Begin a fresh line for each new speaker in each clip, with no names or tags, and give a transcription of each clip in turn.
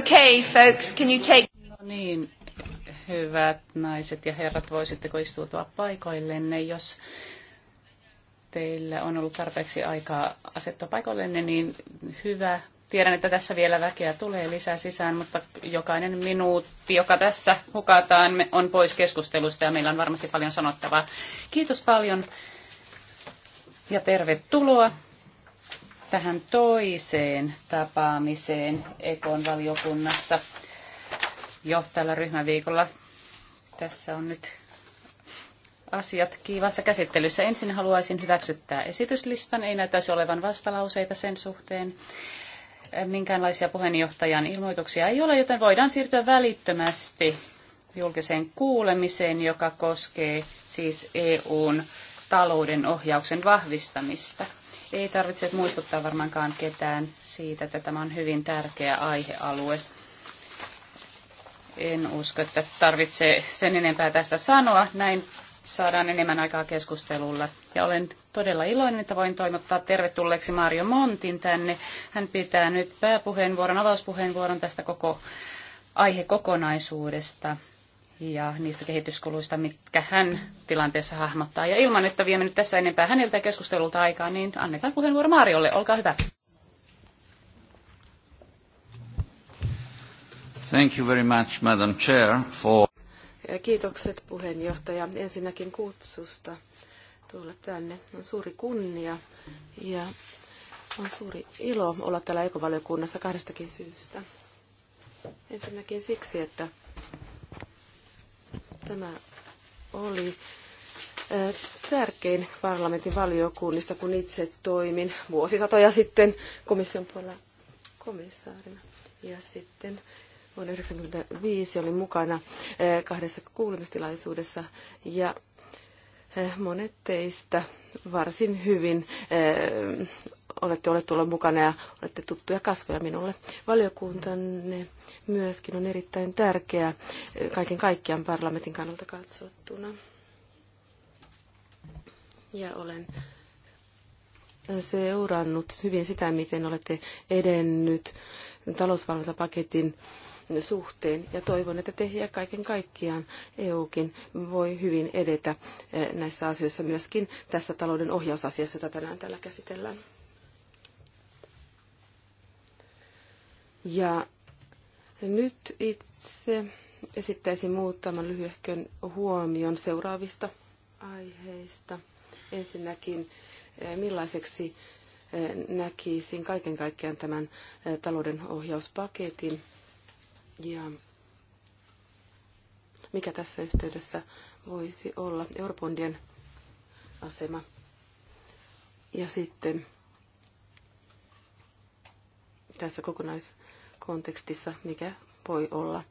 Okay, folks, can you take... No niin, hyvät naiset ja herrat, voisitteko istuutua paikoillenne, jos teillä on ollut tarpeeksi aikaa asettua paikoillenne, niin hyvä. Tiedän, että tässä vielä väkeä tulee lisää sisään, mutta jokainen minuutti, joka tässä hukataan, on pois keskustelusta ja meillä on varmasti paljon sanottavaa. Kiitos paljon ja tervetuloa tähän toiseen tapaamiseen Ekon valiokunnassa jo tällä ryhmäviikolla. Tässä on nyt asiat kiivassa käsittelyssä. Ensin haluaisin hyväksyttää esityslistan. Ei näyttäisi olevan vastalauseita sen suhteen. Minkäänlaisia puheenjohtajan ilmoituksia ei ole, joten voidaan siirtyä välittömästi julkiseen kuulemiseen, joka koskee siis EUn talouden ohjauksen vahvistamista. Ei tarvitse muistuttaa varmaankaan ketään siitä, että tämä on hyvin tärkeä aihealue. En usko, että tarvitsee sen enempää tästä sanoa. Näin saadaan enemmän aikaa keskustelulla. Ja olen todella iloinen, että voin toimittaa tervetulleeksi Mario Montin tänne. Hän pitää nyt pääpuheenvuoron, avauspuheenvuoron tästä koko aihekokonaisuudesta ja niistä kehityskuluista, mitkä hän tilanteessa hahmottaa. Ja ilman, että viemme nyt tässä enempää häneltä keskustelulta aikaa, niin annetaan puheenvuoro Maariolle. Olkaa hyvä. Thank you very much, Madam Chair,
for...
Kiitokset puheenjohtaja ensinnäkin kutsusta tulla tänne. On suuri kunnia ja on suuri ilo olla täällä ekovaliokunnassa kahdestakin syystä. Ensinnäkin siksi, että Tämä oli tärkein parlamentin valiokunnista, kun itse toimin vuosisatoja sitten komission puolella komissaarina. Ja sitten vuonna 1995 olin mukana kahdessa kuulemistilaisuudessa ja monet teistä varsin hyvin olette olleet tuolla mukana ja olette tuttuja kasvoja minulle. Valiokuntanne myöskin on erittäin tärkeä eh, kaiken kaikkiaan parlamentin kannalta katsottuna. Ja olen seurannut hyvin sitä, miten olette edennyt talousvalvontapaketin suhteen ja toivon, että te ja kaiken kaikkiaan EUkin voi hyvin edetä eh, näissä asioissa myöskin tässä talouden ohjausasiassa, jota tänään täällä käsitellään. Ja nyt itse esittäisin muutaman lyhyehkön huomion seuraavista aiheista. Ensinnäkin, eh, millaiseksi eh, näkisin kaiken kaikkiaan tämän eh, talouden ohjauspaketin ja mikä tässä yhteydessä voisi olla eurobondien asema. Ja sitten tässä kokonais kontekstissa, mikä voi olla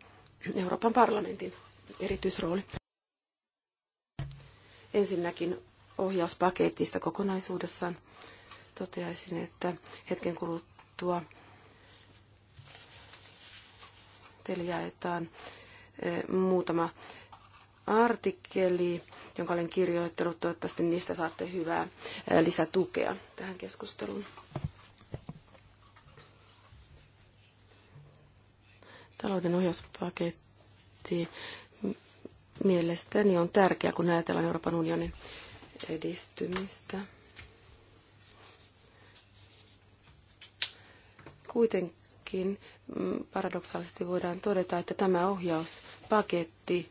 Euroopan parlamentin erityisrooli. Ensinnäkin ohjauspaketista kokonaisuudessaan toteaisin, että hetken kuluttua teille jaetaan eh, muutama artikkeli, jonka olen kirjoittanut. Toivottavasti niistä saatte hyvää eh, lisätukea tähän keskusteluun. Talouden ohjauspaketti mielestäni on tärkeä, kun ajatellaan Euroopan unionin edistymistä. Kuitenkin mm, paradoksaalisesti voidaan todeta, että tämä ohjauspaketti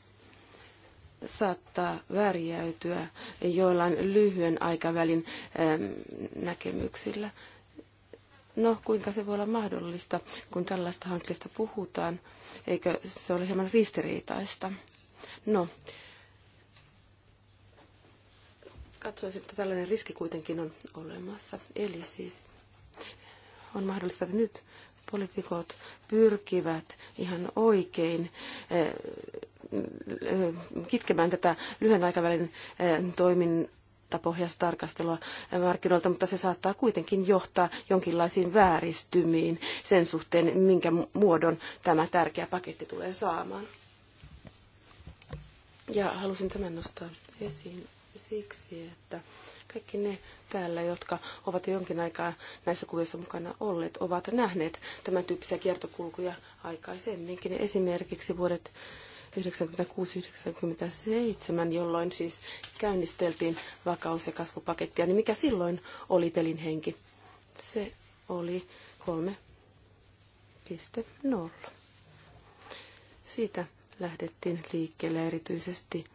saattaa värjäytyä joillain lyhyen aikavälin näkemyksillä. No, kuinka se voi olla mahdollista, kun tällaista hankkeesta puhutaan? Eikö se ole hieman ristiriitaista? No, katsoisin, että tällainen riski kuitenkin on olemassa. Eli siis on mahdollista, että nyt poliitikot pyrkivät ihan oikein eh, eh, kitkemään tätä lyhyen aikavälin eh, faktapohjaista tarkastelua markkinoilta, mutta se saattaa kuitenkin johtaa jonkinlaisiin vääristymiin sen suhteen, minkä muodon tämä tärkeä paketti tulee saamaan. Ja halusin tämän nostaa esiin siksi, että kaikki ne täällä, jotka ovat jonkin aikaa näissä kuvissa mukana olleet, ovat nähneet tämän tyyppisiä kiertokulkuja aikaisemminkin. Esimerkiksi vuodet 1996-1997, jolloin siis käynnisteltiin vakaus- ja kasvupakettia, niin mikä silloin oli pelin henki? Se oli 3.0. Siitä lähdettiin liikkeelle erityisesti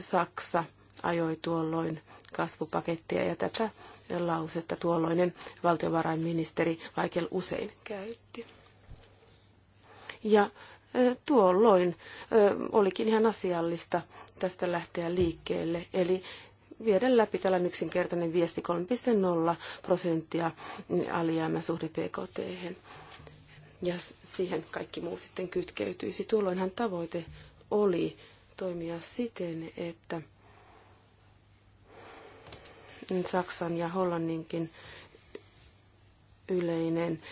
Saksa ajoi tuolloin kasvupakettia ja tätä lausetta tuolloinen valtiovarainministeri Vaikel usein käytti. Ja tuolloin olikin ihan asiallista tästä lähteä liikkeelle. Eli viedä läpi tällainen yksinkertainen viesti 3,0 prosenttia alijäämä suhde PKT. Ja siihen kaikki muu sitten kytkeytyisi. Tuolloinhan tavoite oli toimia siten, että Saksan ja Hollanninkin yleinen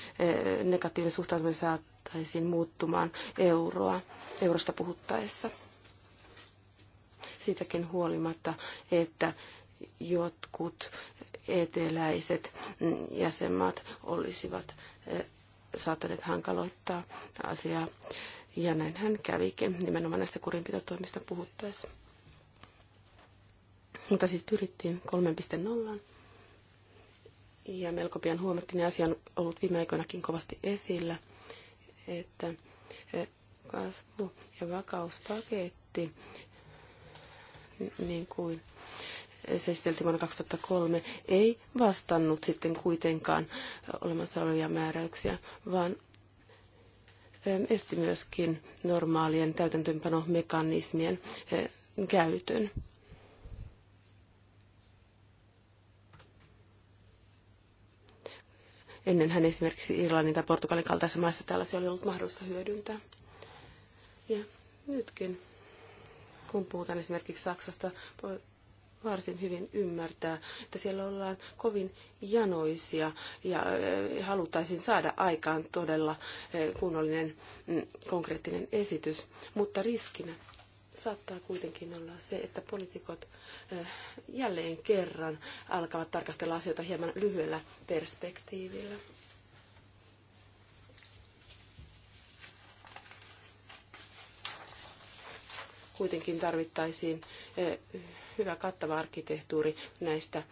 negatiivinen suhtautuminen saattaa saataisiin muuttumaan euroa, eurosta puhuttaessa. Siitäkin huolimatta, että jotkut eteläiset jäsenmaat olisivat eh, saattaneet hankaloittaa asiaa. Ja näinhän kävikin nimenomaan näistä kurinpitotoimista puhuttaessa. Mutta siis pyrittiin 3.0. Ja melko pian huomattiin, että asia on ollut viime aikoinakin kovasti esillä että eh, kasvu- ja vakauspaketti, niin kuin se esiteltiin vuonna 2003, ei vastannut sitten kuitenkaan olemassa olevia määräyksiä, vaan eh, esti myöskin normaalien täytäntöönpanomekanismien eh, käytön. Ennenhän esimerkiksi Irlannin tai Portugalin kaltaisissa maissa tällaisia oli ollut mahdollista hyödyntää. Ja nytkin, kun puhutaan esimerkiksi Saksasta, voi varsin hyvin ymmärtää, että siellä ollaan kovin janoisia ja eh, haluttaisiin saada aikaan todella eh, kunnollinen mm, konkreettinen esitys, mutta riskinä saattaa kuitenkin olla se, että poliitikot eh, jälleen kerran alkavat tarkastella asioita hieman lyhyellä perspektiivillä. Kuitenkin tarvittaisiin eh, hyvä kattava arkkitehtuuri näistä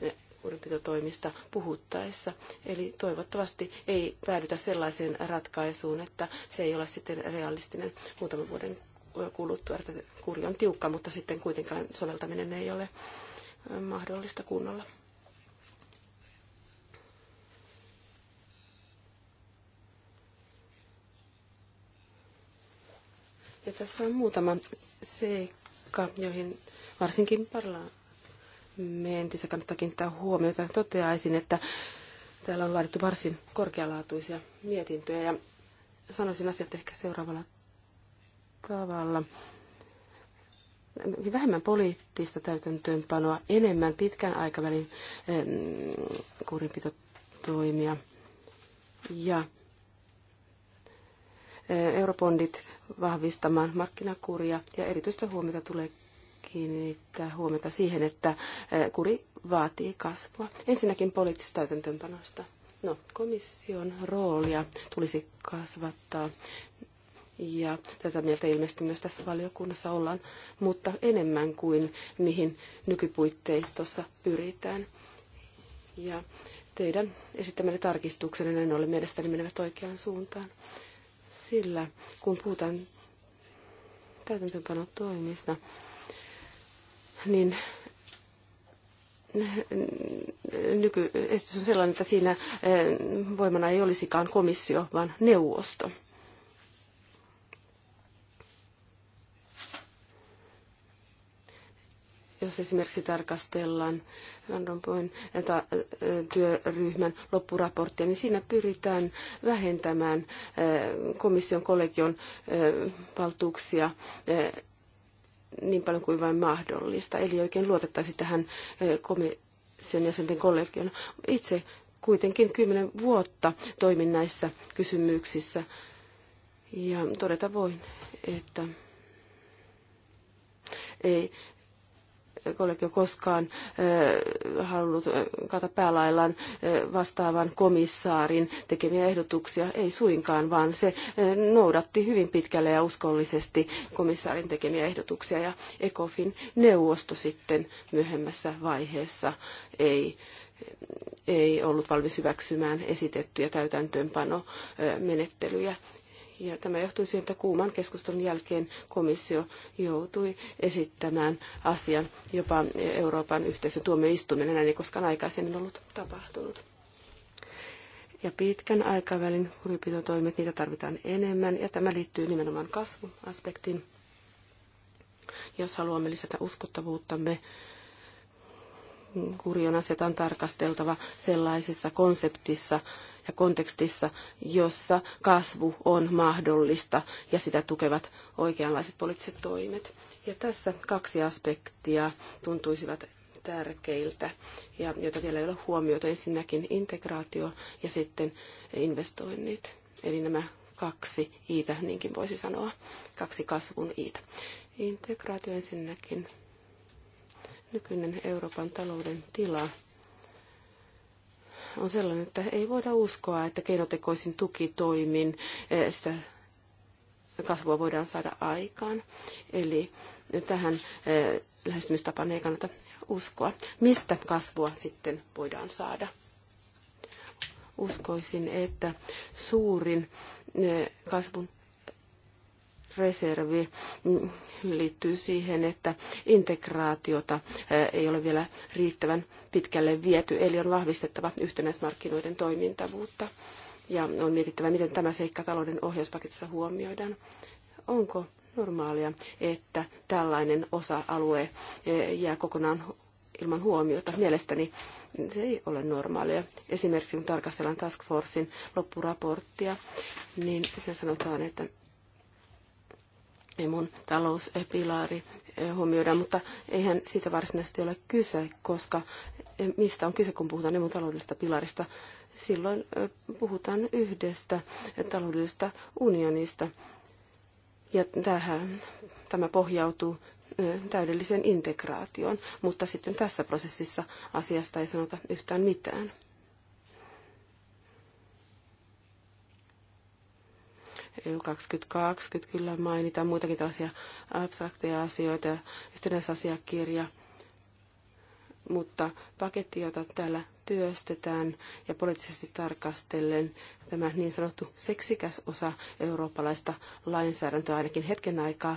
eh, kurinpitotoimista puhuttaessa. Eli toivottavasti ei päädytä sellaiseen ratkaisuun, että se ei ole sitten realistinen muutaman vuoden kuluttua, että kuri on tiukka, mutta sitten kuitenkaan soveltaminen ei ole mahdollista kunnolla. Ja tässä on muutama seikka, joihin varsinkin parlamentissa kannattaa kiinnittää huomiota. Toteaisin, että täällä on laadittu varsin korkealaatuisia mietintöjä ja sanoisin asiat ehkä seuraavalla tavalla vähemmän poliittista täytäntöönpanoa, enemmän pitkän aikavälin kurinpitotoimia. Ja eh, eurobondit vahvistamaan markkinakuria ja erityistä huomiota tulee kiinnittää huomiota siihen, että eh, kuri vaatii kasvua. Ensinnäkin poliittista täytäntöönpanosta. No, komission roolia tulisi kasvattaa ja tätä mieltä ilmeisesti myös tässä valiokunnassa ollaan, mutta enemmän kuin mihin nykypuitteistossa pyritään. Ja teidän esittämänne tarkistuksenne näin ollen mielestäni menevät oikeaan suuntaan. Sillä kun puhutaan täytäntöönpanotoimista, niin nykyesitys on sellainen, että siinä eh, voimana ei olisikaan komissio, vaan neuvosto. jos esimerkiksi tarkastellaan Van Rompuyn työryhmän loppuraporttia, niin siinä pyritään vähentämään komission kollegion valtuuksia niin paljon kuin vain mahdollista. Eli oikein luotettaisiin tähän komission jäsenten kollegion. Itse kuitenkin kymmenen vuotta toimin näissä kysymyksissä ja todeta voin, että ei kollegio koskaan halunnut kata päälaillaan vastaavan komissaarin tekemiä ehdotuksia. Ei suinkaan, vaan se noudatti hyvin pitkälle ja uskollisesti komissaarin tekemiä ehdotuksia. Ja ECOFin neuvosto sitten myöhemmässä vaiheessa ei ei ollut valmis hyväksymään esitettyjä täytäntöönpanomenettelyjä. Ja tämä johtui siitä, että kuuman keskustelun jälkeen komissio joutui esittämään asian jopa Euroopan yhteisön tuomioistuimen. Näin ei koskaan aikaisemmin ollut tapahtunut. Ja pitkän aikavälin kuripitotoimet, niitä tarvitaan enemmän. Ja tämä liittyy nimenomaan kasvuaspektiin. Jos haluamme lisätä uskottavuuttamme, niin kurion asiat on tarkasteltava sellaisessa konseptissa, ja kontekstissa, jossa kasvu on mahdollista ja sitä tukevat oikeanlaiset poliittiset toimet. Ja tässä kaksi aspektia tuntuisivat tärkeiltä ja joita vielä ei ole huomioitu. Ensinnäkin integraatio ja sitten investoinnit. Eli nämä kaksi iitä, niinkin voisi sanoa, kaksi kasvun iitä. Integraatio ensinnäkin nykyinen Euroopan talouden tila on sellainen, että ei voida uskoa, että keinotekoisin tukitoimin eh, sitä kasvua voidaan saada aikaan. Eli tähän eh, lähestymistapaan ei kannata uskoa. Mistä kasvua sitten voidaan saada? Uskoisin, että suurin eh, kasvun reservi mm, liittyy siihen, että integraatiota ei ole vielä riittävän pitkälle viety, eli on vahvistettava yhtenäismarkkinoiden toimintavuutta. Ja on mietittävä, miten tämä seikka talouden ohjauspaketissa huomioidaan. Onko normaalia, että tällainen osa-alue jää kokonaan ilman huomiota. Mielestäni se ei ole normaalia. Esimerkiksi kun tarkastellaan Task Forcein loppuraporttia, niin siinä sanotaan, että mun talouspilari eh, huomioidaan, mutta eihän siitä varsinaisesti ole kyse, koska eh, mistä on kyse, kun puhutaan emun taloudellisesta pilarista. Silloin eh, puhutaan yhdestä taloudellisesta unionista. Ja tähän, tämä pohjautuu täydelliseen integraatioon, mutta sitten tässä prosessissa asiasta ei sanota yhtään mitään. EU 2020 kyllä mainitaan muitakin tällaisia abstrakteja asioita, yhtenäisasiakirja, mutta paketti, jota täällä työstetään ja poliittisesti tarkastellen tämä niin sanottu seksikäs osa eurooppalaista lainsäädäntöä ainakin hetken aikaa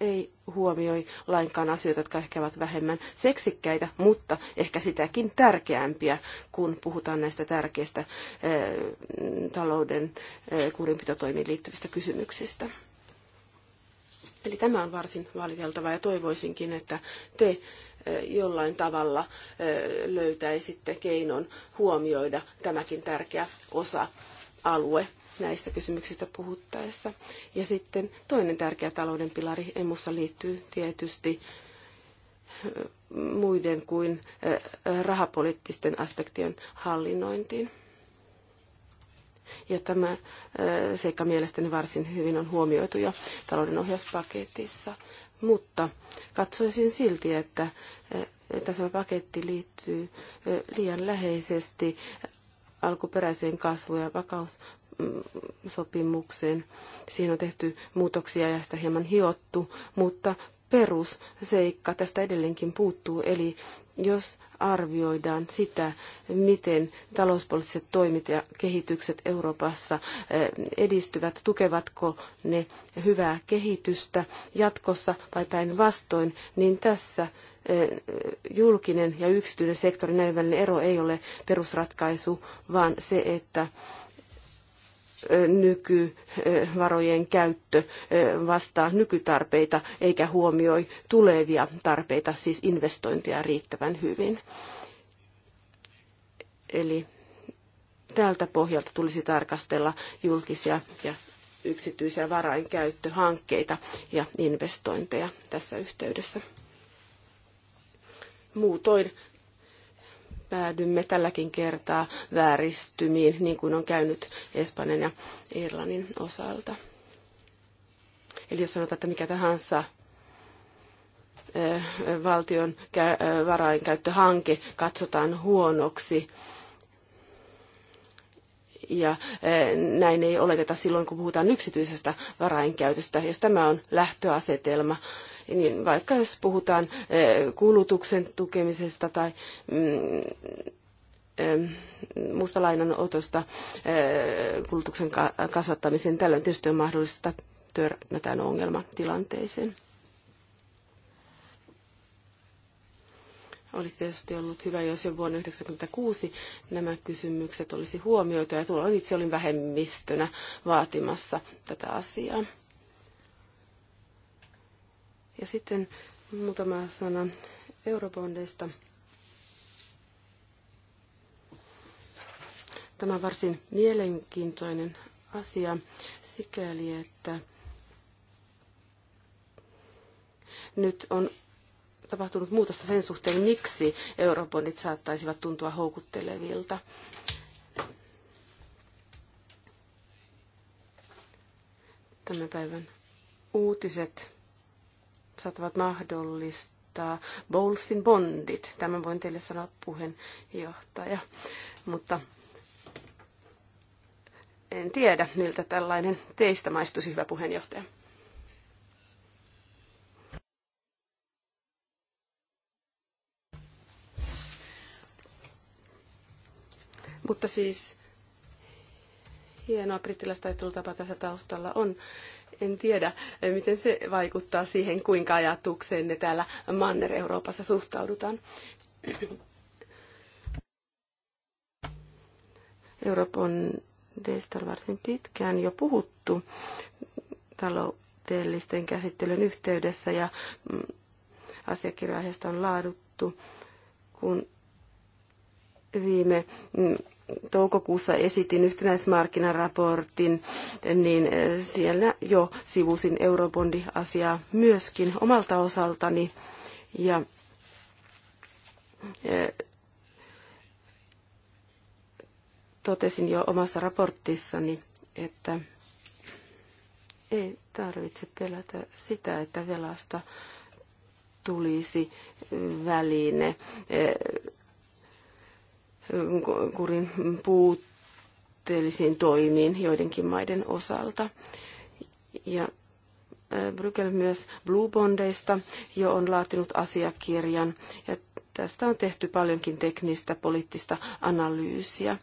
ei huomioi lainkaan asioita, jotka ehkä ovat vähemmän seksikkäitä, mutta ehkä sitäkin tärkeämpiä, kun puhutaan näistä tärkeistä eh, talouden eh, kurinpitotoimiin liittyvistä kysymyksistä. Eli tämä on varsin valiteltavaa ja toivoisinkin, että te eh, jollain tavalla löytäisitte keinon huomioida tämäkin tärkeä osa-alue näistä kysymyksistä puhuttaessa. Ja sitten toinen tärkeä talouden pilari emussa liittyy tietysti muiden kuin rahapoliittisten aspektien hallinnointiin. Ja tämä seikka mielestäni varsin hyvin on huomioitu jo talouden ohjauspaketissa. Mutta katsoisin silti, että tässä paketti liittyy liian läheisesti alkuperäiseen kasvu- ja vakaus- sopimukseen. siinä on tehty muutoksia ja sitä hieman hiottu, mutta perusseikka tästä edelleenkin puuttuu, eli jos arvioidaan sitä, miten talouspoliittiset toimit ja kehitykset Euroopassa eh, edistyvät, tukevatko ne hyvää kehitystä jatkossa vai päinvastoin, niin tässä eh, julkinen ja yksityinen sektori, näiden välinen ero ei ole perusratkaisu, vaan se, että nykyvarojen käyttö vastaa nykytarpeita eikä huomioi tulevia tarpeita, siis investointia riittävän hyvin. Eli tältä pohjalta tulisi tarkastella julkisia ja yksityisiä varainkäyttöhankkeita ja investointeja tässä yhteydessä. Muutoin päädymme tälläkin kertaa vääristymiin, niin kuin on käynyt Espanjan ja Irlannin osalta. Eli jos sanotaan, että mikä tahansa eh, valtion eh, varainkäyttöhanke katsotaan huonoksi, ja eh, näin ei oleteta silloin, kun puhutaan yksityisestä varainkäytöstä. Jos tämä on lähtöasetelma, niin vaikka jos puhutaan eh, kulutuksen tukemisesta tai mm, mustalainan otosta eh, kulutuksen kasvattamiseen, tällöin tietysti on mahdollista törmätään ongelmatilanteeseen. olisi tietysti ollut hyvä, jos jo vuonna 1996 nämä kysymykset olisi huomioitu, ja tuolloin itse olin vähemmistönä vaatimassa tätä asiaa. Ja sitten muutama sana eurobondeista. Tämä on varsin mielenkiintoinen asia sikäli, että nyt on tapahtunut muutosta sen suhteen, miksi eurobondit saattaisivat tuntua houkuttelevilta. Tämän päivän uutiset saattavat mahdollistaa Bowlesin bondit. Tämän voin teille sanoa puheenjohtaja. Mutta en tiedä, miltä tällainen teistä maistuisi, hyvä puheenjohtaja. Mutta siis hienoa brittiläistä ajattelutapa tässä taustalla on. En tiedä, eh, miten se vaikuttaa siihen, kuinka ajatukseen täällä Manner-Euroopassa suhtaudutaan. Euroopan deista varsin pitkään jo puhuttu taloudellisten käsittelyn yhteydessä ja mm, asiakirja on laaduttu, kun viime mm, toukokuussa esitin yhtenäismarkkinaraportin, niin eh, siellä jo sivusin eurobondiasiaa myöskin omalta osaltani. Ja eh, totesin jo omassa raportissani, että ei tarvitse pelätä sitä, että velasta tulisi väline eh, kurin puutteellisiin toimiin joidenkin maiden osalta. Ja Brykel myös Blue Bondeista jo on laatinut asiakirjan ja tästä on tehty paljonkin teknistä poliittista analyysiä.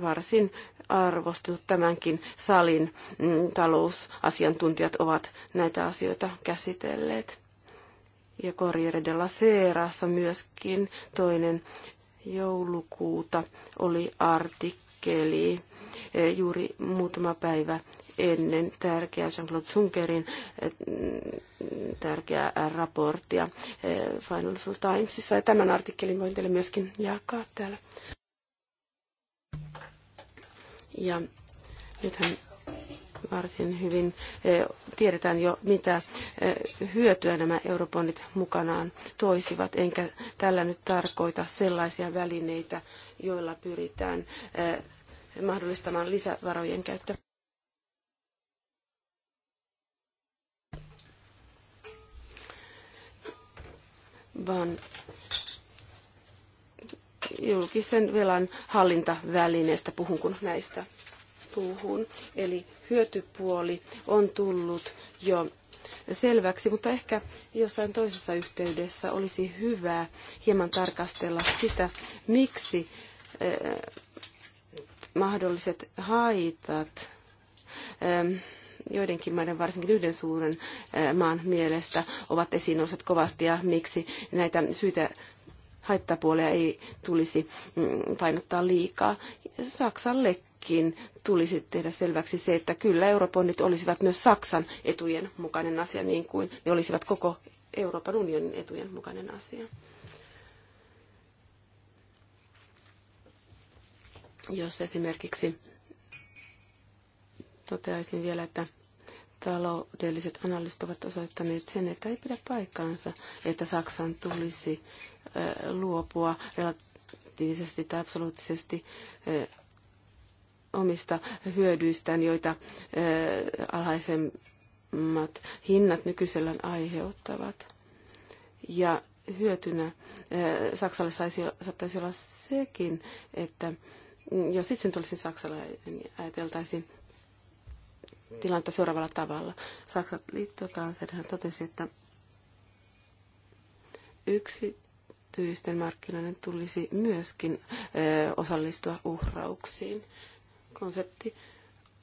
Varsin arvostunut tämänkin salin mm, talousasiantuntijat ovat näitä asioita käsitelleet. Ja Corriere della seraassa myöskin toinen joulukuuta oli artikkeli e, juuri muutama päivä ennen tärkeää Jean-Claude Junckerin e, mm, tärkeää raporttia e, Financial Timesissa. Ja tämän artikkelin voin teille myöskin jakaa täällä. Ja nythän varsin hyvin eh, tiedetään jo, mitä eh, hyötyä nämä eurobondit mukanaan toisivat, enkä tällä nyt tarkoita sellaisia välineitä, joilla pyritään eh, mahdollistamaan lisävarojen käyttö. Vaan julkisen velan hallintavälineestä puhun, kun näistä puhun. Eli hyötypuoli on tullut jo selväksi, mutta ehkä jossain toisessa yhteydessä olisi hyvä hieman tarkastella sitä, miksi eh, mahdolliset haitat eh, joidenkin maiden, varsinkin yhden suuren eh, maan mielestä, ovat esiin nousseet kovasti ja miksi näitä syitä haittapuolia ei tulisi mm, painottaa liikaa. Saksalle Kuitenkin tulisi tehdä selväksi se, että kyllä eurobondit olisivat myös Saksan etujen mukainen asia, niin kuin ne olisivat koko Euroopan unionin etujen mukainen asia. Jos esimerkiksi toteaisin vielä, että taloudelliset analyysit ovat osoittaneet sen, että ei pidä paikkaansa, että Saksan tulisi luopua relatiivisesti tai absoluuttisesti omista hyödyistään, joita eh, alhaisemmat hinnat nykyisellään aiheuttavat. Ja hyötynä eh, Saksalle saisi, saattaisi olla sekin, että mm, jos sitten tulisin saksalainen, niin ajateltaisiin tilannetta seuraavalla tavalla. Saksan liittokansleri totesi, että yksityisten markkinoiden tulisi myöskin ö, eh, osallistua uhrauksiin konsepti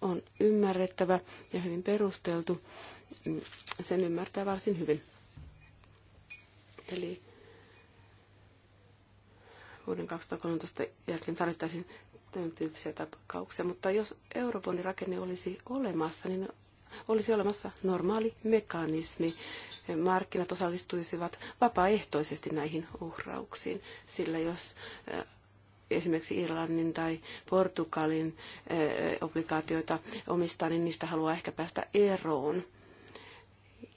on ymmärrettävä ja hyvin perusteltu. Sen ymmärtää varsin hyvin. Eli vuoden 2013 jälkeen tarvittaisiin tämän tyyppisiä tapauksia. Mutta jos Euroopan rakenne olisi olemassa, niin olisi olemassa normaali mekanismi. Markkinat osallistuisivat vapaaehtoisesti näihin uhrauksiin, sillä jos esimerkiksi Irlannin tai Portugalin eh, obligaatioita omistaa, niin niistä haluaa ehkä päästä eroon.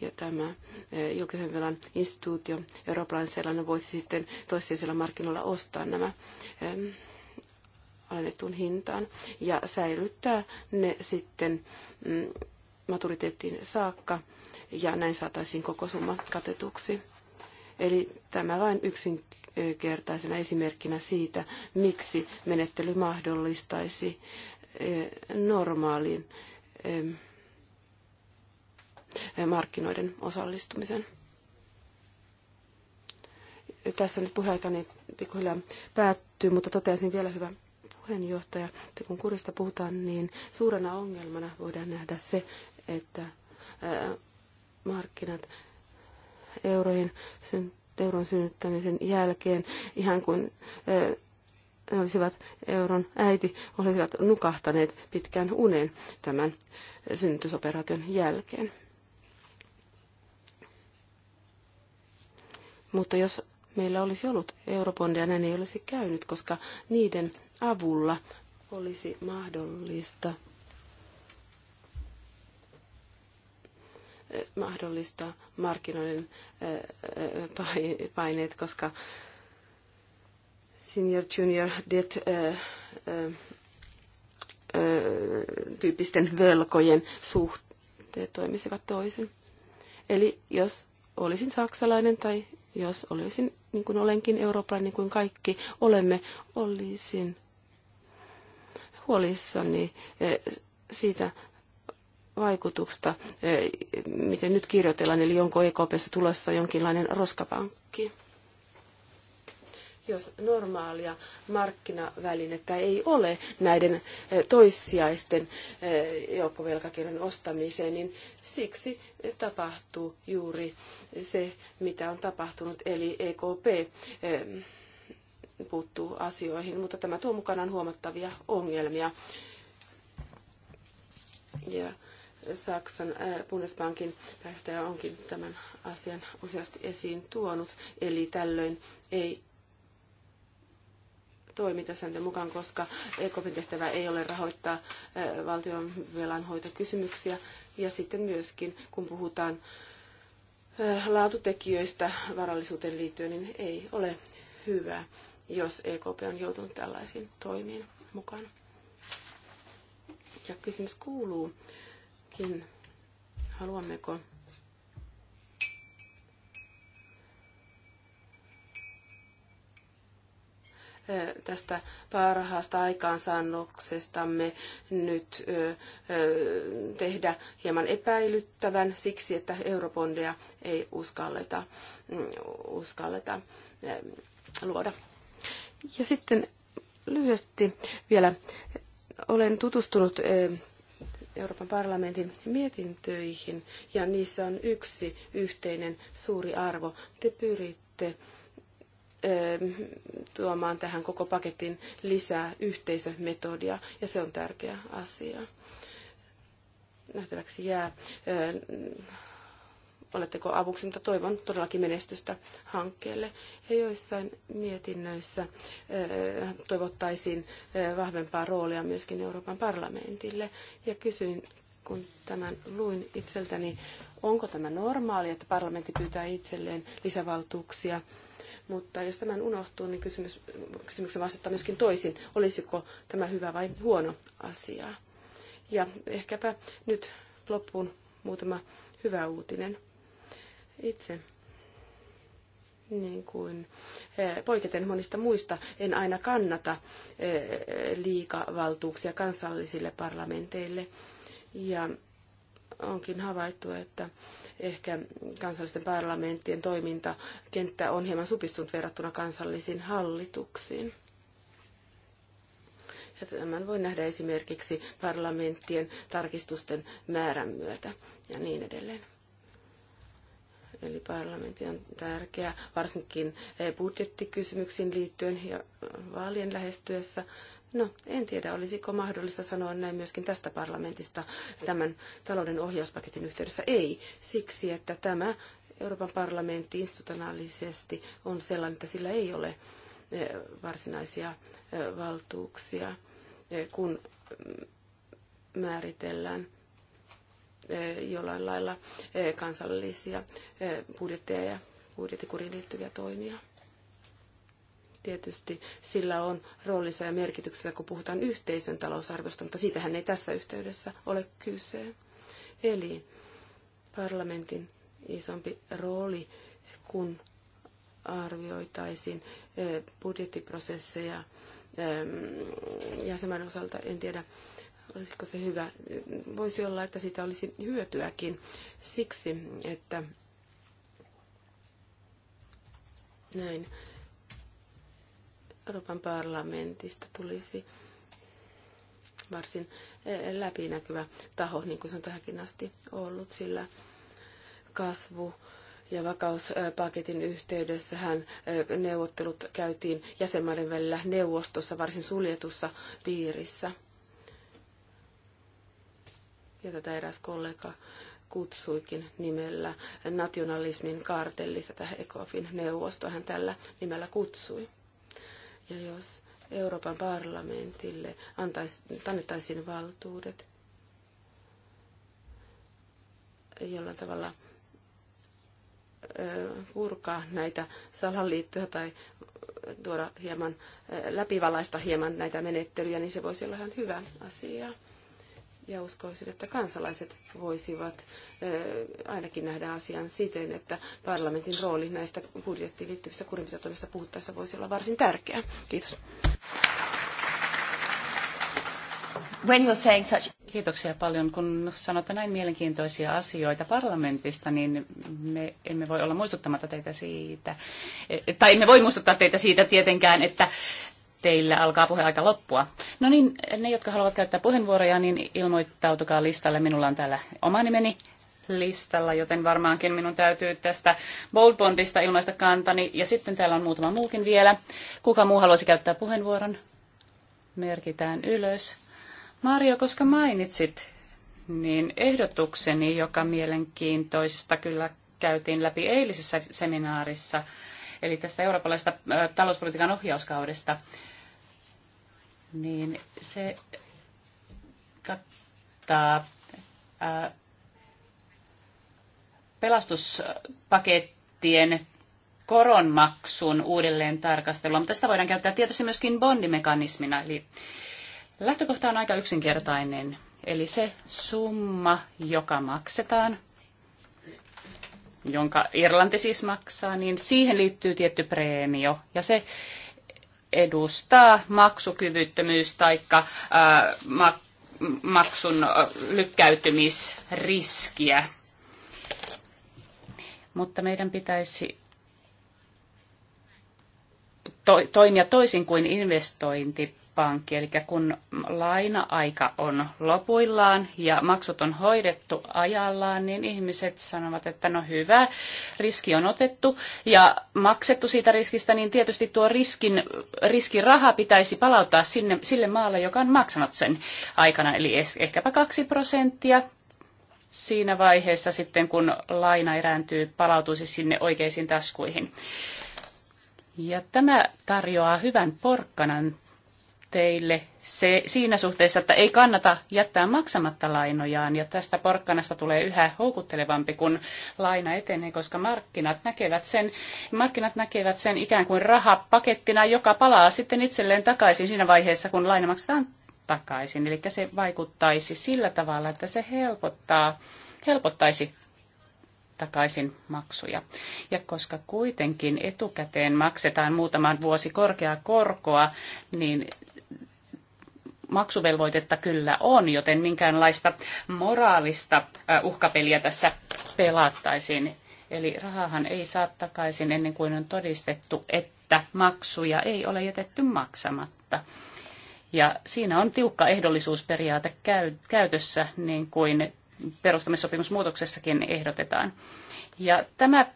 Ja tämä eh, julkisen velan instituutio eurooppalainen sellainen voisi sitten toissijaisilla markkinoilla ostaa nämä alennettuun hintaan ja säilyttää ne sitten mm, maturiteettiin saakka ja näin saataisiin koko summa katetuksi. Eli tämä vain yksin yksinkertaisena esimerkkinä siitä, miksi menettely mahdollistaisi e, normaalin e, markkinoiden osallistumisen. Tässä nyt puheaikani pikkuhiljaa päättyy, mutta toteaisin vielä hyvä puheenjohtaja, että kun kurista puhutaan, niin suurena ongelmana voidaan nähdä se, että markkinat eurojen syntyy euron synnyttämisen jälkeen, ihan kuin he olisivat euron äiti, olisivat nukahtaneet pitkään unen tämän synnytysoperaation jälkeen. Mutta jos meillä olisi ollut eurobondeja, näin ei olisi käynyt, koska niiden avulla olisi mahdollista mahdollistaa markkinoiden eh, eh, paineet, koska senior, junior, debt eh, tyyppisten velkojen suhteet toimisivat toisin. Eli jos olisin saksalainen tai jos olisin, niin kuin olenkin, eurooppalainen, niin kuin kaikki olemme, olisin huolissani siitä, vaikutuksesta, e, miten nyt kirjoitellaan, eli onko EKPssä tulossa jonkinlainen roskapankki? Jos normaalia markkinavälinettä ei ole näiden e, toissijaisten e, joukkovelkakirjan ostamiseen, niin siksi tapahtuu juuri se, mitä on tapahtunut, eli EKP puuttuu asioihin, mutta tämä tuo mukanaan huomattavia ongelmia. Yeah. Saksan Bundesbankin pääjohtaja onkin tämän asian useasti esiin tuonut, eli tällöin ei toimita sääntöjen mukaan, koska EKPn tehtävä ei ole rahoittaa valtion velanhoitokysymyksiä. Ja sitten myöskin, kun puhutaan laatutekijöistä varallisuuteen liittyen, niin ei ole hyvä, jos EKP on joutunut tällaisiin toimiin mukaan. Ja kysymys kuuluu, Ensinnäkin, haluammeko tästä parhaasta aikaansaannoksestamme nyt tehdä hieman epäilyttävän siksi, että eurobondeja ei uskalleta, mm, uskalleta luoda. Ja sitten lyhyesti vielä olen tutustunut Euroopan parlamentin mietintöihin ja niissä on yksi yhteinen suuri arvo. Te pyritte ähm, tuomaan tähän koko paketin lisää yhteisömetodia, ja se on tärkeä asia. Nähtäväksi jää, ähm, oletteko avuksi, mutta toivon todellakin menestystä hankkeelle. Ja joissain mietinnöissä eh, toivottaisiin eh, vahvempaa roolia myöskin Euroopan parlamentille. Ja kysyin, kun tämän luin itseltäni, onko tämä normaali, että parlamentti pyytää itselleen lisävaltuuksia mutta jos tämän unohtuu, niin kysymys, kysymyksen vastattaa myöskin toisin, olisiko tämä hyvä vai huono asia. Ja ehkäpä nyt loppuun muutama hyvä uutinen itse niin kuin, eh, poiketen monista muista, en aina kannata eh, liikavaltuuksia kansallisille parlamenteille. Ja onkin havaittu, että ehkä kansallisten parlamenttien toimintakenttä on hieman supistunut verrattuna kansallisiin hallituksiin. Ja tämän voi nähdä esimerkiksi parlamenttien tarkistusten määrän myötä ja niin edelleen. Eli parlamentti on tärkeä, varsinkin eh, budjettikysymyksiin liittyen ja eh, vaalien lähestyessä. No, en tiedä, olisiko mahdollista sanoa näin myöskin tästä parlamentista tämän talouden ohjauspaketin yhteydessä. Ei, siksi että tämä Euroopan parlamentti institutionaalisesti on sellainen, että sillä ei ole eh, varsinaisia valtuuksia, kun mm, määritellään Eh, jollain lailla eh, kansallisia eh, budjetteja ja budjettikuriin liittyviä toimia. Tietysti sillä on roolissa ja merkityksessä, kun puhutaan yhteisön talousarviosta, mutta siitähän ei tässä yhteydessä ole kyse. Eli parlamentin isompi rooli, kun arvioitaisiin budjettiprosesseja jäsenmaiden osalta, en tiedä olisiko se hyvä? Voisi olla, että siitä olisi hyötyäkin siksi, että näin Euroopan parlamentista tulisi varsin läpinäkyvä taho, niin kuin se on tähänkin asti ollut, sillä kasvu ja vakauspaketin yhteydessähän neuvottelut käytiin jäsenmaiden välillä neuvostossa varsin suljetussa piirissä – ja tätä eräs kollega kutsuikin nimellä nationalismin kartelli, tätä ECOFin neuvosto hän tällä nimellä kutsui. Ja jos Euroopan parlamentille antaisi, annettaisiin valtuudet jollain tavalla purkaa näitä salaliittoja tai tuoda hieman, läpivalaista hieman näitä menettelyjä, niin se voisi olla ihan hyvä asia ja uskoisin, että kansalaiset voisivat eh, ainakin nähdä asian siten, että parlamentin rooli näistä budjettiin liittyvistä kurinpitotoimista puhuttaessa voisi olla varsin tärkeä. Kiitos.
When you're saying such... Kiitoksia paljon. Kun sanotte näin mielenkiintoisia asioita parlamentista, niin me emme voi olla muistuttamatta teitä siitä, tai emme voi muistuttaa teitä siitä tietenkään, että teillä alkaa aika loppua. No niin, ne, jotka haluavat käyttää puheenvuoroja, niin ilmoittautukaa listalle. Minulla on täällä oma nimeni listalla, joten varmaankin minun täytyy tästä Bold Bondista ilmaista kantani. Ja sitten täällä on muutama muukin vielä. Kuka muu haluaisi käyttää puheenvuoron? Merkitään ylös. Mario, koska mainitsit niin ehdotukseni, joka mielenkiintoisesta kyllä käytiin läpi eilisessä seminaarissa, eli tästä eurooppalaisesta talouspolitiikan ohjauskaudesta, niin se kattaa ää, pelastuspakettien koronmaksun uudelleen tarkastelua, mutta sitä voidaan käyttää tietysti myöskin bondimekanismina. Eli lähtökohta on aika yksinkertainen. Eli se summa, joka maksetaan, jonka Irlanti siis maksaa, niin siihen liittyy tietty preemio. Ja se edustaa maksukyvyttömyys tai maksun lykkäytymisriskiä. Mutta meidän pitäisi toimia toisin kuin investointi pankki. Eli kun laina-aika on lopuillaan ja maksut on hoidettu ajallaan, niin ihmiset sanovat, että no hyvä, riski on otettu ja maksettu siitä riskistä, niin tietysti tuo riskin, riskiraha pitäisi palauttaa sinne, sille maalle, joka on maksanut sen aikana, eli ehkäpä kaksi prosenttia siinä vaiheessa sitten, kun laina erääntyy, palautuisi sinne oikeisiin taskuihin. Ja tämä tarjoaa hyvän porkkanan teille se, siinä suhteessa, että ei kannata jättää maksamatta lainojaan ja tästä porkkanasta tulee yhä houkuttelevampi, kun laina etenee, koska markkinat näkevät sen, markkinat näkevät sen ikään kuin rahapakettina, joka palaa sitten itselleen takaisin siinä vaiheessa, kun laina maksetaan takaisin. Eli se vaikuttaisi sillä tavalla, että se helpottaa, helpottaisi takaisin maksuja. Ja koska kuitenkin etukäteen maksetaan muutaman vuosi korkeaa korkoa, niin maksuvelvoitetta kyllä on, joten minkäänlaista moraalista uhkapeliä tässä pelattaisiin. Eli rahahan ei saa takaisin ennen kuin on todistettu, että maksuja ei ole jätetty maksamatta. Ja siinä on tiukka ehdollisuusperiaate käytössä, niin kuin perustamissopimusmuutoksessakin ehdotetaan. Ja tämä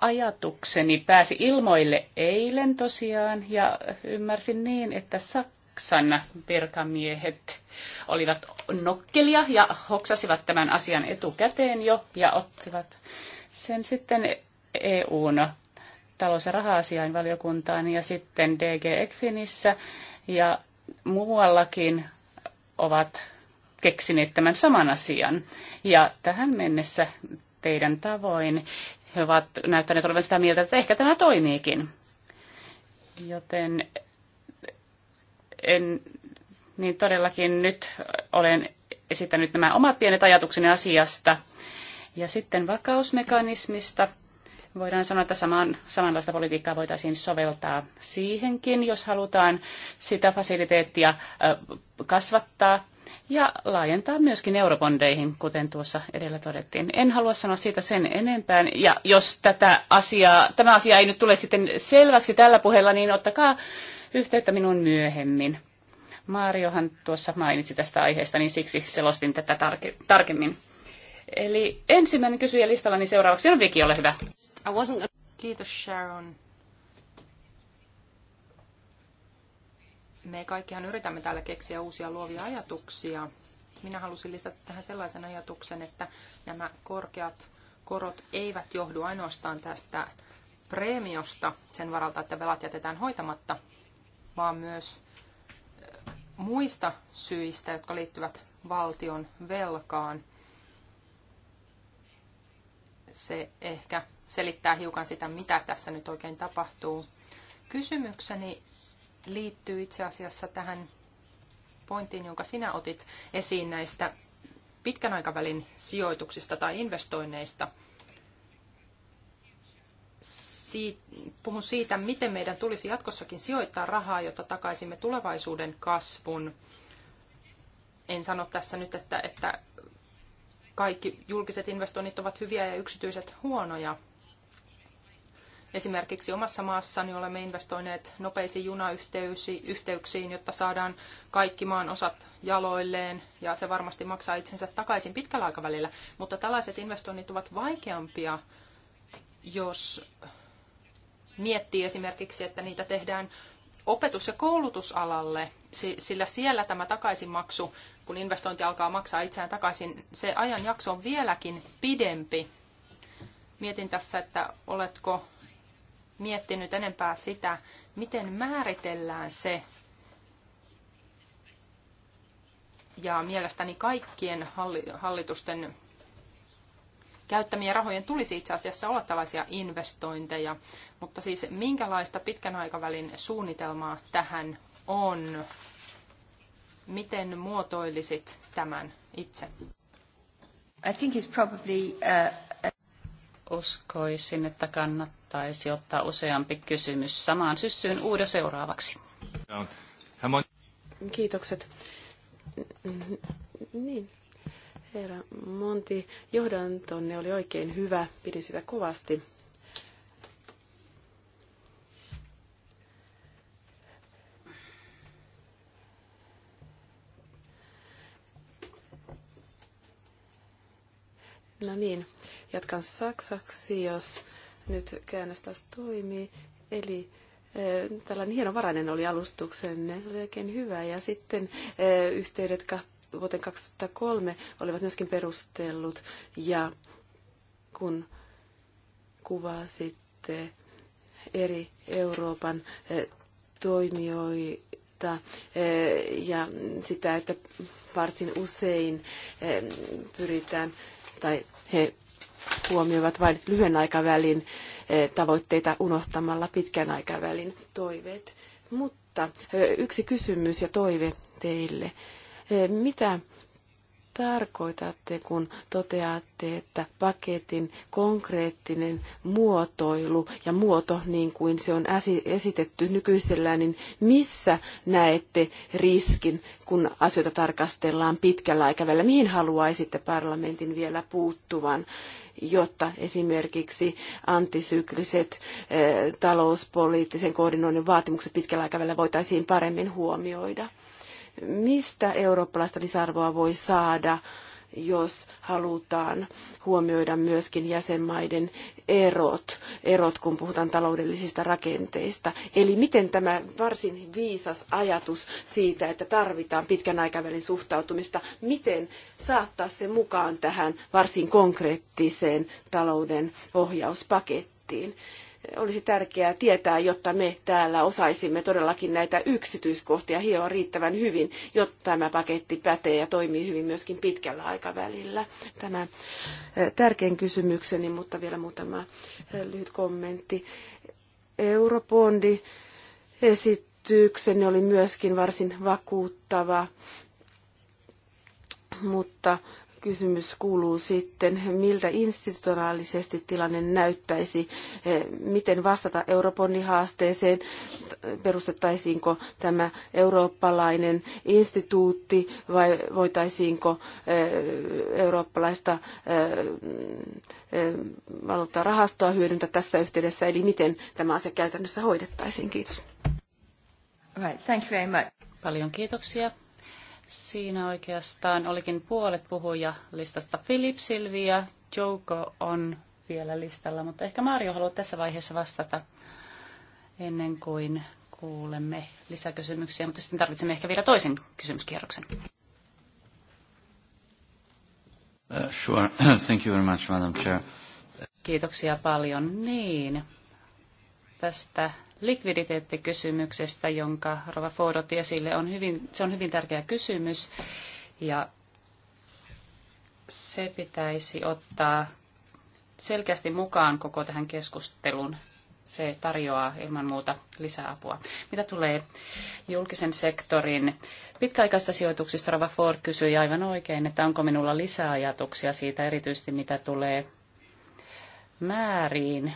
ajatukseni pääsi ilmoille eilen tosiaan ja ymmärsin niin, että sakko Saksan virkamiehet olivat nokkelia ja hoksasivat tämän asian etukäteen jo ja ottivat sen sitten EUn talous- ja raha-asiainvaliokuntaan ja sitten DG Ekfinissä ja muuallakin ovat keksineet tämän saman asian. Ja tähän mennessä teidän tavoin he ovat näyttäneet olevan sitä mieltä, että ehkä tämä toimiikin. Joten en, niin todellakin nyt olen esittänyt nämä omat pienet ajatukseni asiasta. Ja sitten vakausmekanismista voidaan sanoa, että saman, samanlaista politiikkaa voitaisiin soveltaa siihenkin, jos halutaan sitä fasiliteettia kasvattaa ja laajentaa myöskin eurobondeihin, kuten tuossa edellä todettiin. En halua sanoa siitä sen enempään, ja jos tätä asiaa, tämä asia ei nyt tule sitten selväksi tällä puheella, niin ottakaa yhteyttä minuun myöhemmin. Mariohan tuossa mainitsi tästä aiheesta, niin siksi selostin tätä tarke- tarkemmin. Eli ensimmäinen kysyjä listallani seuraavaksi on Viki, ole hyvä.
Kiitos Sharon. Me kaikkihan yritämme täällä keksiä uusia luovia ajatuksia. Minä halusin lisätä tähän sellaisen ajatuksen, että nämä korkeat korot eivät johdu ainoastaan tästä preemiosta sen varalta, että velat jätetään hoitamatta, vaan myös muista syistä, jotka liittyvät valtion velkaan. Se ehkä selittää hiukan sitä, mitä tässä nyt oikein tapahtuu. Kysymykseni liittyy itse asiassa tähän pointtiin, jonka sinä otit esiin näistä pitkän aikavälin sijoituksista tai investoinneista – puhun siitä, miten meidän tulisi jatkossakin sijoittaa rahaa, jotta takaisimme tulevaisuuden kasvun. En sano tässä nyt, että, että kaikki julkiset investoinnit ovat hyviä ja yksityiset huonoja. Esimerkiksi omassa maassani olemme investoineet nopeisiin junayhteyksiin, jotta saadaan kaikki maan osat jaloilleen, ja se varmasti maksaa itsensä takaisin pitkällä aikavälillä. Mutta tällaiset investoinnit ovat vaikeampia, jos miettii esimerkiksi, että niitä tehdään opetus- ja koulutusalalle, sillä siellä tämä takaisinmaksu, kun investointi alkaa maksaa itseään takaisin, se ajanjakso on vieläkin pidempi. Mietin tässä, että oletko miettinyt enempää sitä, miten määritellään se. Ja mielestäni kaikkien hallitusten käyttämien rahojen tulisi itse asiassa olla tällaisia investointeja. Mutta siis minkälaista pitkän aikavälin suunnitelmaa tähän on? Miten muotoilisit tämän itse?
I think it's probably, uh... Uskoisin, että kannattaisi ottaa useampi kysymys samaan syssyyn uuden seuraavaksi.
Kiitokset. Niin, herra Monti, johdantonne oli oikein hyvä, pidin sitä kovasti. No niin, jatkan saksaksi, jos nyt käännös taas toimii. Eli eh, tällainen hienovarainen oli alustuksenne, se oli oikein hyvä. Ja sitten eh, yhteydet vuoteen 2003 olivat myöskin perustellut. Ja kun kuvasitte eri Euroopan eh, toimijoita ja sitä, että varsin usein pyritään tai he huomioivat vain lyhyen aikavälin eh, tavoitteita unohtamalla pitkän aikavälin toiveet. Mutta eh, yksi kysymys ja toive teille. Eh, mitä tarkoitatte, kun toteatte, että paketin konkreettinen muotoilu ja muoto, niin kuin se on esitetty nykyisellään, niin missä näette riskin, kun asioita tarkastellaan pitkällä aikavälillä? Mihin haluaisitte parlamentin vielä puuttuvan? jotta esimerkiksi antisykliset eh, talouspoliittisen koordinoinnin vaatimukset pitkällä aikavälillä voitaisiin paremmin huomioida mistä eurooppalaista lisäarvoa voi saada, jos halutaan huomioida myöskin jäsenmaiden erot, erot kun puhutaan taloudellisista rakenteista. Eli miten tämä varsin viisas ajatus siitä, että tarvitaan pitkän aikavälin suhtautumista, miten saattaa se mukaan tähän varsin konkreettiseen talouden ohjauspakettiin olisi tärkeää tietää, jotta me täällä osaisimme todellakin näitä yksityiskohtia hioa riittävän hyvin, jotta tämä paketti pätee ja toimii hyvin myöskin pitkällä aikavälillä. Tämä eh, tärkein kysymykseni, mutta vielä muutama eh, lyhyt kommentti. Eurobondi esityksenne oli myöskin varsin vakuuttava, mutta kysymys kuuluu sitten, miltä institutionaalisesti tilanne näyttäisi, eh, miten vastata Euroopan haasteeseen, perustettaisiinko tämä eurooppalainen instituutti vai voitaisiinko eh, eurooppalaista eh, rahastoa hyödyntää tässä yhteydessä, eli miten tämä asia käytännössä hoidettaisiin. Kiitos. Right, thank you very much.
Paljon kiitoksia. Siinä oikeastaan olikin puolet puhuja listasta. Philip, Silvia, Jouko on vielä listalla, mutta ehkä Mario haluaa tässä vaiheessa vastata ennen kuin kuulemme lisäkysymyksiä, mutta sitten tarvitsemme ehkä vielä toisen kysymyskierroksen. Uh, sure. Thank you very much, Madam Chair. Kiitoksia paljon. Niin, tästä likviditeettikysymyksestä, jonka Rova Ford otti esille. On hyvin, se on hyvin tärkeä kysymys ja se pitäisi ottaa selkeästi mukaan koko tähän keskusteluun. Se tarjoaa ilman muuta lisäapua. Mitä tulee julkisen sektorin pitkäaikaista sijoituksista, Rova Ford kysyi aivan oikein, että onko minulla lisäajatuksia siitä erityisesti, mitä tulee määriin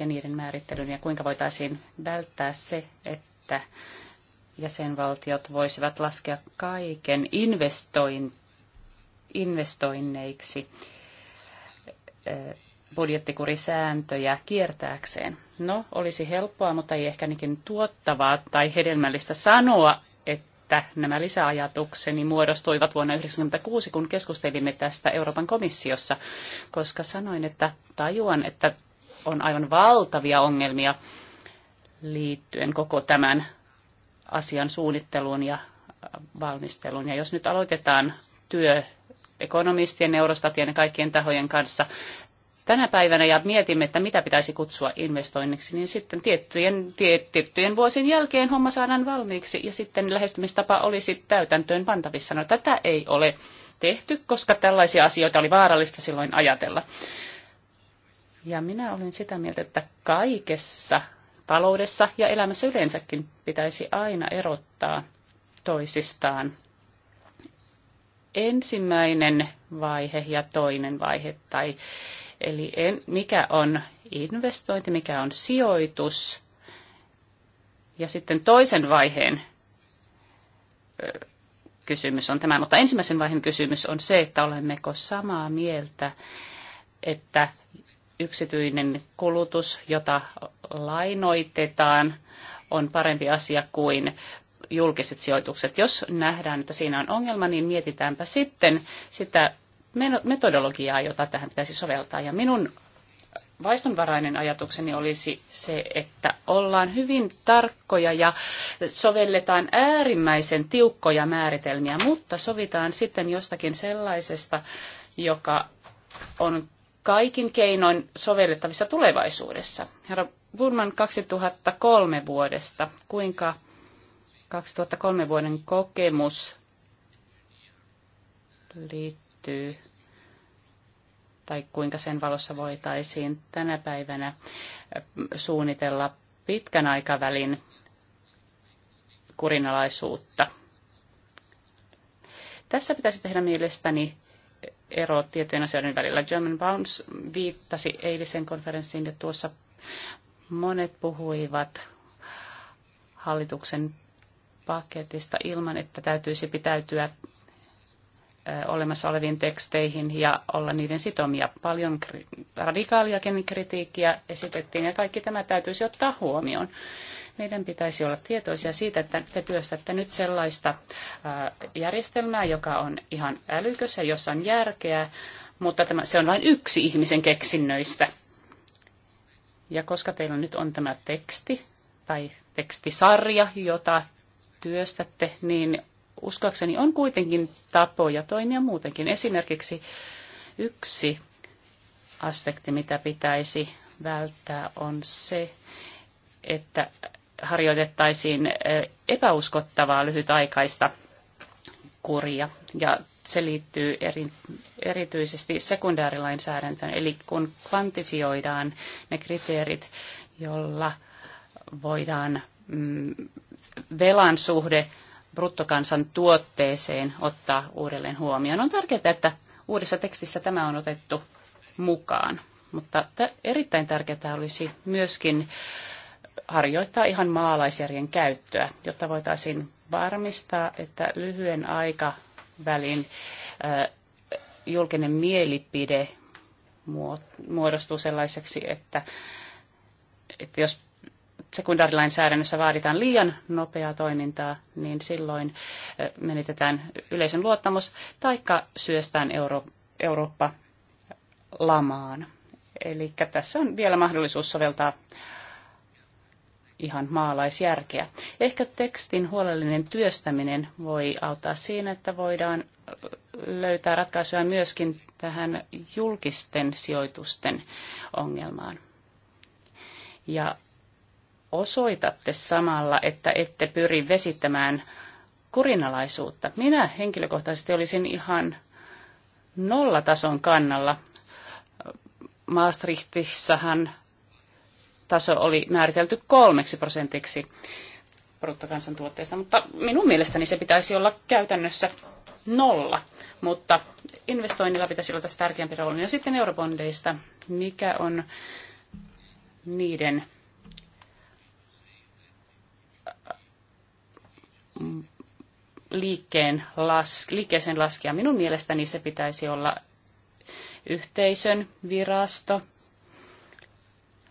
ja niiden määrittelyn ja kuinka voitaisiin välttää se, että jäsenvaltiot voisivat laskea kaiken investoin, investoinneiksi budjettikurisääntöjä kiertääkseen. No, olisi helppoa, mutta ei ehkä niinkin tuottavaa tai hedelmällistä sanoa, että nämä lisäajatukseni muodostuivat vuonna 1996, kun keskustelimme tästä Euroopan komissiossa, koska sanoin, että tajuan, että on aivan valtavia ongelmia liittyen koko tämän asian suunnitteluun ja valmisteluun. Ja jos nyt aloitetaan työ ekonomistien, neurostatien ja kaikkien tahojen kanssa tänä päivänä ja mietimme, että mitä pitäisi kutsua investoinniksi, niin sitten tiettyjen, tiettyjen vuosien jälkeen homma saadaan valmiiksi ja sitten lähestymistapa olisi täytäntöön pantavissa. No tätä ei ole tehty, koska tällaisia asioita oli vaarallista silloin ajatella. Ja minä olen sitä mieltä, että kaikessa taloudessa ja elämässä yleensäkin pitäisi aina erottaa toisistaan ensimmäinen vaihe ja toinen vaihe. Tai, eli en, mikä on investointi, mikä on sijoitus. Ja sitten toisen vaiheen kysymys on tämä, mutta ensimmäisen vaiheen kysymys on se, että olemmeko samaa mieltä, että yksityinen kulutus, jota lainoitetaan, on parempi asia kuin julkiset sijoitukset. Jos nähdään, että siinä on ongelma, niin mietitäänpä sitten sitä metodologiaa, jota tähän pitäisi soveltaa. Ja minun vaistonvarainen ajatukseni olisi se, että ollaan hyvin tarkkoja ja sovelletaan äärimmäisen tiukkoja määritelmiä, mutta sovitaan sitten jostakin sellaisesta, joka on kaikin keinoin sovellettavissa tulevaisuudessa. Herra Burman 2003 vuodesta, kuinka 2003 vuoden kokemus liittyy tai kuinka sen valossa voitaisiin tänä päivänä suunnitella pitkän aikavälin kurinalaisuutta. Tässä pitäisi tehdä mielestäni ero tiettyjen asioiden välillä. German Bounce viittasi eilisen konferenssiin ja tuossa monet puhuivat hallituksen paketista ilman, että täytyisi pitäytyä olemassa oleviin teksteihin ja olla niiden sitomia. Paljon radikaaliakin kritiikkiä esitettiin ja kaikki tämä täytyisi ottaa huomioon. Meidän pitäisi olla tietoisia siitä, että te työstätte nyt sellaista järjestelmää, joka on ihan älykös ja jossa on järkeä, mutta tämä, se on vain yksi ihmisen keksinnöistä. Ja koska teillä nyt on tämä teksti tai tekstisarja, jota työstätte, niin uskoakseni on kuitenkin tapoja toimia muutenkin. Esimerkiksi yksi aspekti, mitä pitäisi välttää, on se, että harjoitettaisiin eh, epäuskottavaa lyhytaikaista kuria. Ja se liittyy eri, erityisesti sekundäärilainsäädäntöön, eli kun kvantifioidaan ne kriteerit, jolla voidaan mm, velan suhde bruttokansantuotteeseen ottaa uudelleen huomioon. On tärkeää, että uudessa tekstissä tämä on otettu mukaan. Mutta erittäin tärkeää olisi myöskin harjoittaa ihan maalaisjärjen käyttöä, jotta voitaisiin varmistaa, että lyhyen aikavälin julkinen mielipide muodostuu sellaiseksi, että, että jos sekundaarilainsäädännössä vaaditaan liian nopeaa toimintaa, niin silloin menetetään yleisön luottamus, taikka syöstään Euro- Eurooppa lamaan. Eli tässä on vielä mahdollisuus soveltaa ihan maalaisjärkeä. Ehkä tekstin huolellinen työstäminen voi auttaa siinä, että voidaan löytää ratkaisuja myöskin tähän julkisten sijoitusten ongelmaan. Ja osoitatte samalla, että ette pyri vesittämään kurinalaisuutta. Minä henkilökohtaisesti olisin ihan nollatason kannalla. Maastrichtissahan taso oli määritelty kolmeksi prosentiksi bruttokansantuotteesta, mutta minun mielestäni se pitäisi olla käytännössä nolla. Mutta investoinnilla pitäisi olla tässä tärkeämpi rooli. Ja no sitten eurobondeista, mikä on niiden liikkeen las, liikkeeseen laskea. Minun mielestäni se pitäisi olla yhteisön virasto,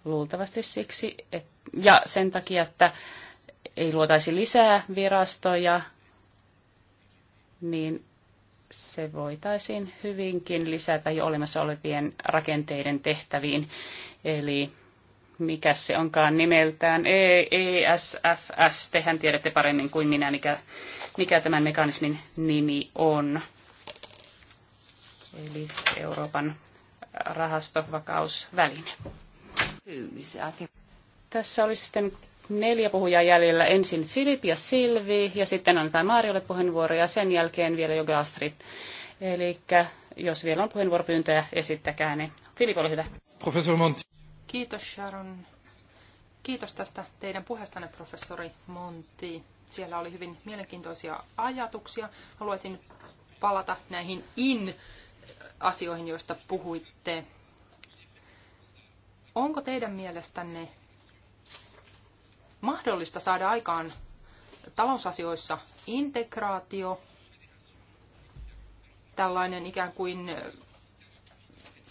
luultavasti siksi, et, ja sen takia, että ei luotaisi lisää virastoja, niin se voitaisiin hyvinkin lisätä jo olemassa olevien rakenteiden tehtäviin. Eli mikä se onkaan nimeltään, ESFS, e tehän tiedätte paremmin kuin minä, mikä, mikä tämän mekanismin nimi on. Eli Euroopan rahastovakausväline. Tässä oli sitten neljä puhujaa jäljellä. Ensin Filip ja Silvi ja sitten annetaan Maariolle puheenvuoro ja sen jälkeen vielä Joga Astrid. Eli jos vielä on puheenvuoropyyntöjä, esittäkää ne. Filip, ole hyvä. Professor Monti.
Kiitos Sharon. Kiitos tästä teidän puheestanne, professori Monti. Siellä oli hyvin mielenkiintoisia ajatuksia. Haluaisin palata näihin in-asioihin, joista puhuitte. Onko teidän mielestänne mahdollista saada aikaan talousasioissa integraatio, tällainen ikään kuin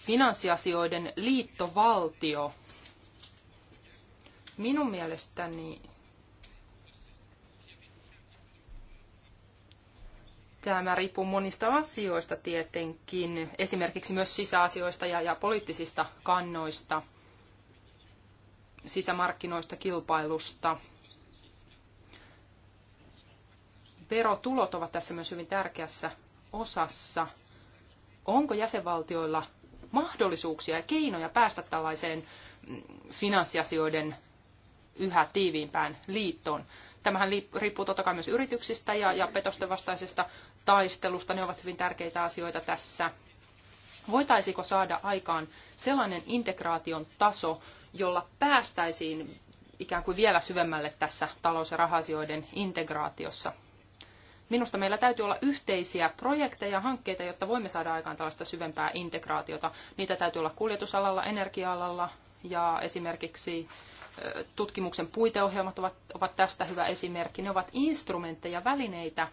finanssiasioiden liittovaltio. Minun mielestäni tämä riippuu monista asioista tietenkin, esimerkiksi myös sisäasioista ja, ja poliittisista kannoista, sisämarkkinoista, kilpailusta. Verotulot ovat tässä myös hyvin tärkeässä osassa. Onko jäsenvaltioilla mahdollisuuksia ja keinoja päästä tällaiseen mm, finanssiasioiden yhä tiiviimpään liittoon. Tämähän riippuu totta kai myös yrityksistä ja, ja petosten vastaisesta taistelusta. Ne ovat hyvin tärkeitä asioita tässä. Voitaisiko saada aikaan sellainen integraation taso, jolla päästäisiin ikään kuin vielä syvemmälle tässä talous- ja rahasioiden integraatiossa Minusta meillä täytyy olla yhteisiä projekteja ja hankkeita, jotta voimme saada aikaan tällaista syvempää integraatiota. Niitä täytyy olla kuljetusalalla, energia-alalla ja esimerkiksi tutkimuksen puiteohjelmat ovat, ovat tästä hyvä esimerkki. Ne ovat instrumentteja, välineitä,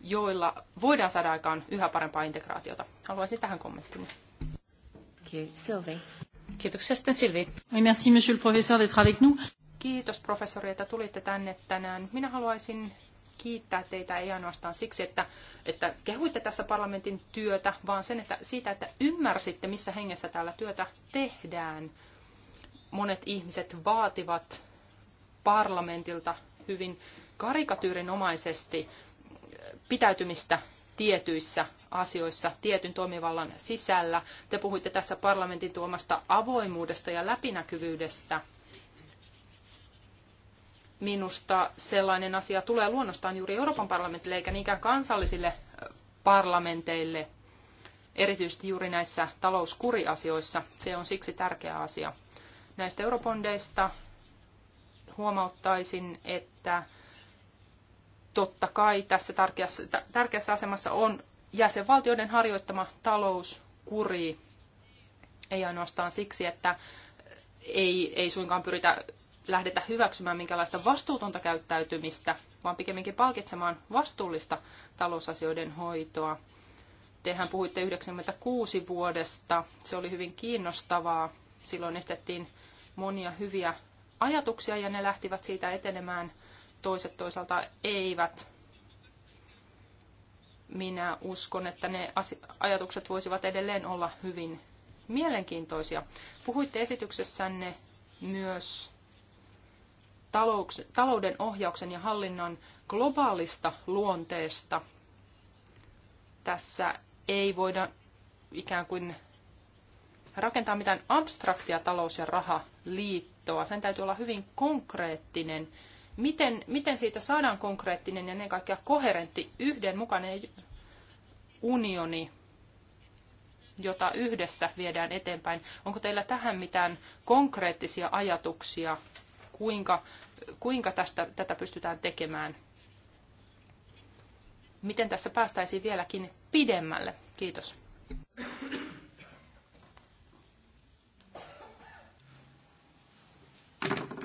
joilla voidaan saada aikaan yhä parempaa integraatiota. Haluaisin tähän kommenttini. Sylvie. Kiitoksia sitten Sylvie. Merci, monsieur le professeur, d'être avec nous. Kiitos professori, että tulitte tänne tänään. Minä haluaisin kiittää teitä ei ainoastaan siksi, että, että kehuitte tässä parlamentin työtä, vaan sen, että siitä, että ymmärsitte, missä hengessä täällä työtä tehdään. Monet ihmiset vaativat parlamentilta hyvin karikatyyrinomaisesti pitäytymistä tietyissä asioissa tietyn toimivallan sisällä. Te puhuitte tässä parlamentin tuomasta avoimuudesta ja läpinäkyvyydestä minusta sellainen asia tulee luonnostaan juuri Euroopan parlamentille eikä niinkään kansallisille parlamenteille, erityisesti juuri näissä talouskuriasioissa. Se on siksi tärkeä asia. Näistä eurobondeista huomauttaisin, että totta kai tässä tärkeässä, tärkeässä asemassa on jäsenvaltioiden harjoittama talouskuri. Ei ainoastaan siksi, että ei, ei suinkaan pyritä lähdetä hyväksymään minkälaista vastuutonta käyttäytymistä, vaan pikemminkin palkitsemaan vastuullista talousasioiden hoitoa. Tehän puhuitte 96 vuodesta. Se oli hyvin kiinnostavaa. Silloin estettiin monia hyviä ajatuksia ja ne lähtivät siitä etenemään. Toiset toisaalta eivät. Minä uskon, että ne ajatukset voisivat edelleen olla hyvin mielenkiintoisia. Puhuitte esityksessänne myös talouden ohjauksen ja hallinnan globaalista luonteesta. Tässä ei voida ikään kuin rakentaa mitään abstraktia talous- ja rahaliittoa. Sen täytyy olla hyvin konkreettinen. Miten, miten siitä saadaan konkreettinen ja ne kaikkia koherentti, yhdenmukainen unioni, jota yhdessä viedään eteenpäin? Onko teillä tähän mitään konkreettisia ajatuksia kuinka, kuinka tästä, tätä pystytään tekemään. Miten tässä päästäisiin vieläkin pidemmälle? Kiitos.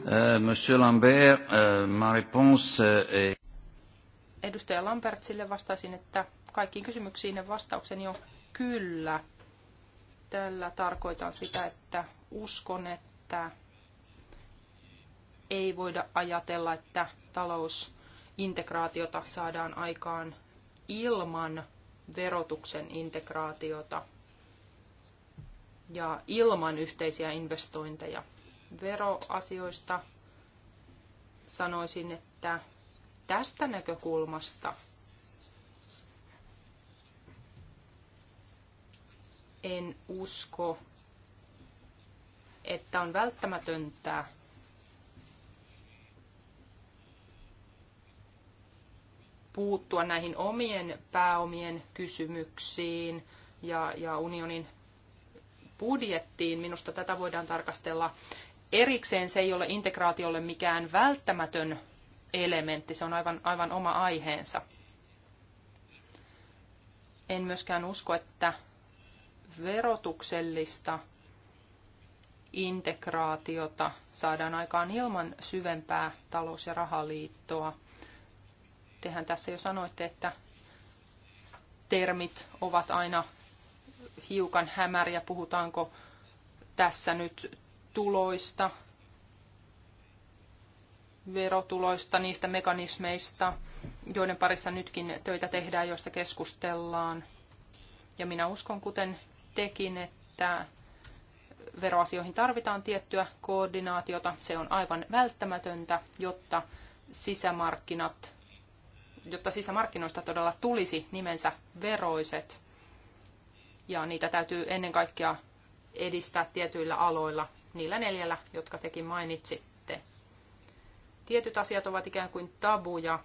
Euh, Monsieur Lambert, euh, ma réponse euh, est...
Edustaja Lambertsille vastaisin, että kaikkiin kysymyksiin vastaukseni on kyllä. Tällä tarkoitan sitä, että uskon, että ei voida ajatella, että talousintegraatiota saadaan aikaan ilman verotuksen integraatiota ja ilman yhteisiä investointeja. Veroasioista sanoisin, että tästä näkökulmasta en usko, että on välttämätöntä puuttua näihin omien pääomien kysymyksiin ja, ja unionin budjettiin. Minusta tätä voidaan tarkastella erikseen. Se ei ole integraatiolle mikään välttämätön elementti, se on aivan, aivan oma aiheensa. En myöskään usko, että verotuksellista integraatiota saadaan aikaan ilman syvempää talous- ja rahaliittoa. Tehän tässä jo sanoitte, että termit ovat aina hiukan hämäriä, puhutaanko tässä nyt tuloista, verotuloista, niistä mekanismeista, joiden parissa nytkin töitä tehdään, joista keskustellaan. Ja minä uskon, kuten tekin, että veroasioihin tarvitaan tiettyä koordinaatiota. Se on aivan välttämätöntä, jotta sisämarkkinat jotta sisämarkkinoista todella tulisi nimensä veroiset. Ja niitä täytyy ennen kaikkea edistää tietyillä aloilla, niillä neljällä, jotka tekin mainitsitte. Tietyt asiat ovat ikään kuin tabuja,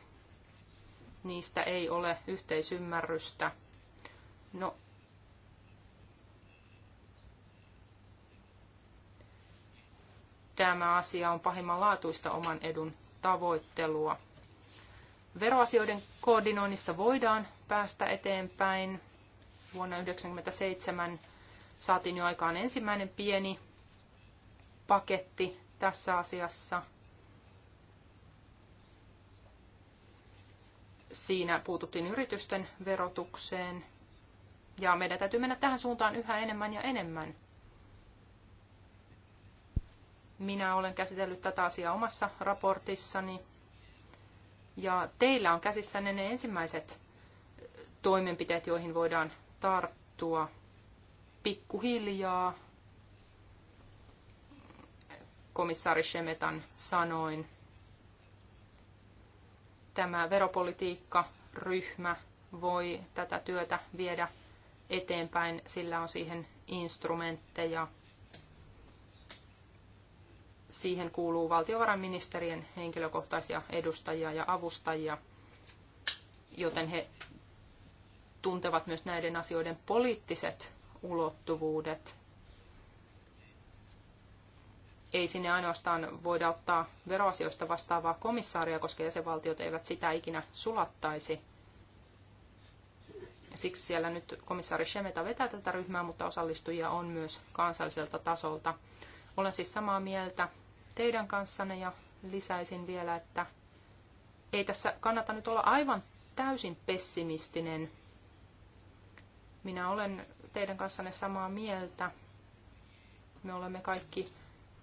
niistä ei ole yhteisymmärrystä. No, tämä asia on laatuista oman edun tavoittelua. Veroasioiden koordinoinnissa voidaan päästä eteenpäin. Vuonna 1997 saatiin jo aikaan ensimmäinen pieni paketti tässä asiassa. Siinä puututtiin yritysten verotukseen ja meidän täytyy mennä tähän suuntaan yhä enemmän ja enemmän. Minä olen käsitellyt tätä asiaa omassa raportissani ja teillä on käsissänne ne ensimmäiset toimenpiteet, joihin voidaan tarttua pikkuhiljaa, komissaari Shemetan sanoin. Tämä veropolitiikkaryhmä voi tätä työtä viedä eteenpäin, sillä on siihen instrumentteja – Siihen kuuluu valtiovarainministerien henkilökohtaisia edustajia ja avustajia, joten he tuntevat myös näiden asioiden poliittiset ulottuvuudet. Ei sinne ainoastaan voida ottaa veroasioista vastaavaa komissaaria, koska jäsenvaltiot eivät sitä ikinä sulattaisi. Siksi siellä nyt komissaari Shemeta vetää tätä ryhmää, mutta osallistujia on myös kansalliselta tasolta. Olen siis samaa mieltä teidän kanssanne ja lisäisin vielä, että ei tässä kannata nyt olla aivan täysin pessimistinen. Minä olen teidän kanssanne samaa mieltä. Me olemme kaikki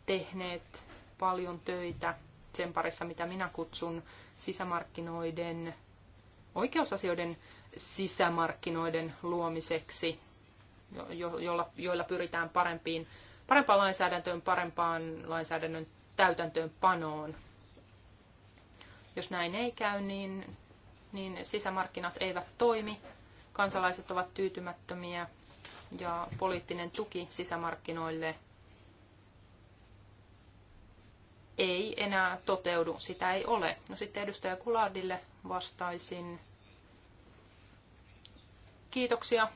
tehneet paljon töitä sen parissa, mitä minä kutsun sisämarkkinoiden, oikeusasioiden sisämarkkinoiden luomiseksi, jo, jo- joilla pyritään parempiin, parempaan lainsäädäntöön, parempaan lainsäädännön täytäntöönpanoon. Jos näin ei käy, niin, niin sisämarkkinat eivät toimi, kansalaiset ovat tyytymättömiä ja poliittinen tuki sisämarkkinoille ei enää toteudu, sitä ei ole. No sitten edustaja Kulardille vastaisin. Kiitoksia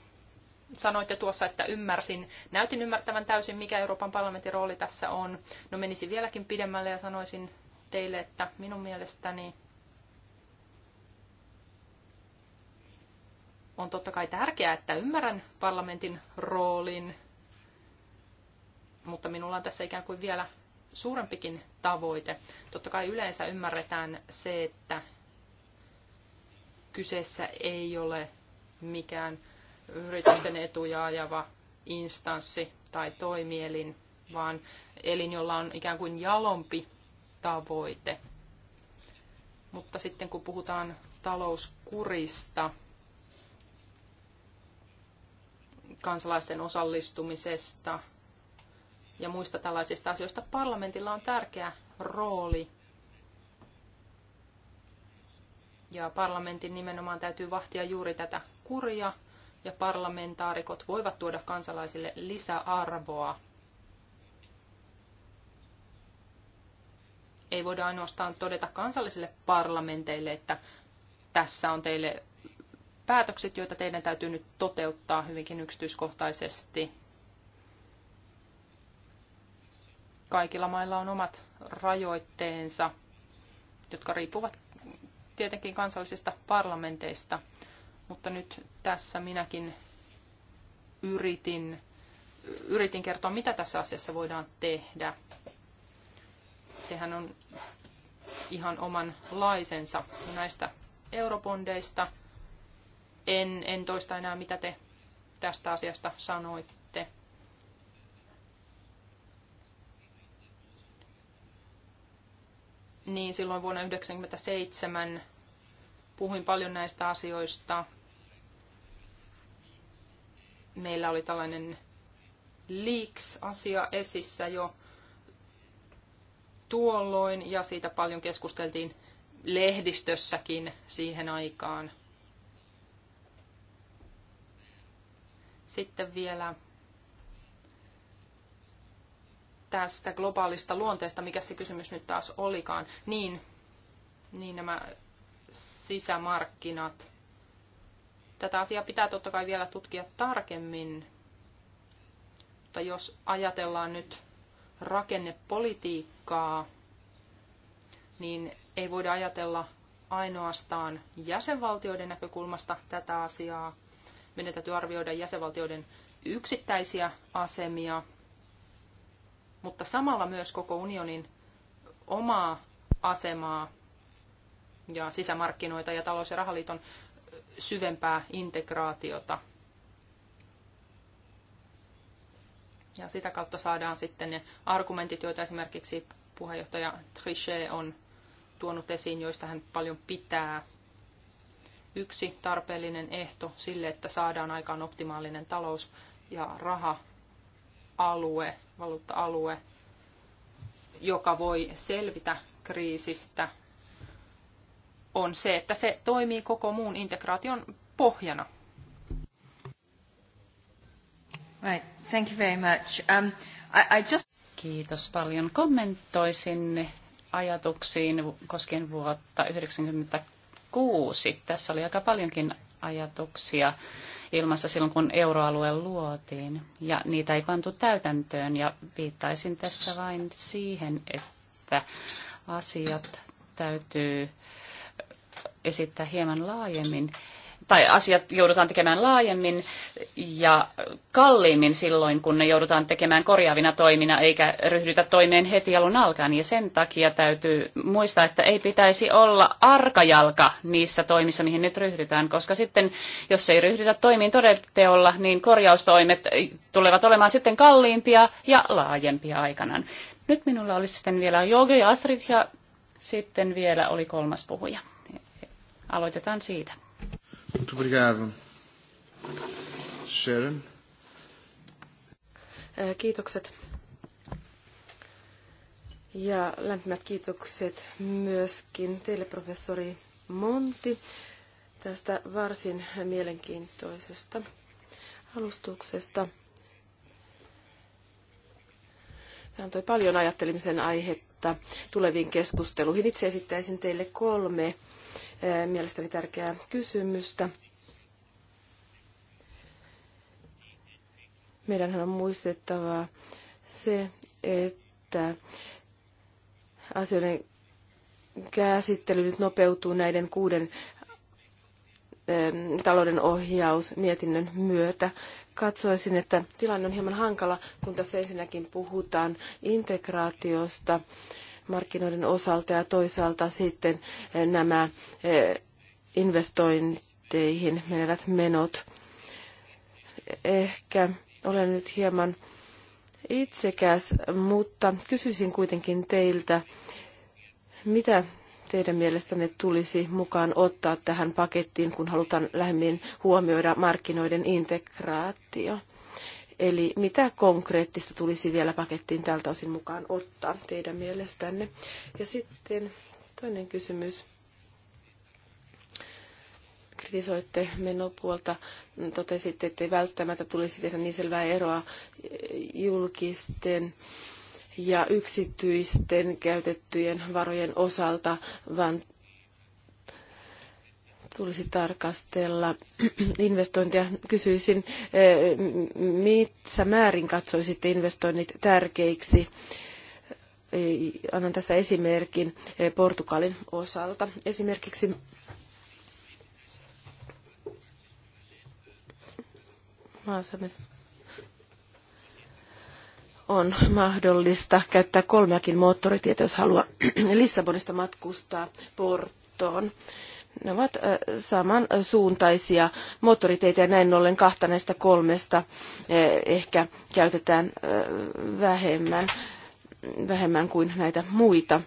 sanoitte tuossa, että ymmärsin, näytin ymmärtävän täysin, mikä Euroopan parlamentin rooli tässä on. No menisin vieläkin pidemmälle ja sanoisin teille, että minun mielestäni on totta kai tärkeää, että ymmärrän parlamentin roolin, mutta minulla on tässä ikään kuin vielä suurempikin tavoite. Totta kai yleensä ymmärretään se, että kyseessä ei ole mikään yritysten etuja ajava instanssi tai toimielin, vaan elin, jolla on ikään kuin jalompi tavoite. Mutta sitten kun puhutaan talouskurista, kansalaisten osallistumisesta ja muista tällaisista asioista, parlamentilla on tärkeä rooli. Ja parlamentin nimenomaan täytyy vahtia juuri tätä kuria ja parlamentaarikot voivat tuoda kansalaisille lisäarvoa. Ei voida ainoastaan todeta kansallisille parlamenteille, että tässä on teille päätökset, joita teidän täytyy nyt toteuttaa hyvinkin yksityiskohtaisesti. Kaikilla mailla on omat rajoitteensa, jotka riippuvat tietenkin kansallisista parlamenteista. Mutta nyt tässä minäkin yritin, yritin kertoa, mitä tässä asiassa voidaan tehdä. Sehän on ihan oman laisensa näistä eurobondeista. En, en toista enää, mitä te tästä asiasta sanoitte. Niin silloin vuonna 1997 puhuin paljon näistä asioista meillä oli tällainen leaks-asia esissä jo tuolloin ja siitä paljon keskusteltiin lehdistössäkin siihen aikaan. Sitten vielä tästä globaalista luonteesta, mikä se kysymys nyt taas olikaan, niin, niin nämä sisämarkkinat – Tätä asiaa pitää totta kai vielä tutkia tarkemmin, mutta jos ajatellaan nyt rakennepolitiikkaa, niin ei voida ajatella ainoastaan jäsenvaltioiden näkökulmasta tätä asiaa. Meidän täytyy arvioida jäsenvaltioiden yksittäisiä asemia, mutta samalla myös koko unionin omaa asemaa ja sisämarkkinoita ja talous- ja rahaliiton syvempää integraatiota. Ja sitä kautta saadaan sitten ne argumentit, joita esimerkiksi puheenjohtaja Trichet on tuonut esiin, joista hän paljon pitää. Yksi tarpeellinen ehto sille, että saadaan aikaan optimaalinen talous- ja raha-alue, valuutta-alue, joka voi selvitä kriisistä on se, että se toimii koko muun integraation pohjana.
Right. Thank you very much. Um, I, I just... Kiitos paljon. Kommentoisin ajatuksiin koskien vuotta 1996. Tässä oli aika paljonkin ajatuksia ilmassa silloin, kun euroalue luotiin, ja niitä ei pantu täytäntöön, ja viittaisin tässä vain siihen, että asiat täytyy esittää hieman laajemmin, tai asiat joudutaan tekemään laajemmin ja kalliimmin silloin, kun ne joudutaan tekemään korjaavina toimina, eikä ryhdytä toimeen heti alun alkaen. Ja sen takia täytyy muistaa, että ei pitäisi olla arkajalka niissä toimissa, mihin nyt ryhdytään, koska sitten, jos ei ryhdytä toimiin todeteolla, niin korjaustoimet tulevat olemaan sitten kalliimpia ja laajempia aikanaan. Nyt minulla olisi sitten vielä Jogi ja Astrid ja sitten vielä oli kolmas puhuja. Aloitetaan siitä. Sharon.
Kiitokset. Ja lämpimät kiitokset myöskin teille, professori Monti, tästä varsin mielenkiintoisesta alustuksesta. Tämä antoi paljon ajattelemisen aihetta tuleviin keskusteluihin. Itse esittäisin teille kolme Äh, mielestäni tärkeää kysymystä. Meidän on muistettava se, että asioiden käsittely nyt nopeutuu näiden kuuden ähm, talouden ohjausmietinnön myötä. Katsoisin, että tilanne on hieman hankala, kun tässä ensinnäkin puhutaan integraatiosta markkinoiden osalta ja toisaalta sitten eh, nämä eh, investointeihin menevät menot. Ehkä olen nyt hieman itsekäs, mutta kysyisin kuitenkin teiltä, mitä teidän mielestänne tulisi mukaan ottaa tähän pakettiin, kun halutaan lähemmin huomioida markkinoiden integraatio? Eli mitä konkreettista tulisi vielä pakettiin tältä osin mukaan ottaa teidän mielestänne? Ja sitten toinen kysymys. Kritisoitte menopuolta. Totesitte, että ei välttämättä tulisi tehdä niin selvää eroa julkisten ja yksityisten käytettyjen varojen osalta, vaan tulisi tarkastella investointia. Kysyisin, eh, missä määrin katsoisitte investoinnit tärkeiksi? Eh, annan tässä esimerkin eh, Portugalin osalta. Esimerkiksi on mahdollista käyttää kolmeakin moottoritietä, jos haluaa Lissabonista matkustaa Portoon. Ne ovat samansuuntaisia moottoriteitä ja näin ollen kahta näistä kolmesta ehkä käytetään vähemmän, vähemmän kuin näitä muita.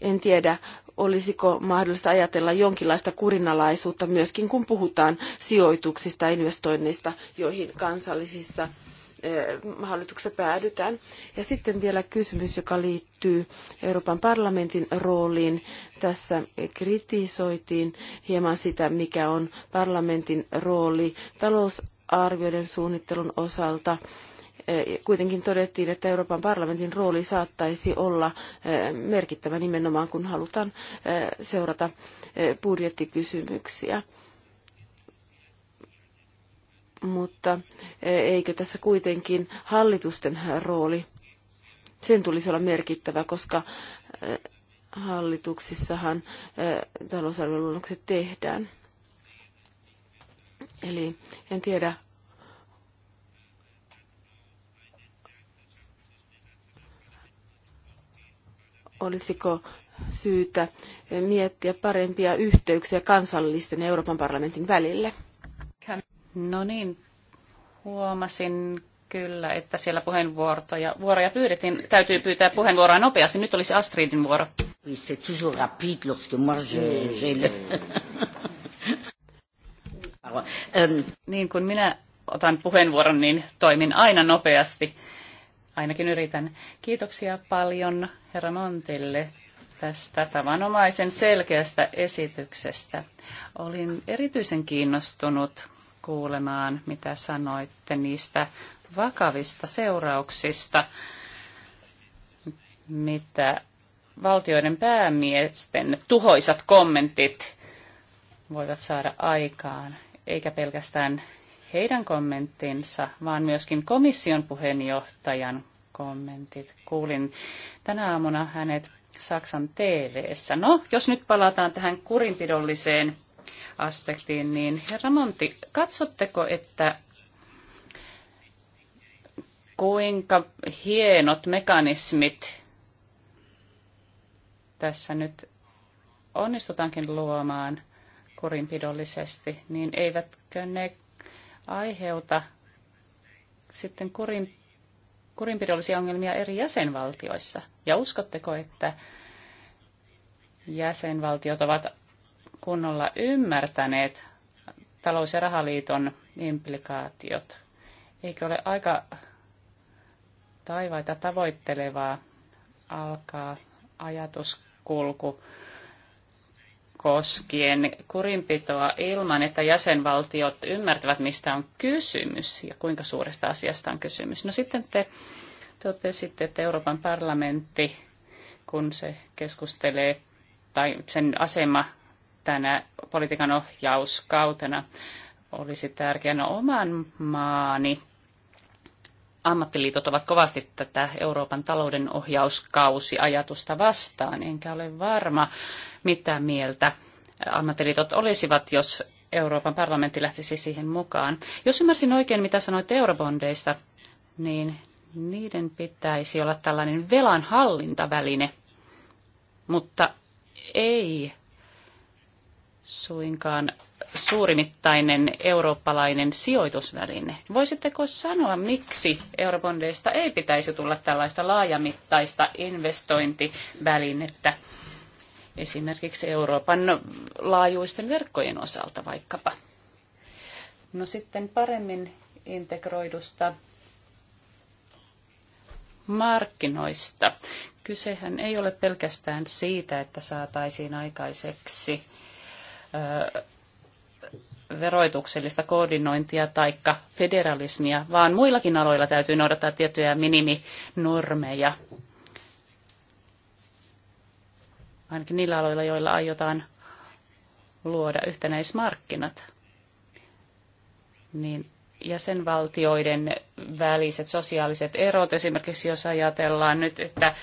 En tiedä, olisiko mahdollista ajatella jonkinlaista kurinalaisuutta myöskin, kun puhutaan sijoituksista ja investoinneista, joihin kansallisissa Eh, hallituksessa päädytään. Ja sitten vielä kysymys, joka liittyy Euroopan parlamentin rooliin. Tässä kritisoitiin hieman sitä, mikä on parlamentin rooli talousarvioiden suunnittelun osalta. Eh, kuitenkin todettiin, että Euroopan parlamentin rooli saattaisi olla eh, merkittävä nimenomaan, kun halutaan seurata budjettikysymyksiä mutta e, eikö tässä kuitenkin hallitusten rooli, sen tulisi olla merkittävä, koska e, hallituksissahan e, talousarvioluonnokset tehdään. Eli en tiedä, olisiko syytä miettiä parempia yhteyksiä kansallisten ja Euroopan parlamentin välille.
No niin, huomasin kyllä, että siellä puheenvuoroja vuoroja pyydettiin. Täytyy pyytää puheenvuoroa nopeasti. Nyt olisi Astridin vuoro. c'est toujours rapide lorsque
moi je, le...
Euh, niin kun minä otan puheenvuoron, niin toimin aina nopeasti. Ainakin yritän. Kiitoksia paljon herra Montille tästä tavanomaisen selkeästä esityksestä. Olin erityisen kiinnostunut kuulemaan, mitä sanoitte niistä vakavista seurauksista, mitä valtioiden päämiesten tuhoisat kommentit voivat saada aikaan, eikä pelkästään heidän kommenttinsa, vaan myöskin komission puheenjohtajan kommentit. Kuulin tänä aamuna hänet Saksan tv -ssä. No, jos nyt palataan tähän kurinpidolliseen aspektiin, niin herra Monti, katsotteko, että kuinka hienot mekanismit tässä nyt onnistutaankin luomaan kurinpidollisesti, niin eivätkö ne aiheuta sitten kurin, kurinpidollisia ongelmia eri jäsenvaltioissa? Ja uskotteko, että jäsenvaltiot ovat kunnolla ymmärtäneet talous- ja rahaliiton implikaatiot. Eikö ole aika taivaita tavoittelevaa alkaa ajatuskulku koskien kurinpitoa ilman, että jäsenvaltiot ymmärtävät, mistä on kysymys ja kuinka suuresta asiasta on kysymys. No sitten te totesitte, että Euroopan parlamentti, kun se keskustelee tai sen asema tänä politiikan ohjauskautena olisi tärkeänä no, oman maani. Ammattiliitot ovat kovasti tätä Euroopan talouden ohjauskausi-ajatusta vastaan, enkä ole varma, mitä mieltä ammattiliitot olisivat, jos Euroopan parlamentti lähtisi siihen mukaan. Jos ymmärsin oikein, mitä sanoit eurobondeista, niin niiden pitäisi olla tällainen velan mutta ei suinkaan suurimittainen eurooppalainen sijoitusväline. Voisitteko sanoa, miksi eurobondeista ei pitäisi tulla tällaista laajamittaista investointivälinettä esimerkiksi Euroopan laajuisten verkkojen osalta vaikkapa? No sitten paremmin integroidusta markkinoista. Kysehän ei ole pelkästään siitä, että saataisiin aikaiseksi veroituksellista koordinointia tai federalismia, vaan muillakin aloilla täytyy noudattaa tiettyjä miniminormeja. Ainakin niillä aloilla, joilla aiotaan luoda yhtenäismarkkinat. Niin jäsenvaltioiden väliset sosiaaliset erot. Esimerkiksi jos ajatellaan nyt, että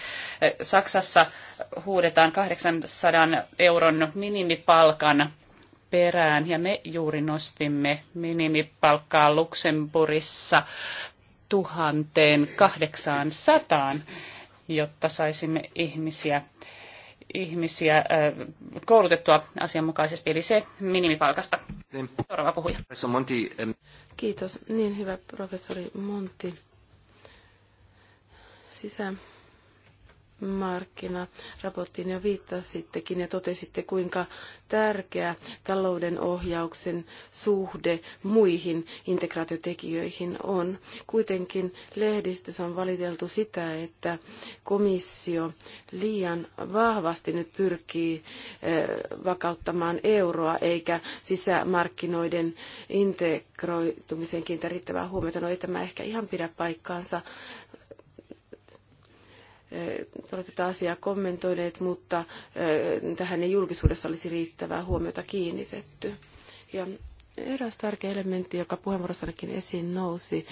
Saksassa huudetaan 800 euron minimipalkan perään ja me juuri nostimme minimipalkkaa Luxemburissa 1800, jotta saisimme ihmisiä ihmisiä koulutettua asianmukaisesti, eli
se minimipalkasta. Seuraava puhuja. Kiitos. Niin hyvä professori Monti. Sisä markkinaraporttiin jo viittasittekin ja totesitte, kuinka tärkeä talouden ohjauksen suhde muihin integraatiotekijöihin on. Kuitenkin lehdistössä on valiteltu sitä, että komissio liian vahvasti nyt pyrkii eh, vakauttamaan euroa eikä sisämarkkinoiden integroitumiseen kiinnitä riittävää huomiota. No ei tämä ehkä ihan pidä paikkaansa te olette tätä asiaa kommentoineet, mutta tähän ei julkisuudessa olisi riittävää huomiota kiinnitetty. Ja eräs tärkeä elementti, joka puheenvuorossanikin esiin nousi,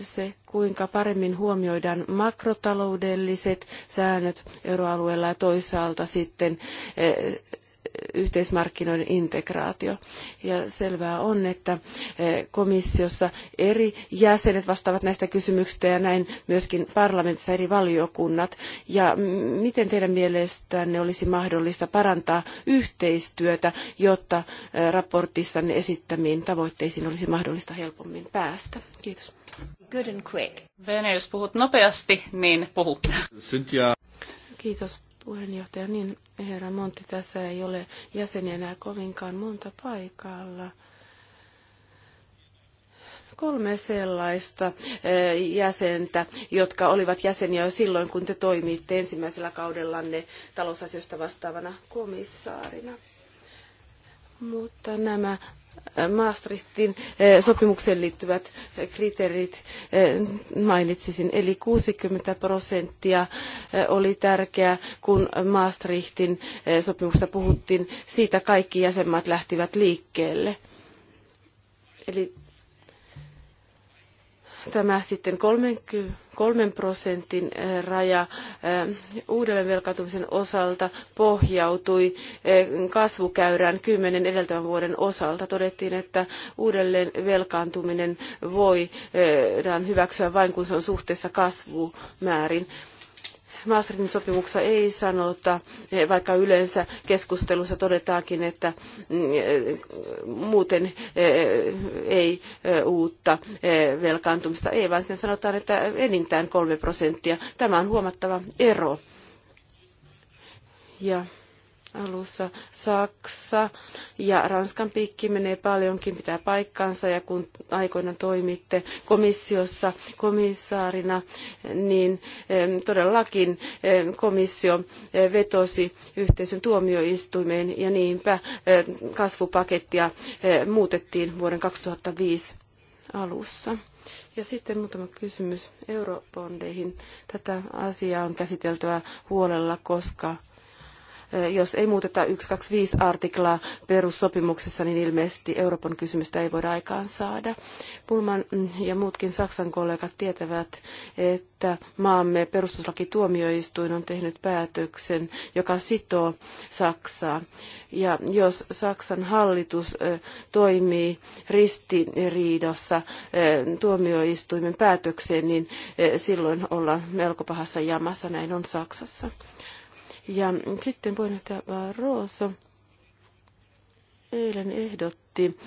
se, kuinka paremmin huomioidaan makrotaloudelliset säännöt euroalueella ja toisaalta sitten yhteismarkkinoiden integraatio. Ja selvää on, että eh, komissiossa eri jäsenet vastaavat näistä kysymyksistä ja näin myöskin parlamentissa eri valiokunnat. Ja miten teidän mielestänne olisi mahdollista parantaa yhteistyötä, jotta eh, raportissanne esittämiin tavoitteisiin olisi mahdollista helpommin päästä? Kiitos. Good and quick. Bene, jos puhut nopeasti, niin puhu. Kiitos puheenjohtaja, niin herra Montti, tässä ei ole jäseniä enää kovinkaan monta paikalla. Kolme sellaista eh, jäsentä, jotka olivat jäseniä jo silloin, kun te toimitte ensimmäisellä kaudellanne talousasioista vastaavana komissaarina. Mutta nämä Maastrichtin eh, sopimukseen liittyvät eh, kriteerit eh, mainitsisin, eli 60 prosenttia oli tärkeää, kun Maastrichtin sopimuksesta puhuttiin. Siitä kaikki jäsenmaat lähtivät liikkeelle. Eli tämä sitten 3 prosentin raja uudelleen osalta pohjautui kasvukäyrään kymmenen edeltävän vuoden osalta. Todettiin, että uudelleen velkaantuminen voidaan hyväksyä vain kun se on suhteessa kasvumäärin. Maastrichtin sopimuksessa ei sanota, eh, vaikka yleensä keskustelussa todetaankin, että mm, eh, muuten eh, ei uutta velkaantumista, ei vaan sen sanotaan, että enintään kolme prosenttia. Tämä on huomattava ero. Ja alussa Saksa ja Ranskan piikki menee paljonkin, pitää paikkansa ja kun aikoina toimitte komissiossa komissaarina, niin todellakin komissio vetosi yhteisön tuomioistuimeen ja niinpä kasvupakettia muutettiin vuoden 2005 alussa. Ja sitten muutama kysymys eurobondeihin. Tätä asiaa on käsiteltävä huolella, koska jos ei muuteta 125 artiklaa perussopimuksessa, niin ilmeisesti Euroopan kysymystä ei voida aikaan saada. Pulman ja muutkin Saksan kollegat tietävät, että maamme perustuslakituomioistuin on tehnyt päätöksen, joka sitoo Saksaa. Ja jos Saksan hallitus toimii ristiriidassa tuomioistuimen päätökseen, niin silloin ollaan melko pahassa jamassa, näin on Saksassa. Ja sitten puheenjohtaja Barroso eilen ehdotti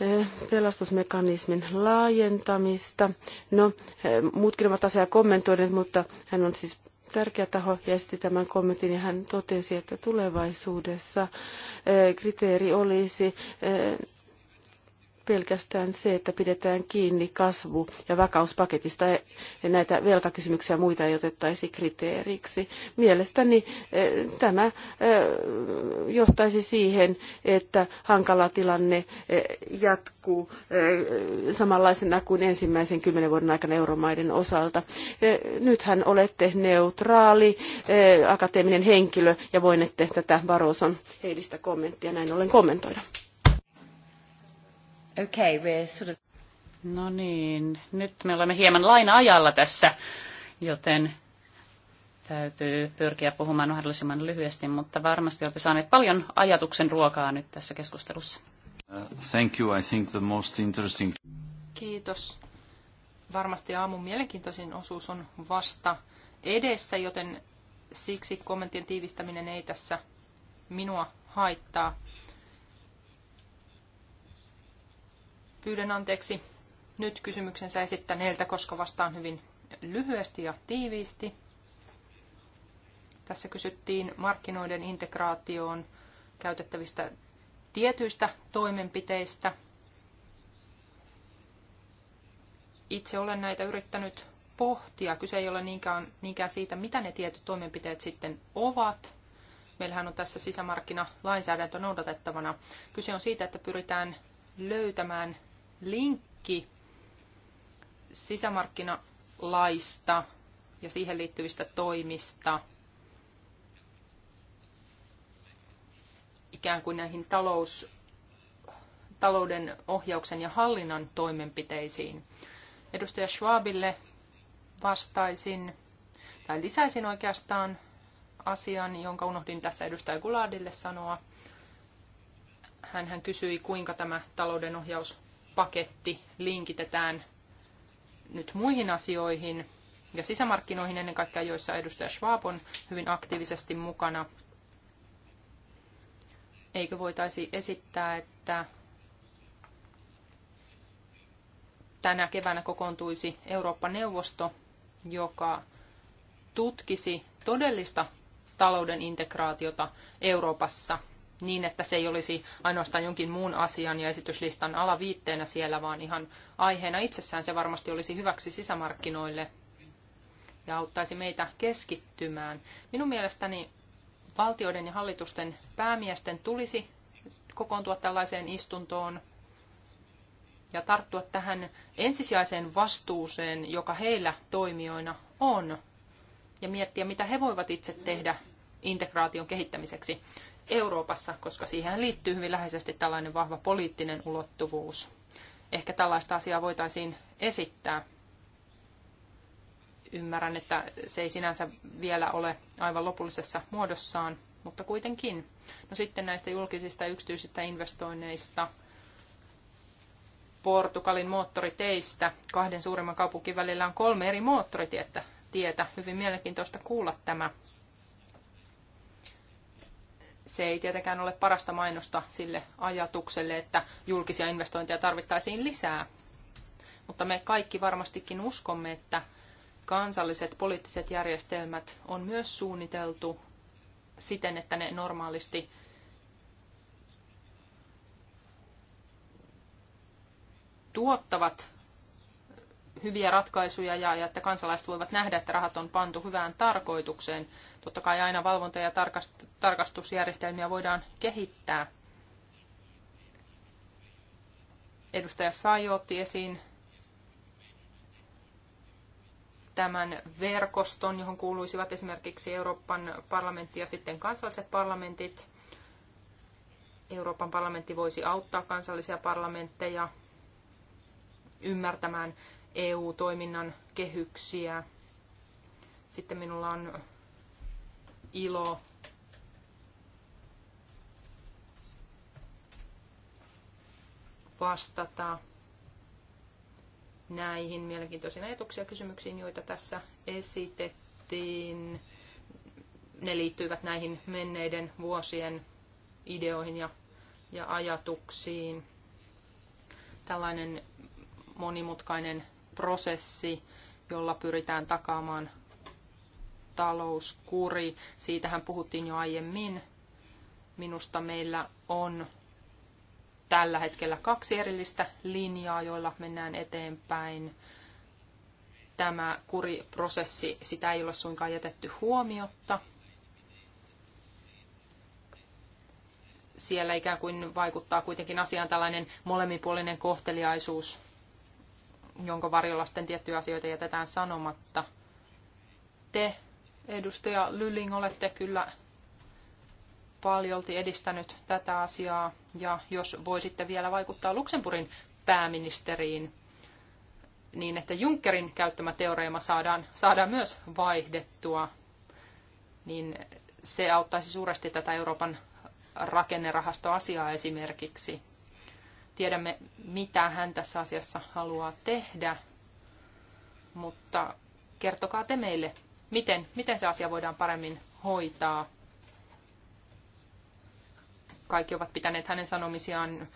eh, pelastusmekanismin laajentamista. No, eh, muutkin ovat asiaa kommentoineet, mutta hän on siis tärkeä taho ja esti tämän kommentin ja hän totesi, että tulevaisuudessa eh, kriteeri olisi pelkästään se, että pidetään kiinni kasvu- ja vakauspaketista ja näitä velkakysymyksiä ja muita ei otettaisi kriteeriksi. Mielestäni eh, tämä eh, johtaisi siihen, että hankala tilanne eh, jatkuu samanlaisena kuin ensimmäisen kymmenen vuoden aikana euromaiden osalta. Nythän olette neutraali akateeminen henkilö ja voinette tätä Baroson eilistä kommenttia näin ollen kommentoida.
Okay, we're sort of... No niin, nyt me olemme hieman laina-ajalla tässä, joten täytyy pyrkiä puhumaan mahdollisimman lyhyesti, mutta varmasti olette saaneet paljon ajatuksen ruokaa
nyt tässä keskustelussa. Uh,
thank you, I think the most interesting...
Kiitos. Varmasti aamun mielenkiintoisin osuus on vasta edessä, joten siksi kommenttien tiivistäminen ei tässä minua haittaa. Pyydän anteeksi nyt kysymyksensä esittäneeltä, koska vastaan hyvin lyhyesti ja tiiviisti. Tässä kysyttiin markkinoiden integraatioon käytettävistä tietyistä toimenpiteistä. Itse olen näitä yrittänyt pohtia. Kyse ei ole niinkään, niinkään siitä, mitä ne tietyt toimenpiteet sitten ovat. Meillähän on tässä lainsäädäntö noudatettavana. Kyse on siitä, että pyritään löytämään linkki sisämarkkinalaista ja siihen liittyvistä toimista ikään kuin näihin talous, talouden ohjauksen ja hallinnan toimenpiteisiin. Edustaja Schwabille vastaisin, tai lisäisin oikeastaan asian, jonka unohdin tässä edustaja Gulardille sanoa. Hän, hän kysyi, kuinka tämä talouden ohjaus paketti linkitetään nyt muihin asioihin ja sisämarkkinoihin ennen kaikkea, joissa edustaja Schwab on hyvin aktiivisesti mukana. Eikö voitaisi esittää, että tänä keväänä kokoontuisi Eurooppa-neuvosto, joka tutkisi todellista talouden integraatiota Euroopassa niin, että se ei olisi ainoastaan jonkin muun asian ja esityslistan alaviitteenä siellä, vaan ihan aiheena itsessään se varmasti olisi hyväksi sisämarkkinoille ja auttaisi meitä keskittymään. Minun mielestäni valtioiden ja hallitusten päämiesten tulisi kokoontua tällaiseen istuntoon ja tarttua tähän ensisijaiseen vastuuseen, joka heillä toimijoina on, ja miettiä, mitä he voivat itse tehdä integraation kehittämiseksi. Euroopassa, koska siihen liittyy hyvin läheisesti tällainen vahva poliittinen ulottuvuus. Ehkä tällaista asiaa voitaisiin esittää. Ymmärrän, että se ei sinänsä vielä ole aivan lopullisessa muodossaan, mutta kuitenkin. No sitten näistä julkisista ja yksityisistä investoinneista. Portugalin moottoriteistä. Kahden suurimman kaupunkin välillä on kolme eri moottoritietä. Tietä. Hyvin mielenkiintoista kuulla tämä se ei tietenkään ole parasta mainosta sille ajatukselle, että julkisia investointeja tarvittaisiin lisää. Mutta me kaikki varmastikin uskomme, että kansalliset poliittiset järjestelmät on myös suunniteltu siten, että ne normaalisti tuottavat hyviä ratkaisuja ja, ja että kansalaiset voivat nähdä, että rahat on pantu hyvään tarkoitukseen. Totta kai aina valvonta- ja tarkastusjärjestelmiä voidaan kehittää. Edustaja Fajo otti esiin tämän verkoston, johon kuuluisivat esimerkiksi Euroopan parlamentti ja sitten kansalliset parlamentit. Euroopan parlamentti voisi auttaa kansallisia parlamentteja ymmärtämään EU-toiminnan kehyksiä. Sitten minulla on ilo vastata näihin mielenkiintoisiin ajatuksiin ja kysymyksiin, joita tässä esitettiin. Ne liittyivät näihin menneiden vuosien ideoihin ja, ja ajatuksiin. Tällainen monimutkainen prosessi, jolla pyritään takaamaan talouskuri. Siitähän puhuttiin jo aiemmin. Minusta meillä on tällä hetkellä kaksi erillistä linjaa, joilla mennään eteenpäin. Tämä kuriprosessi, sitä ei ole suinkaan jätetty huomiotta. Siellä ikään kuin vaikuttaa kuitenkin asiaan tällainen molemminpuolinen kohteliaisuus jonka varjolla sitten tiettyjä asioita jätetään sanomatta. Te, edustaja Lyling, olette kyllä paljolti edistänyt tätä asiaa, ja jos voisitte vielä vaikuttaa Luxemburgin pääministeriin, niin että Junckerin käyttämä teoreema saadaan, saadaan myös vaihdettua, niin se auttaisi suuresti tätä Euroopan rakennerahastoasiaa esimerkiksi tiedämme, mitä hän tässä asiassa haluaa tehdä, mutta kertokaa te meille, miten, miten se asia voidaan paremmin hoitaa. Kaikki ovat pitäneet hänen sanomisiaan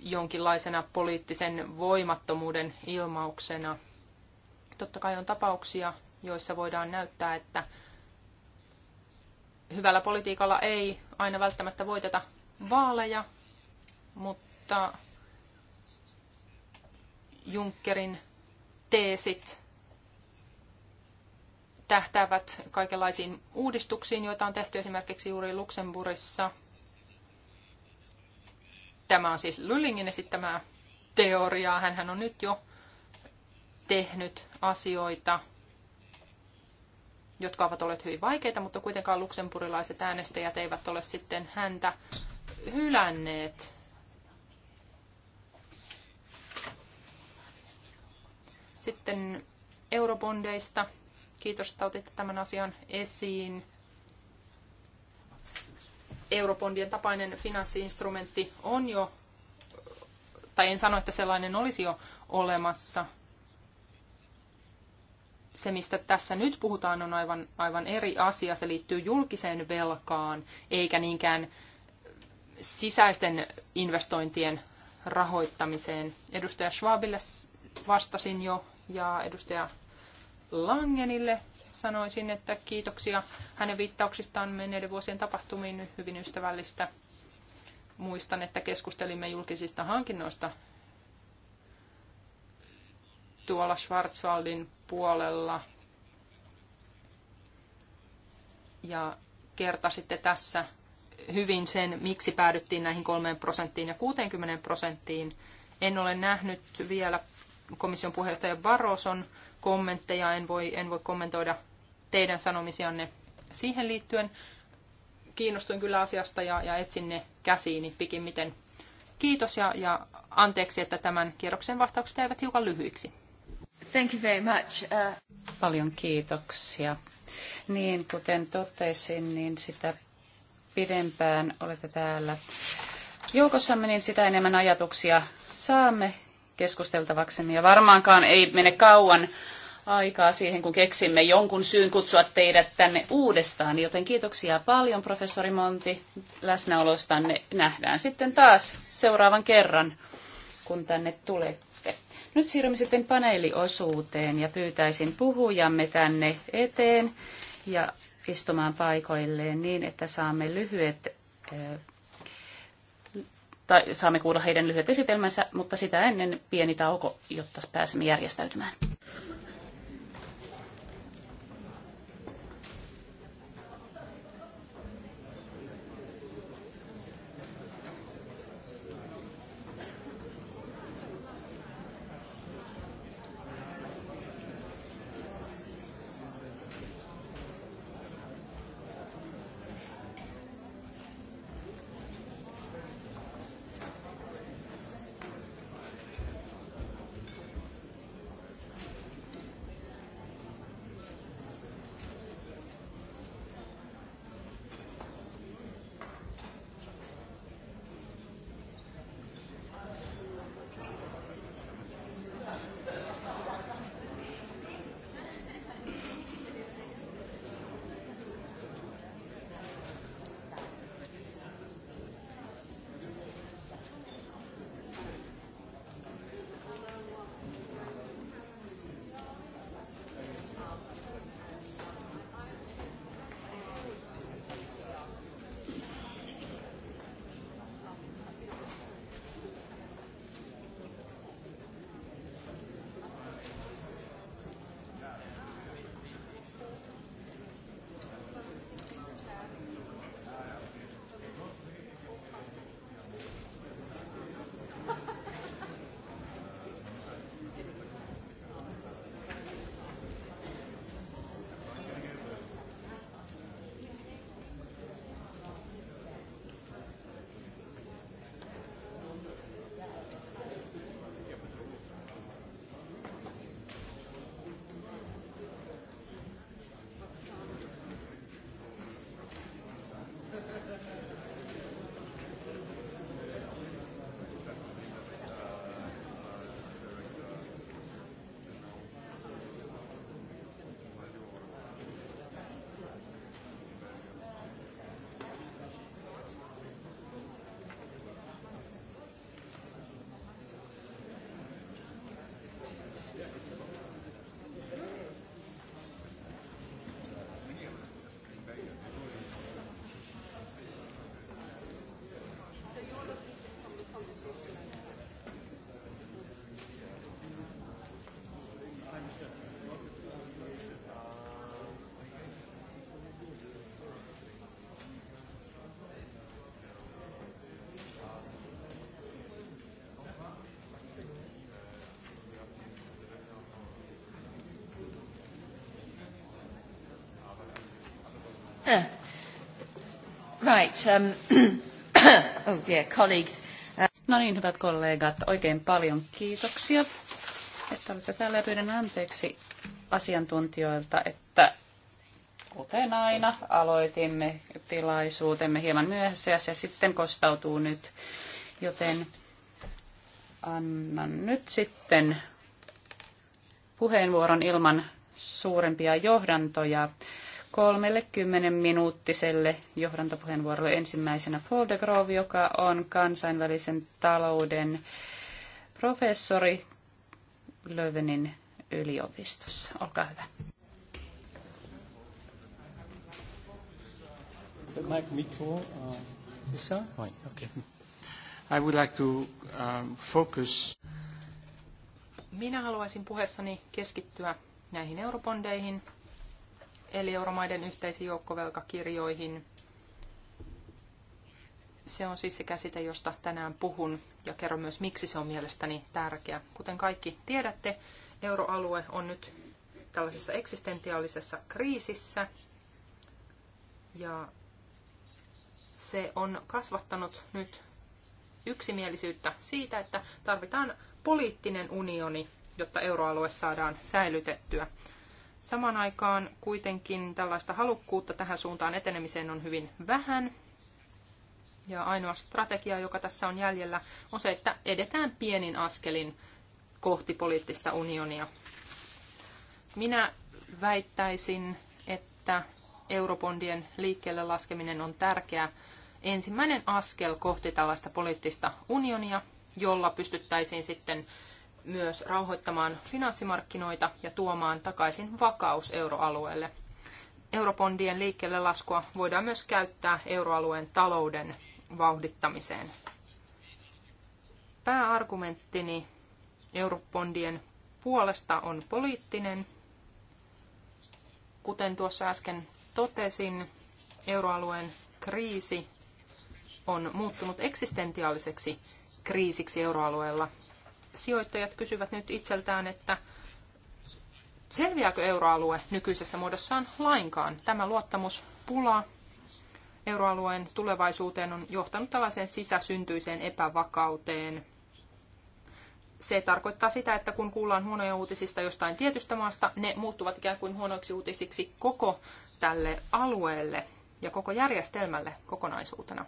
jonkinlaisena poliittisen voimattomuuden ilmauksena. Totta kai on tapauksia, joissa voidaan näyttää, että hyvällä politiikalla ei aina välttämättä voiteta vaaleja, mutta Junckerin teesit tähtäävät kaikenlaisiin uudistuksiin, joita on tehty esimerkiksi juuri Luxemburgissa. Tämä on siis Lyllingin esittämää teoriaa. hän on nyt jo tehnyt asioita, jotka ovat olleet hyvin vaikeita, mutta kuitenkaan luksemburilaiset äänestäjät eivät ole sitten häntä hylänneet. Sitten eurobondeista. Kiitos, että otitte tämän asian esiin. Eurobondien tapainen finanssiinstrumentti on jo, tai en sano, että sellainen olisi jo olemassa. Se, mistä tässä nyt puhutaan, on aivan, aivan eri asia. Se liittyy julkiseen velkaan, eikä niinkään sisäisten investointien rahoittamiseen. Edustaja Schwabille vastasin jo ja edustaja Langenille sanoisin, että kiitoksia hänen viittauksistaan menneiden vuosien tapahtumiin hyvin ystävällistä. Muistan, että keskustelimme julkisista hankinnoista tuolla Schwarzwaldin puolella. Ja kertasitte tässä hyvin sen, miksi päädyttiin näihin 3 prosenttiin ja 60 prosenttiin. En ole nähnyt vielä komission puheenjohtaja Barroson kommentteja. En voi, en voi kommentoida teidän sanomisianne siihen liittyen. Kiinnostuin kyllä asiasta ja, ja etsin ne käsiini pikimmiten. Kiitos ja, ja anteeksi, että tämän kierroksen vastaukset jäivät hiukan lyhyiksi.
Thank you very much. Uh...
Paljon kiitoksia. Niin, kuten totesin, niin sitä pidempään olette täällä joukossamme, niin sitä enemmän ajatuksia saamme keskusteltavaksemme. Ja varmaankaan ei mene kauan aikaa siihen, kun keksimme jonkun syyn kutsua teidät tänne uudestaan. Joten kiitoksia paljon, professori Monti, läsnäolostanne. Nähdään sitten taas seuraavan kerran, kun tänne tulette. Nyt siirrymme sitten paneeliosuuteen ja pyytäisin puhujamme tänne eteen ja istumaan paikoilleen niin, että saamme lyhyet eh, tai saamme kuulla heidän lyhyet esitelmänsä, mutta sitä ennen pieni tauko, jotta pääsemme järjestäytymään.
right. Um, oh dear, colleagues.
Uh, no niin, hyvät kollegat, oikein paljon kiitoksia, että olette täällä ja pyydän anteeksi asiantuntijoilta, että kuten aina aloitimme tilaisuutemme hieman myöhässä ja se sitten kostautuu nyt, joten annan nyt sitten puheenvuoron ilman suurempia johdantoja 30 minuuttiselle johdantopuheenvuorolle ensimmäisenä Paul de Grove, joka on kansainvälisen talouden professori Lövenin yliopistossa. Olkaa hyvä.
Mike uh, I would like to um, focus. Minä haluaisin puheessani keskittyä näihin eurobondeihin – eli euromaiden yhteisiin joukkovelkakirjoihin. Se on siis se käsite, josta tänään puhun ja kerron myös, miksi se on mielestäni tärkeä. Kuten kaikki tiedätte, euroalue on nyt tällaisessa eksistentiaalisessa kriisissä ja se on kasvattanut nyt yksimielisyyttä siitä, että tarvitaan poliittinen unioni, jotta euroalue saadaan säilytettyä. Samaan aikaan kuitenkin tällaista halukkuutta tähän suuntaan etenemiseen on hyvin vähän. Ja ainoa strategia, joka tässä on jäljellä, on se, että edetään pienin askelin kohti poliittista unionia. Minä väittäisin, että eurobondien liikkeelle laskeminen on tärkeä ensimmäinen askel kohti tällaista poliittista unionia, jolla pystyttäisiin sitten myös rauhoittamaan finanssimarkkinoita ja tuomaan takaisin vakaus euroalueelle. Eurobondien liikkeelle laskua voidaan myös käyttää euroalueen talouden vauhdittamiseen. Pääargumenttini eurobondien puolesta on poliittinen. Kuten tuossa äsken totesin, euroalueen kriisi on muuttunut eksistentiaaliseksi kriisiksi euroalueella sijoittajat kysyvät nyt itseltään, että selviääkö euroalue nykyisessä muodossaan lainkaan. Tämä luottamuspula euroalueen tulevaisuuteen on johtanut tällaiseen sisäsyntyiseen epävakauteen. Se tarkoittaa sitä, että kun kuullaan huonoja uutisista jostain tietystä maasta, ne muuttuvat ikään kuin huonoiksi uutisiksi koko tälle alueelle ja koko järjestelmälle kokonaisuutena.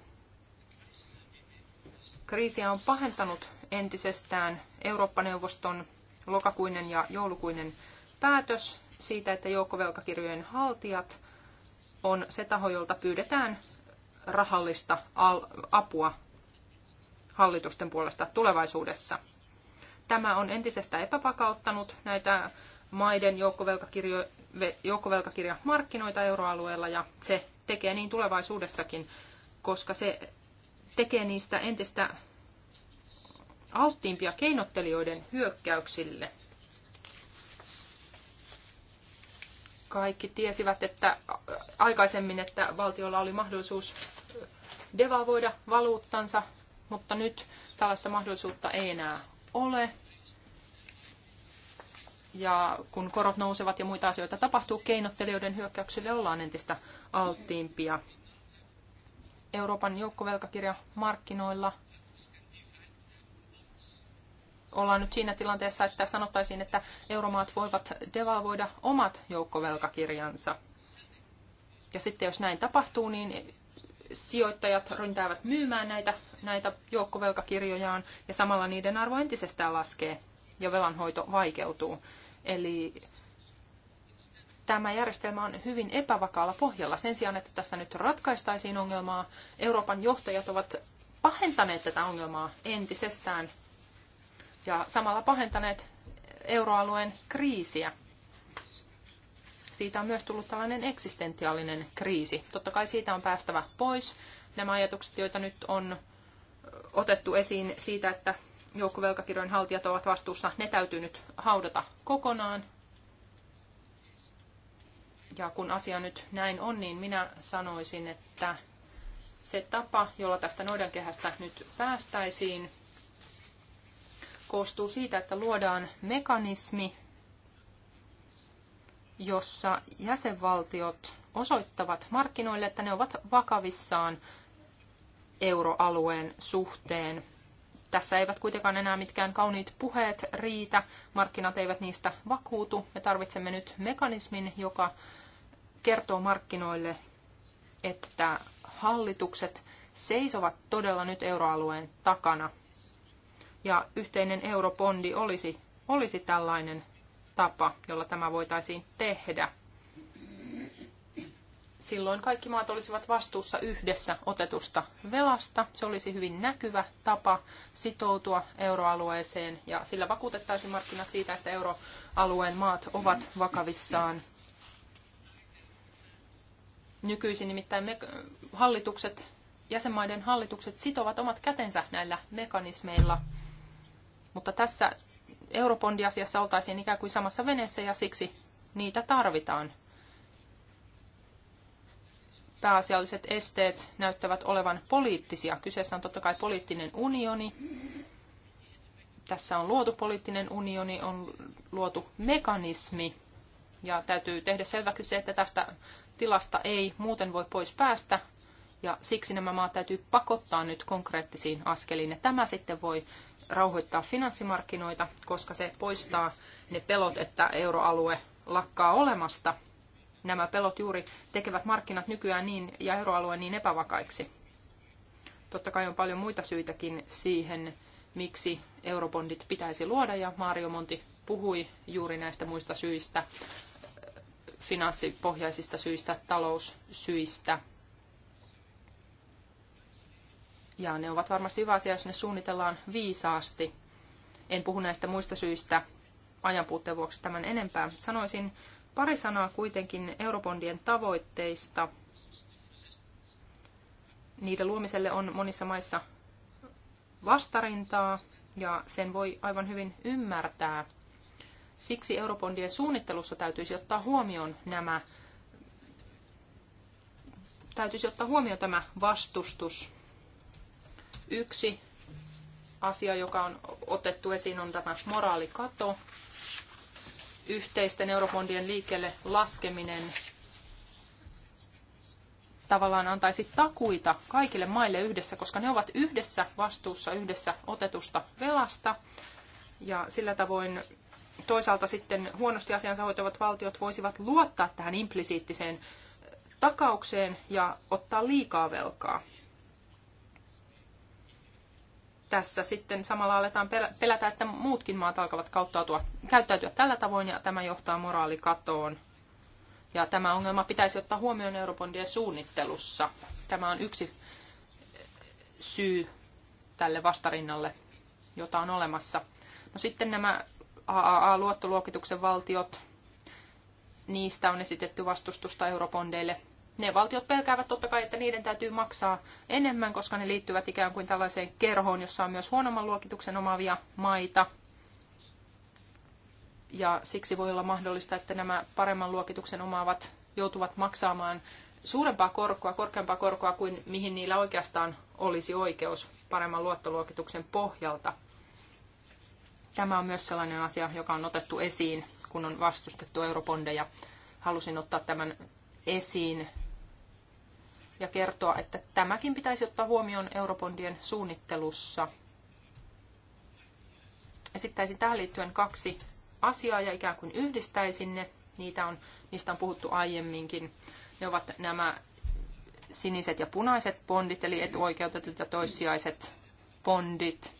Kriisiä on pahentanut entisestään Eurooppa-neuvoston lokakuinen ja joulukuinen päätös siitä, että joukkovelkakirjojen haltijat on se taho, jolta pyydetään rahallista apua hallitusten puolesta tulevaisuudessa. Tämä on entisestä epävakauttanut näitä maiden joukkovelkakirjo, joukkovelkakirjamarkkinoita euroalueella ja se tekee niin tulevaisuudessakin, koska se tekee niistä entistä alttiimpia keinottelijoiden hyökkäyksille. Kaikki tiesivät, että aikaisemmin, että valtiolla oli mahdollisuus devalvoida valuuttansa, mutta nyt tällaista mahdollisuutta ei enää ole. Ja kun korot nousevat ja muita asioita tapahtuu, keinottelijoiden hyökkäyksille ollaan entistä alttiimpia. Euroopan joukkovelkakirjamarkkinoilla ollaan nyt siinä tilanteessa, että sanottaisiin, että euromaat voivat devalvoida omat joukkovelkakirjansa. Ja sitten jos näin tapahtuu, niin sijoittajat ryntäävät myymään näitä, näitä joukkovelkakirjojaan ja samalla niiden arvo entisestään laskee ja velanhoito vaikeutuu. Eli tämä järjestelmä on hyvin epävakaalla pohjalla. Sen sijaan, että tässä nyt ratkaistaisiin ongelmaa, Euroopan johtajat ovat pahentaneet tätä ongelmaa entisestään ja samalla pahentaneet euroalueen kriisiä. Siitä on myös tullut tällainen eksistentiaalinen kriisi. Totta kai siitä on päästävä pois. Nämä ajatukset, joita nyt on otettu esiin siitä, että joukkovelkakirjojen haltijat ovat vastuussa, ne täytyy nyt haudata kokonaan. Ja kun asia nyt näin on, niin minä sanoisin, että se tapa, jolla tästä noidankehästä nyt päästäisiin, koostuu siitä, että luodaan mekanismi, jossa jäsenvaltiot osoittavat markkinoille, että ne ovat vakavissaan euroalueen suhteen. Tässä eivät kuitenkaan enää mitkään kauniit puheet riitä, markkinat eivät niistä vakuutu. Me tarvitsemme nyt mekanismin, joka kertoo markkinoille, että hallitukset seisovat todella nyt euroalueen takana ja yhteinen eurobondi olisi, olisi tällainen tapa, jolla tämä voitaisiin tehdä. Silloin kaikki maat olisivat vastuussa yhdessä otetusta velasta. Se olisi hyvin näkyvä tapa sitoutua euroalueeseen ja sillä vakuutettaisiin markkinat siitä, että euroalueen maat ovat vakavissaan. Nykyisin nimittäin me, hallitukset, jäsenmaiden hallitukset sitovat omat kätensä näillä mekanismeilla – mutta tässä eurobondiasiassa oltaisiin ikään kuin samassa veneessä ja siksi niitä tarvitaan. Pääasialliset esteet näyttävät olevan poliittisia. Kyseessä on totta kai poliittinen unioni. Tässä on luotu poliittinen unioni, on luotu mekanismi. Ja täytyy tehdä selväksi se, että tästä tilasta ei muuten voi pois päästä. Ja siksi nämä maat täytyy pakottaa nyt konkreettisiin askeliin. Ja tämä sitten voi rauhoittaa finanssimarkkinoita, koska se poistaa ne pelot, että euroalue lakkaa olemasta. Nämä pelot juuri tekevät markkinat nykyään niin ja euroalue niin epävakaiksi. Totta kai on paljon muita syitäkin siihen, miksi eurobondit pitäisi luoda, ja Mario Monti puhui juuri näistä muista syistä, finanssipohjaisista syistä, taloussyistä, ja ne ovat varmasti hyvä asia, jos ne suunnitellaan viisaasti. En puhu näistä muista syistä ajanpuutteen vuoksi tämän enempää. Sanoisin pari sanaa kuitenkin eurobondien tavoitteista. Niiden luomiselle on monissa maissa vastarintaa ja sen voi aivan hyvin ymmärtää. Siksi eurobondien suunnittelussa täytyisi ottaa huomioon nämä täytyisi ottaa huomioon tämä vastustus Yksi asia, joka on otettu esiin, on tämä moraalikato, yhteisten eurobondien liikkeelle laskeminen tavallaan antaisi takuita kaikille maille yhdessä, koska ne ovat yhdessä vastuussa yhdessä otetusta velasta. Ja sillä tavoin toisaalta sitten huonosti asiansa hoitavat valtiot voisivat luottaa tähän implisiittiseen takaukseen ja ottaa liikaa velkaa tässä sitten samalla aletaan pelätä, että muutkin maat alkavat kauttautua, käyttäytyä tällä tavoin ja tämä johtaa moraalikatoon. Ja tämä ongelma pitäisi ottaa huomioon eurobondien suunnittelussa. Tämä on yksi syy tälle vastarinnalle, jota on olemassa. No sitten nämä AAA-luottoluokituksen valtiot, niistä on esitetty vastustusta eurobondeille ne valtiot pelkäävät totta kai, että niiden täytyy maksaa enemmän, koska ne liittyvät ikään kuin tällaiseen kerhoon, jossa on myös huonomman luokituksen omaavia maita. Ja siksi voi olla mahdollista, että nämä paremman luokituksen omaavat joutuvat maksamaan suurempaa korkoa, korkeampaa korkoa kuin mihin niillä oikeastaan olisi oikeus paremman luottoluokituksen pohjalta. Tämä on myös sellainen asia, joka on otettu esiin, kun on vastustettu eurobondeja. Halusin ottaa tämän esiin ja kertoa, että tämäkin pitäisi ottaa huomioon eurobondien suunnittelussa. Esittäisin tähän liittyen kaksi asiaa ja ikään kuin yhdistäisin ne. Niitä on, niistä on puhuttu aiemminkin. Ne ovat nämä siniset ja punaiset bondit, eli etuoikeutetut ja toissijaiset bondit.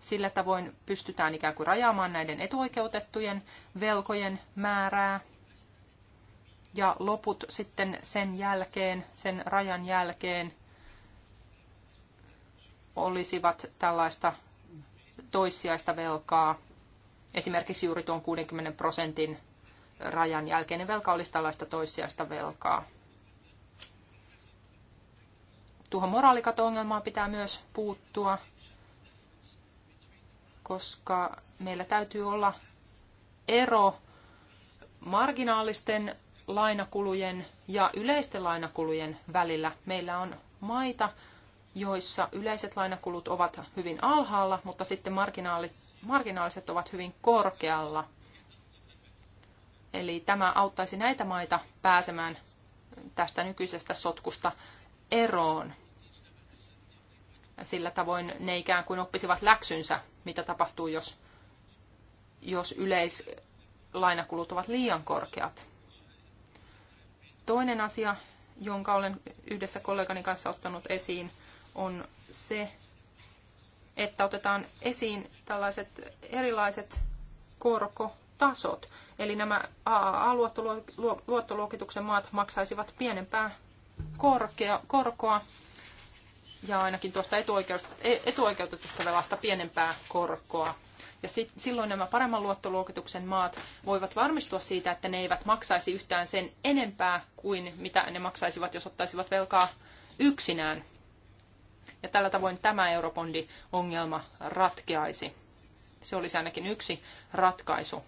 Sillä tavoin pystytään ikään kuin rajaamaan näiden etuoikeutettujen velkojen määrää ja loput sitten sen jälkeen, sen rajan jälkeen olisivat tällaista toissijaista velkaa. Esimerkiksi juuri tuon 60 prosentin rajan jälkeinen niin velka olisi tällaista toissijaista velkaa. Tuohon moraalikato-ongelmaan pitää myös puuttua, koska meillä täytyy olla ero marginaalisten lainakulujen ja yleisten lainakulujen välillä. Meillä on maita, joissa yleiset lainakulut ovat hyvin alhaalla, mutta sitten marginaaliset ovat hyvin korkealla. Eli tämä auttaisi näitä maita pääsemään tästä nykyisestä sotkusta eroon. Sillä tavoin ne ikään kuin oppisivat läksynsä, mitä tapahtuu, jos, jos yleislainakulut ovat liian korkeat. Toinen asia, jonka olen yhdessä kollegani kanssa ottanut esiin, on se, että otetaan esiin tällaiset erilaiset korkotasot. Eli nämä AAA-luottoluokituksen maat maksaisivat pienempää korkea, korkoa ja ainakin tuosta e-, etuoikeutetusta velasta pienempää korkoa. Ja sit, silloin nämä paremman luottoluokituksen maat voivat varmistua siitä, että ne eivät maksaisi yhtään sen enempää kuin mitä ne maksaisivat, jos ottaisivat velkaa yksinään. Ja tällä tavoin tämä eurobondi-ongelma ratkeaisi. Se olisi ainakin yksi ratkaisu.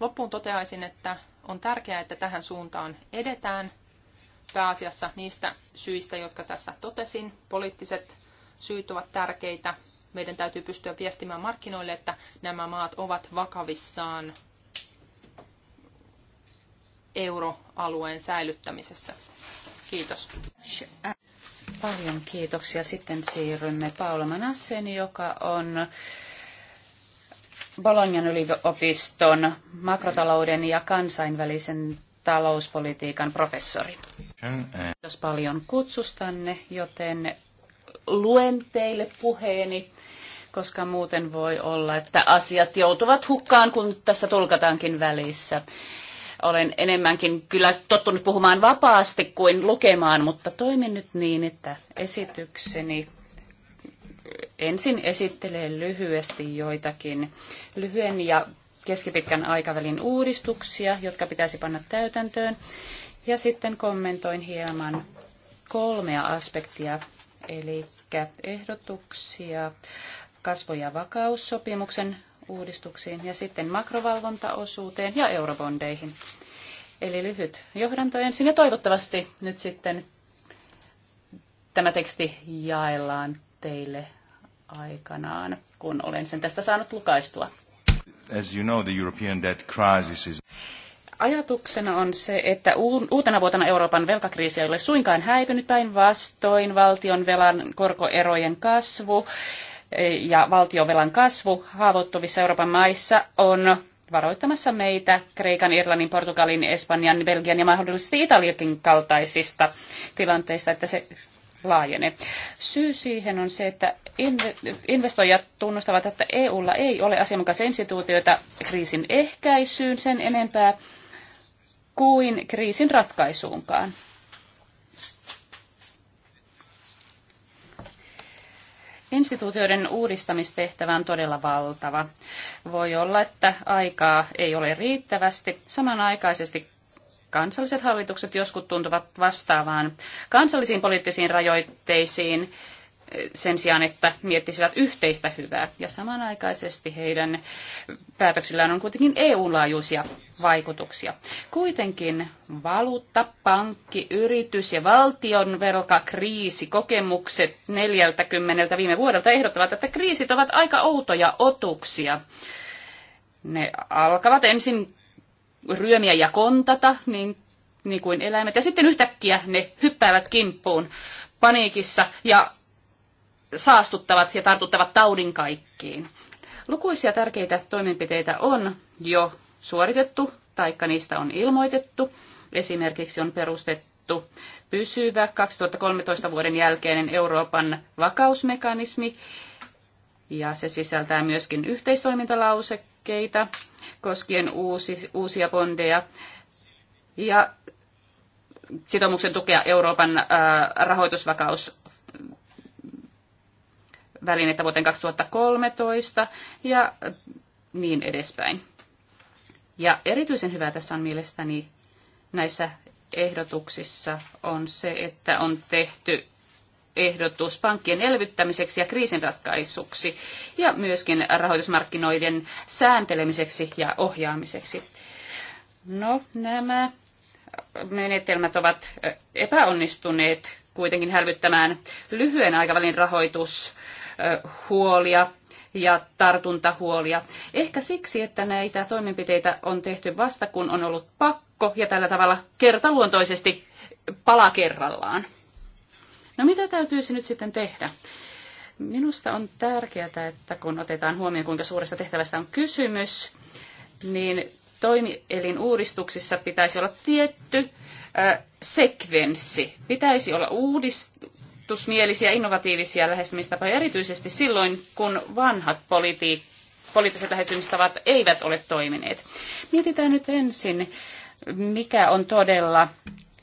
Loppuun toteaisin, että on tärkeää, että tähän suuntaan edetään pääasiassa niistä syistä, jotka tässä totesin. Poliittiset syyt ovat tärkeitä, meidän täytyy pystyä viestimään markkinoille, että nämä maat ovat vakavissaan euroalueen säilyttämisessä. Kiitos.
Paljon kiitoksia. Sitten siirrymme Paula Manasseen, joka on Bolognan yliopiston makrotalouden ja kansainvälisen talouspolitiikan professori. Kiitos paljon kutsustanne, joten luen teille puheeni, koska muuten voi olla, että asiat joutuvat hukkaan, kun tässä tulkataankin välissä. Olen enemmänkin kyllä tottunut puhumaan vapaasti kuin lukemaan, mutta toimin nyt niin, että esitykseni ensin esittelee lyhyesti joitakin lyhyen ja keskipitkän aikavälin uudistuksia, jotka pitäisi panna täytäntöön. Ja sitten kommentoin hieman kolmea aspektia, eli ehdotuksia kasvo- ja vakaussopimuksen uudistuksiin ja sitten makrovalvontaosuuteen ja eurobondeihin. Eli lyhyt johdanto ensin ja toivottavasti nyt sitten tämä teksti jaellaan teille aikanaan, kun olen sen tästä saanut lukaistua.
As you know, the European
debt crisis is...
Ajatuksena on se, että uutena vuotena Euroopan velkakriisi ei ole suinkaan häipynyt päinvastoin. Valtion velan korkoerojen kasvu e, ja valtiovelan kasvu haavoittuvissa Euroopan maissa on varoittamassa meitä Kreikan, Irlannin, Portugalin, Espanjan, Belgian ja mahdollisesti Italiakin kaltaisista tilanteista, että se laajenee. Syy siihen on se, että investoijat tunnustavat, että EUlla ei ole asianmukaisia instituutioita kriisin ehkäisyyn sen enempää kuin kriisin ratkaisuunkaan. Instituutioiden uudistamistehtävä on todella valtava. Voi olla, että aikaa ei ole riittävästi. Samanaikaisesti kansalliset hallitukset joskus tuntuvat vastaavaan kansallisiin poliittisiin rajoitteisiin sen sijaan, että miettisivät yhteistä hyvää. Ja samanaikaisesti heidän päätöksillään on kuitenkin EU-laajuisia vaikutuksia. Kuitenkin valuutta, pankki, yritys ja valtion velkakriisi kokemukset 40 viime vuodelta ehdottavat, että kriisit ovat aika outoja otuksia. Ne alkavat ensin ryömiä ja kontata, niin, niin kuin eläimet, ja sitten yhtäkkiä ne hyppäävät kimppuun paniikissa ja saastuttavat ja tartuttavat taudin kaikkiin. Lukuisia tärkeitä toimenpiteitä on jo suoritettu, taikka niistä on ilmoitettu. Esimerkiksi on perustettu pysyvä 2013 vuoden jälkeinen Euroopan vakausmekanismi, ja se sisältää myöskin yhteistoimintalausekkeita koskien uusi, uusia bondeja ja sitoumuksen tukea Euroopan ää, rahoitusvakaus välineitä vuoteen 2013 ja niin edespäin. Ja erityisen hyvää tässä on mielestäni näissä ehdotuksissa on se, että on tehty ehdotus pankkien elvyttämiseksi ja kriisinratkaisuksi ja myöskin rahoitusmarkkinoiden sääntelemiseksi ja ohjaamiseksi. No, nämä menetelmät ovat epäonnistuneet kuitenkin hälvyttämään lyhyen aikavälin rahoitus huolia ja tartuntahuolia. Ehkä siksi, että näitä toimenpiteitä on tehty vasta, kun on ollut pakko ja tällä tavalla kertaluontoisesti pala kerrallaan. No mitä täytyisi nyt sitten tehdä? Minusta on tärkeää, että kun otetaan huomioon, kuinka suuresta tehtävästä on kysymys, niin toimielin uudistuksissa pitäisi olla tietty sekvenssi. Pitäisi olla uudist ajatusmielisiä innovatiivisia lähestymistapoja, erityisesti silloin, kun vanhat politiik- poliittiset lähestymistavat eivät ole toimineet. Mietitään nyt ensin, mikä on todella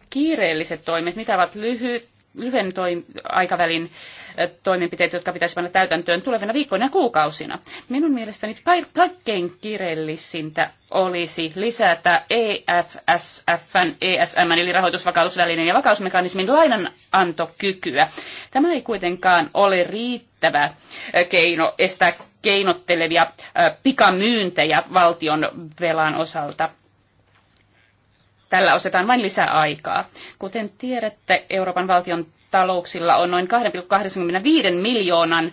kiireelliset toimet, mitä ovat lyhy- lyhyen toim- aikavälin toimenpiteitä, jotka pitäisi panna täytäntöön tulevina viikkoina ja kuukausina. Minun mielestäni kaikkein kirellisintä olisi lisätä EFSFn, ESM eli rahoitusvakausvälineen ja vakausmekanismin lainanantokykyä. Tämä ei kuitenkaan ole riittävä keino estää keinottelevia pikamyyntejä valtion velan osalta. Tällä ostetaan vain lisää aikaa. Kuten tiedätte, Euroopan valtion talouksilla on noin 2,85 miljoonan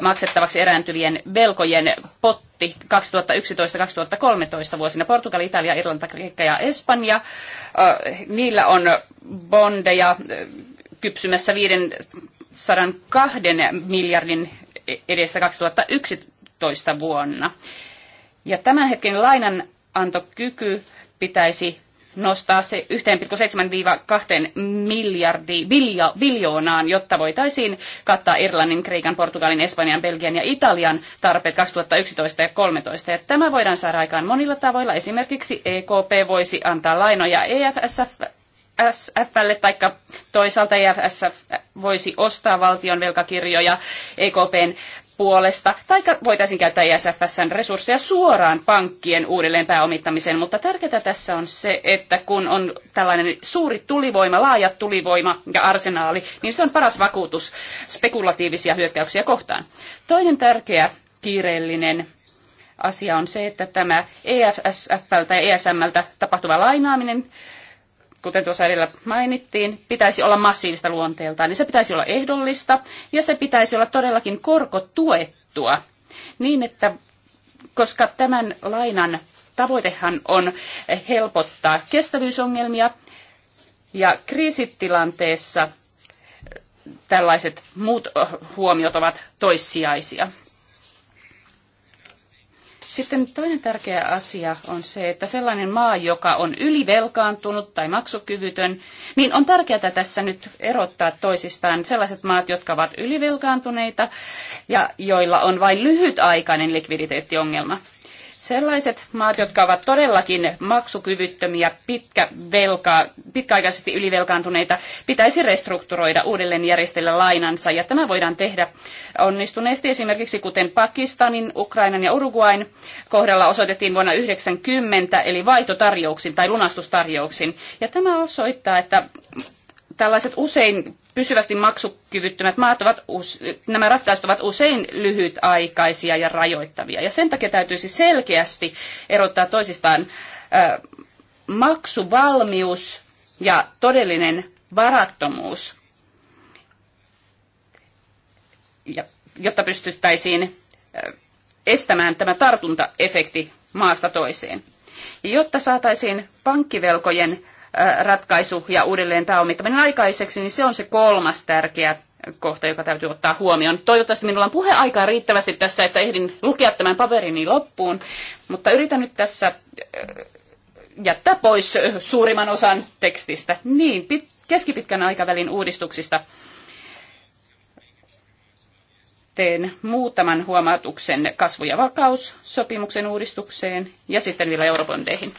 maksettavaksi erääntyvien velkojen potti 2011-2013 vuosina. Portugali, Italia, Irlanta, Kreikka ja Espanja. Niillä on bondeja kypsymässä 502 miljardin e- edestä 2011 vuonna. Ja tämän hetken lainanantokyky pitäisi nostaa se 1,7-2 miljardi, biljo, biljoonaan, jotta voitaisiin kattaa Irlannin, Kreikan, Portugalin, Espanjan, Belgian ja Italian tarpeet 2011 ja 2013. Ja tämä voidaan saada aikaan monilla tavoilla. Esimerkiksi EKP voisi antaa lainoja EFSF, SFL, taikka toisaalta EFSF voisi ostaa valtion velkakirjoja EKPn puolesta, tai voitaisiin käyttää ISFSn resursseja suoraan pankkien uudelleen pääomittamiseen, mutta tärkeää tässä on se, että kun on tällainen suuri tulivoima, laaja tulivoima ja arsenaali, niin se on paras vakuutus spekulatiivisia hyökkäyksiä kohtaan. Toinen tärkeä kiireellinen asia on se, että tämä EFSFltä ja ESMltä tapahtuva lainaaminen kuten tuossa edellä mainittiin, pitäisi olla massiivista luonteeltaan, niin se pitäisi olla ehdollista ja se pitäisi olla todellakin korkotuettua niin, että koska tämän lainan tavoitehan on helpottaa kestävyysongelmia ja kriisitilanteessa tällaiset muut huomiot ovat toissijaisia. Sitten toinen tärkeä asia on se, että sellainen maa, joka on ylivelkaantunut tai maksukyvytön, niin on tärkeää tässä nyt erottaa toisistaan sellaiset maat, jotka ovat ylivelkaantuneita ja joilla on vain lyhytaikainen likviditeettiongelma. Sellaiset maat, jotka ovat todellakin maksukyvyttömiä, pitkä velka, pitkäaikaisesti ylivelkaantuneita, pitäisi restrukturoida uudelleen järjestellä lainansa. Ja tämä voidaan tehdä onnistuneesti esimerkiksi kuten Pakistanin, Ukrainan ja Uruguain kohdalla osoitettiin vuonna 1990, eli vaihtotarjouksin tai lunastustarjouksin. Ja tämä osoittaa, että tällaiset usein pysyvästi maksukyvyttömät maat ovat, nämä ratkaisut ovat usein lyhytaikaisia ja rajoittavia. Ja sen takia täytyisi selkeästi erottaa toisistaan maksuvalmius ja todellinen varattomuus, jotta pystyttäisiin estämään tämä tartuntaefekti maasta toiseen. Ja jotta saataisiin pankkivelkojen ratkaisu ja uudelleen pääomittaminen aikaiseksi, niin se on se kolmas tärkeä kohta, joka täytyy ottaa huomioon. Toivottavasti minulla on puheaikaa riittävästi tässä, että ehdin lukea tämän paperini loppuun, mutta yritän nyt tässä jättää pois suurimman osan tekstistä. Niin, pit- keskipitkän aikavälin uudistuksista teen muutaman huomautuksen kasvu- ja vakaussopimuksen uudistukseen ja sitten vielä eurobondeihin.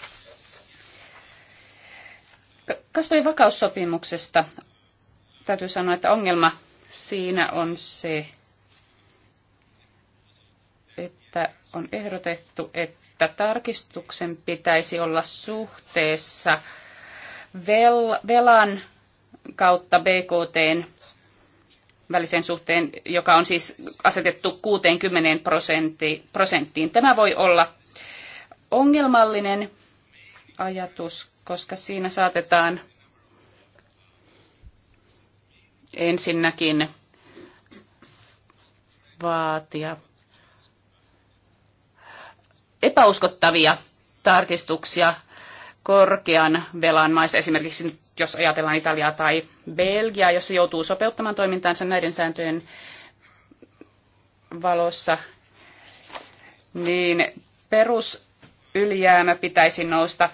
Kasvojen vakaussopimuksesta täytyy sanoa, että ongelma siinä on se, että on ehdotettu, että tarkistuksen pitäisi olla suhteessa vel, velan kautta BKT välisen suhteen, joka on siis asetettu 60 prosenttiin. Tämä voi olla ongelmallinen ajatus, koska siinä saatetaan ensinnäkin vaatia epäuskottavia tarkistuksia korkean velan maissa, esimerkiksi jos ajatellaan Italiaa tai Belgiaa, jossa joutuu sopeuttamaan toimintaansa näiden sääntöjen valossa, niin perusylijäämä pitäisi nousta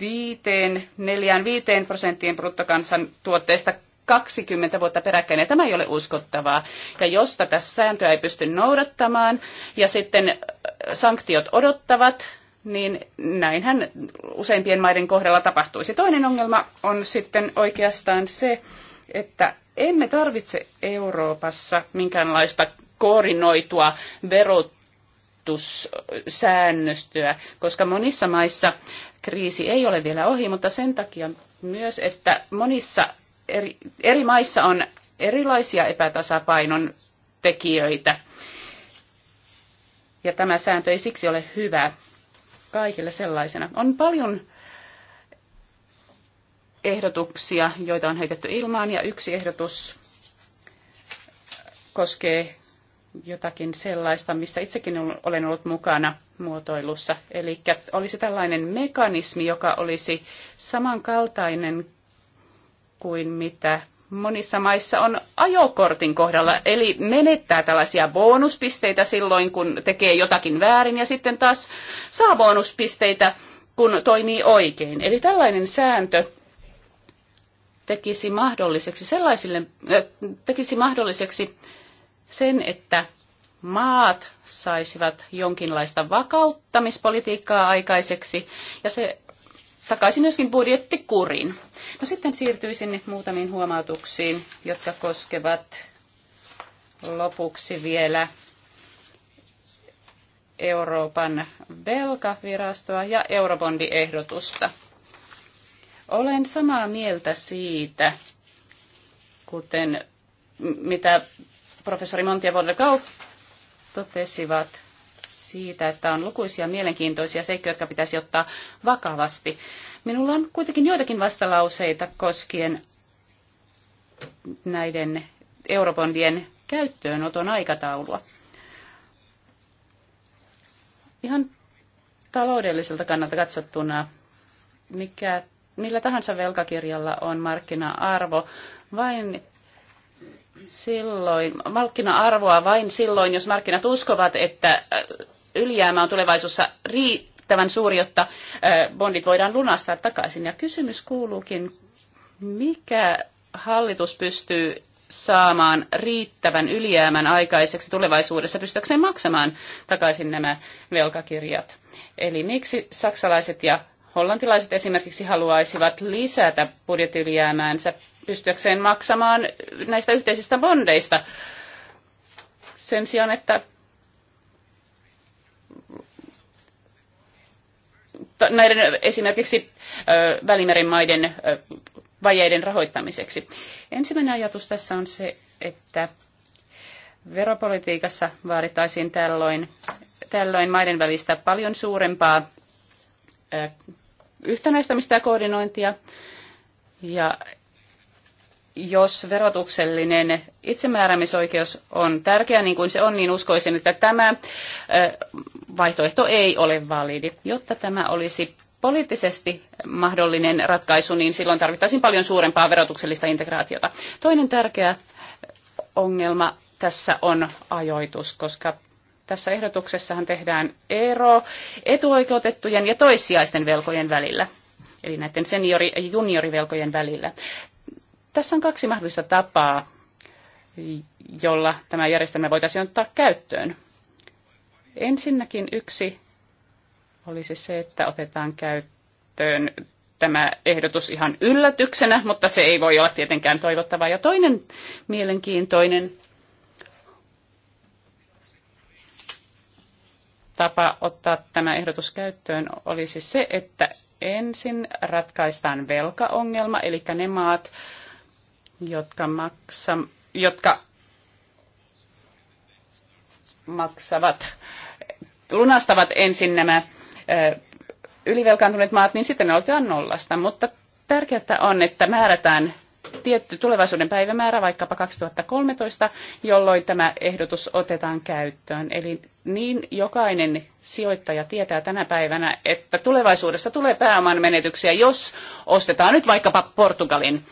viiteen, neljään viiteen prosenttien bruttokansantuotteesta 20 vuotta peräkkäin, ja tämä ei ole uskottavaa. Ja jos tätä sääntöä ei pysty noudattamaan, ja sitten sanktiot odottavat, niin näinhän useimpien maiden kohdalla tapahtuisi. Toinen ongelma on sitten oikeastaan se, että emme tarvitse Euroopassa minkäänlaista koordinoitua verotussäännöstöä, koska monissa maissa kriisi ei ole vielä ohi, mutta sen takia myös, että monissa eri, eri maissa on erilaisia epätasapainon tekijöitä. Ja tämä sääntö ei siksi ole hyvä kaikille sellaisena. On paljon ehdotuksia, joita on heitetty ilmaan, ja yksi ehdotus koskee jotakin sellaista, missä itsekin olen ollut mukana muotoilussa. Eli olisi tällainen mekanismi, joka olisi samankaltainen kuin mitä monissa maissa on ajokortin kohdalla, eli menettää tällaisia bonuspisteitä silloin, kun tekee jotakin väärin, ja sitten taas saa bonuspisteitä, kun toimii oikein. Eli tällainen sääntö tekisi mahdolliseksi sellaisille, äh, tekisi mahdolliseksi sen, että maat saisivat jonkinlaista vakauttamispolitiikkaa aikaiseksi ja se takaisin myöskin budjettikurin. No sitten siirtyisin muutamiin huomautuksiin, jotka koskevat lopuksi vielä Euroopan velkavirastoa ja eurobondiehdotusta. Olen samaa mieltä siitä, kuten mitä professori Monti von der Kauf totesivat siitä, että on lukuisia mielenkiintoisia seikkoja, jotka pitäisi ottaa vakavasti. Minulla on kuitenkin joitakin vastalauseita koskien näiden eurobondien käyttöönoton aikataulua. Ihan taloudelliselta kannalta katsottuna, mikä, millä tahansa velkakirjalla on markkina-arvo, vain silloin, markkina-arvoa vain silloin, jos markkinat uskovat, että äh, ylijäämä on tulevaisuudessa riittävän suuri, jotta äh, bondit voidaan lunastaa takaisin. Ja kysymys kuuluukin, mikä hallitus pystyy saamaan riittävän ylijäämän aikaiseksi tulevaisuudessa pystyäkseen maksamaan takaisin nämä velkakirjat. Eli miksi saksalaiset ja hollantilaiset esimerkiksi haluaisivat lisätä budjettiylijäämäänsä pystyäkseen maksamaan näistä yhteisistä bondeista sen sijaan, että näiden esimerkiksi Välimeren maiden vajeiden rahoittamiseksi. Ensimmäinen ajatus tässä on se, että veropolitiikassa vaadittaisiin tällöin, tällöin maiden välistä paljon suurempaa yhtenäistämistä ja koordinointia, ja jos verotuksellinen itsemääräämisoikeus on tärkeä niin kuin se on, niin uskoisin, että tämä vaihtoehto ei ole validi. Jotta tämä olisi poliittisesti mahdollinen ratkaisu, niin silloin tarvittaisiin paljon suurempaa verotuksellista integraatiota. Toinen tärkeä ongelma tässä on ajoitus, koska tässä ehdotuksessahan tehdään ero etuoikeutettujen ja toissijaisten velkojen välillä eli näiden seniori- ja juniorivelkojen välillä. Tässä on kaksi mahdollista tapaa, jolla tämä järjestelmä voitaisiin ottaa käyttöön. Ensinnäkin yksi olisi se, että otetaan käyttöön tämä ehdotus ihan yllätyksenä, mutta se ei voi olla tietenkään toivottavaa. Ja toinen mielenkiintoinen tapa ottaa tämä ehdotus käyttöön olisi se, että ensin ratkaistaan velkaongelma, eli ne maat, jotka, maksa, jotka maksavat, lunastavat ensin nämä ylivelkaantuneet maat, niin sitten ne aloitetaan nollasta. Mutta tärkeää on, että määrätään tietty tulevaisuuden päivämäärä, vaikkapa 2013, jolloin tämä ehdotus otetaan käyttöön. Eli niin jokainen sijoittaja tietää tänä päivänä, että tulevaisuudessa tulee pääoman menetyksiä, jos ostetaan nyt vaikkapa Portugalin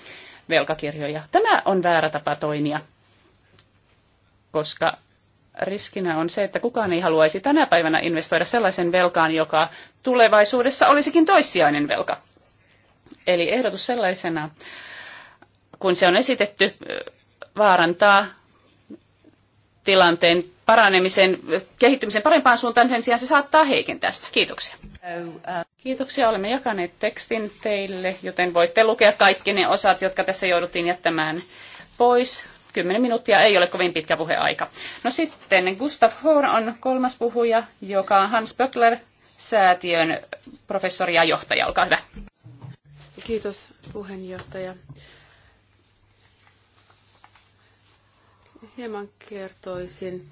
velkakirjoja. Tämä on väärä tapa toimia, koska riskinä on se, että kukaan ei haluaisi tänä päivänä investoida sellaisen velkaan, joka tulevaisuudessa olisikin toissijainen velka. Eli ehdotus sellaisena, kun se on esitetty, vaarantaa tilanteen paranemisen, kehittymisen parempaan suuntaan, sen sijaan se saattaa heikentää sitä. Kiitoksia. Kiitoksia, olemme jakaneet tekstin teille, joten voitte lukea kaikki ne osat, jotka tässä jouduttiin jättämään pois. Kymmenen minuuttia ei ole kovin pitkä puheaika. No sitten Gustav Horn on kolmas puhuja, joka on Hans Böckler, säätiön
professori ja johtaja. Olkaa hyvä. Kiitos puheenjohtaja. hieman kertoisin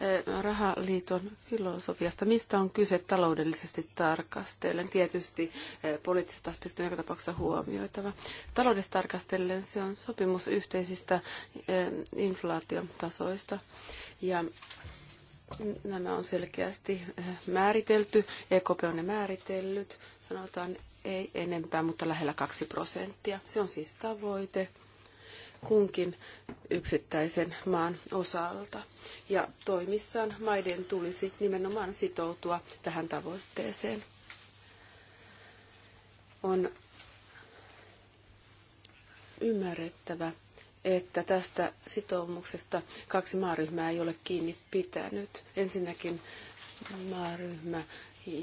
eh, rahaliiton filosofiasta. Mistä on kyse taloudellisesti tarkastellen? Tietysti eh, poliittiset aspektit on joka tapauksessa huomioitava. Taloudellisesti tarkastellen se on sopimus yhteisistä eh, inflaatiotasoista. Ja nämä on selkeästi määritelty. EKP on ne määritellyt. Sanotaan ei enempää, mutta lähellä 2 prosenttia. Se on siis tavoite kunkin yksittäisen maan osalta. Ja toimissaan maiden tulisi nimenomaan sitoutua tähän tavoitteeseen. On ymmärrettävä, että tästä sitoumuksesta kaksi maaryhmää ei ole kiinni pitänyt. Ensinnäkin maaryhmä,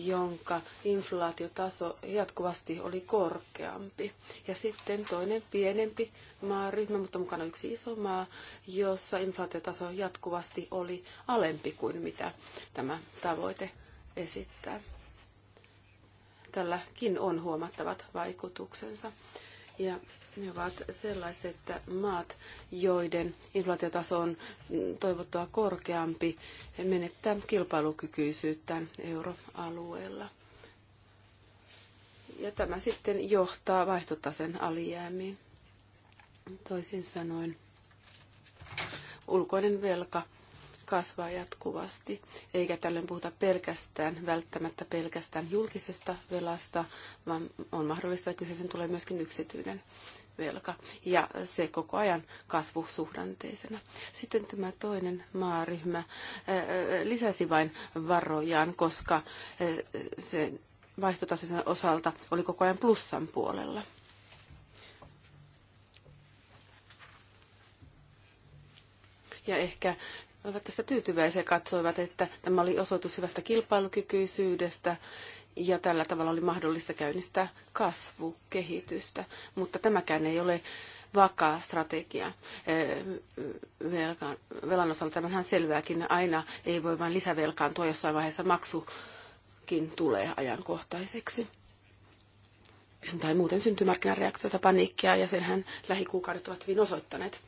jonka inflaatiotaso jatkuvasti oli korkeampi. Ja sitten toinen pienempi maaryhmä, mutta mukana yksi iso maa, jossa inflaatiotaso jatkuvasti oli alempi kuin mitä tämä tavoite esittää. Tälläkin on huomattavat vaikutuksensa. Ja ne ovat sellaiset maat, joiden inflaatiotaso on toivottua korkeampi, menettää kilpailukykyisyyttä euroalueella. Ja tämä sitten johtaa vaihtotasen alijäämiin. Toisin sanoen, ulkoinen velka kasvaa jatkuvasti, eikä tällöin puhuta pelkästään, välttämättä pelkästään julkisesta velasta, vaan on mahdollista, että kyseisen tulee myöskin yksityinen velka ja se koko ajan kasvusuhdanteisena. Sitten tämä toinen maaryhmä eh, eh, lisäsi vain varojaan, koska eh, se vaihtotasensa osalta oli koko ajan plussan puolella. Ja ehkä ovat tässä tyytyväisiä katsoivat, että tämä oli osoitus hyvästä kilpailukykyisyydestä ja tällä tavalla oli mahdollista käynnistää kasvukehitystä, mutta tämäkään ei ole vakaa strategia velan osalta. Tämähän selvääkin, aina ei voi vain lisävelkaantua, jossain vaiheessa maksukin tulee ajankohtaiseksi. Tai muuten syntyy markkinareaktiota, paniikkia, ja senhän lähikuukaudet ovat hyvin osoittaneet.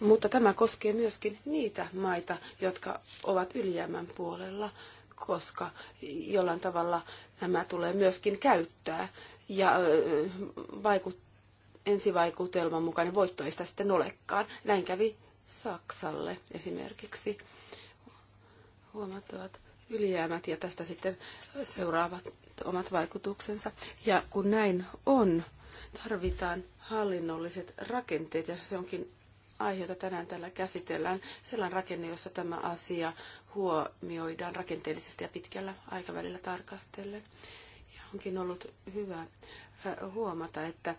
Mutta tämä koskee myöskin niitä maita, jotka ovat ylijäämän puolella koska jollain tavalla nämä tulee myöskin käyttää. Ja vaikut, ensivaikutelman mukainen voitto ei sitä sitten olekaan. Näin kävi Saksalle esimerkiksi huomattavat ylijäämät ja tästä sitten seuraavat omat vaikutuksensa. Ja kun näin on, tarvitaan hallinnolliset rakenteet ja se onkin jota tänään täällä käsitellään. Sellainen rakenne, jossa tämä asia huomioidaan rakenteellisesti ja pitkällä aikavälillä tarkastellen. Ja onkin ollut hyvä huomata, että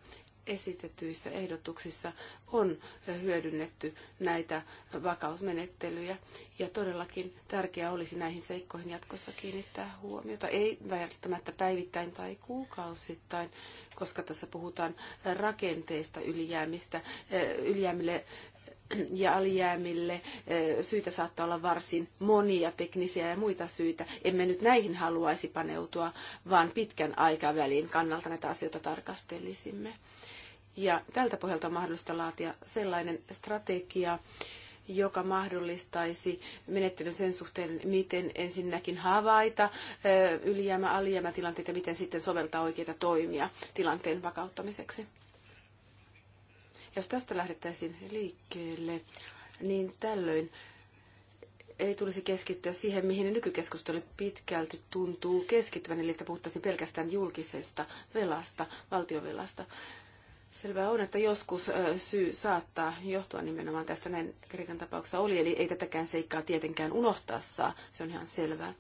esitetyissä ehdotuksissa on hyödynnetty näitä vakausmenettelyjä. Ja todellakin tärkeää olisi näihin seikkoihin jatkossa kiinnittää huomiota. Ei välttämättä päivittäin tai kuukausittain, koska tässä puhutaan rakenteista ylijäämistä. Ylijäämille ja alijäämille syitä saattaa olla varsin monia teknisiä ja muita syitä. Emme nyt näihin haluaisi paneutua, vaan pitkän aikavälin kannalta näitä asioita tarkastelisimme. Ja tältä pohjalta on mahdollista laatia sellainen strategia, joka mahdollistaisi menettelyn sen suhteen, miten ensinnäkin havaita ylijäämä-alijäämätilanteita ja miten sitten soveltaa oikeita toimia tilanteen vakauttamiseksi. Jos tästä lähdettäisiin liikkeelle, niin tällöin ei tulisi keskittyä siihen, mihin nykykeskustelu pitkälti tuntuu keskittyvän, eli että puhuttaisiin pelkästään julkisesta velasta, valtiovelasta. Selvää on, että joskus syy saattaa johtua nimenomaan tästä, näin Kreikan tapauksessa oli, eli ei tätäkään seikkaa tietenkään unohtaa saa, se on ihan selvää.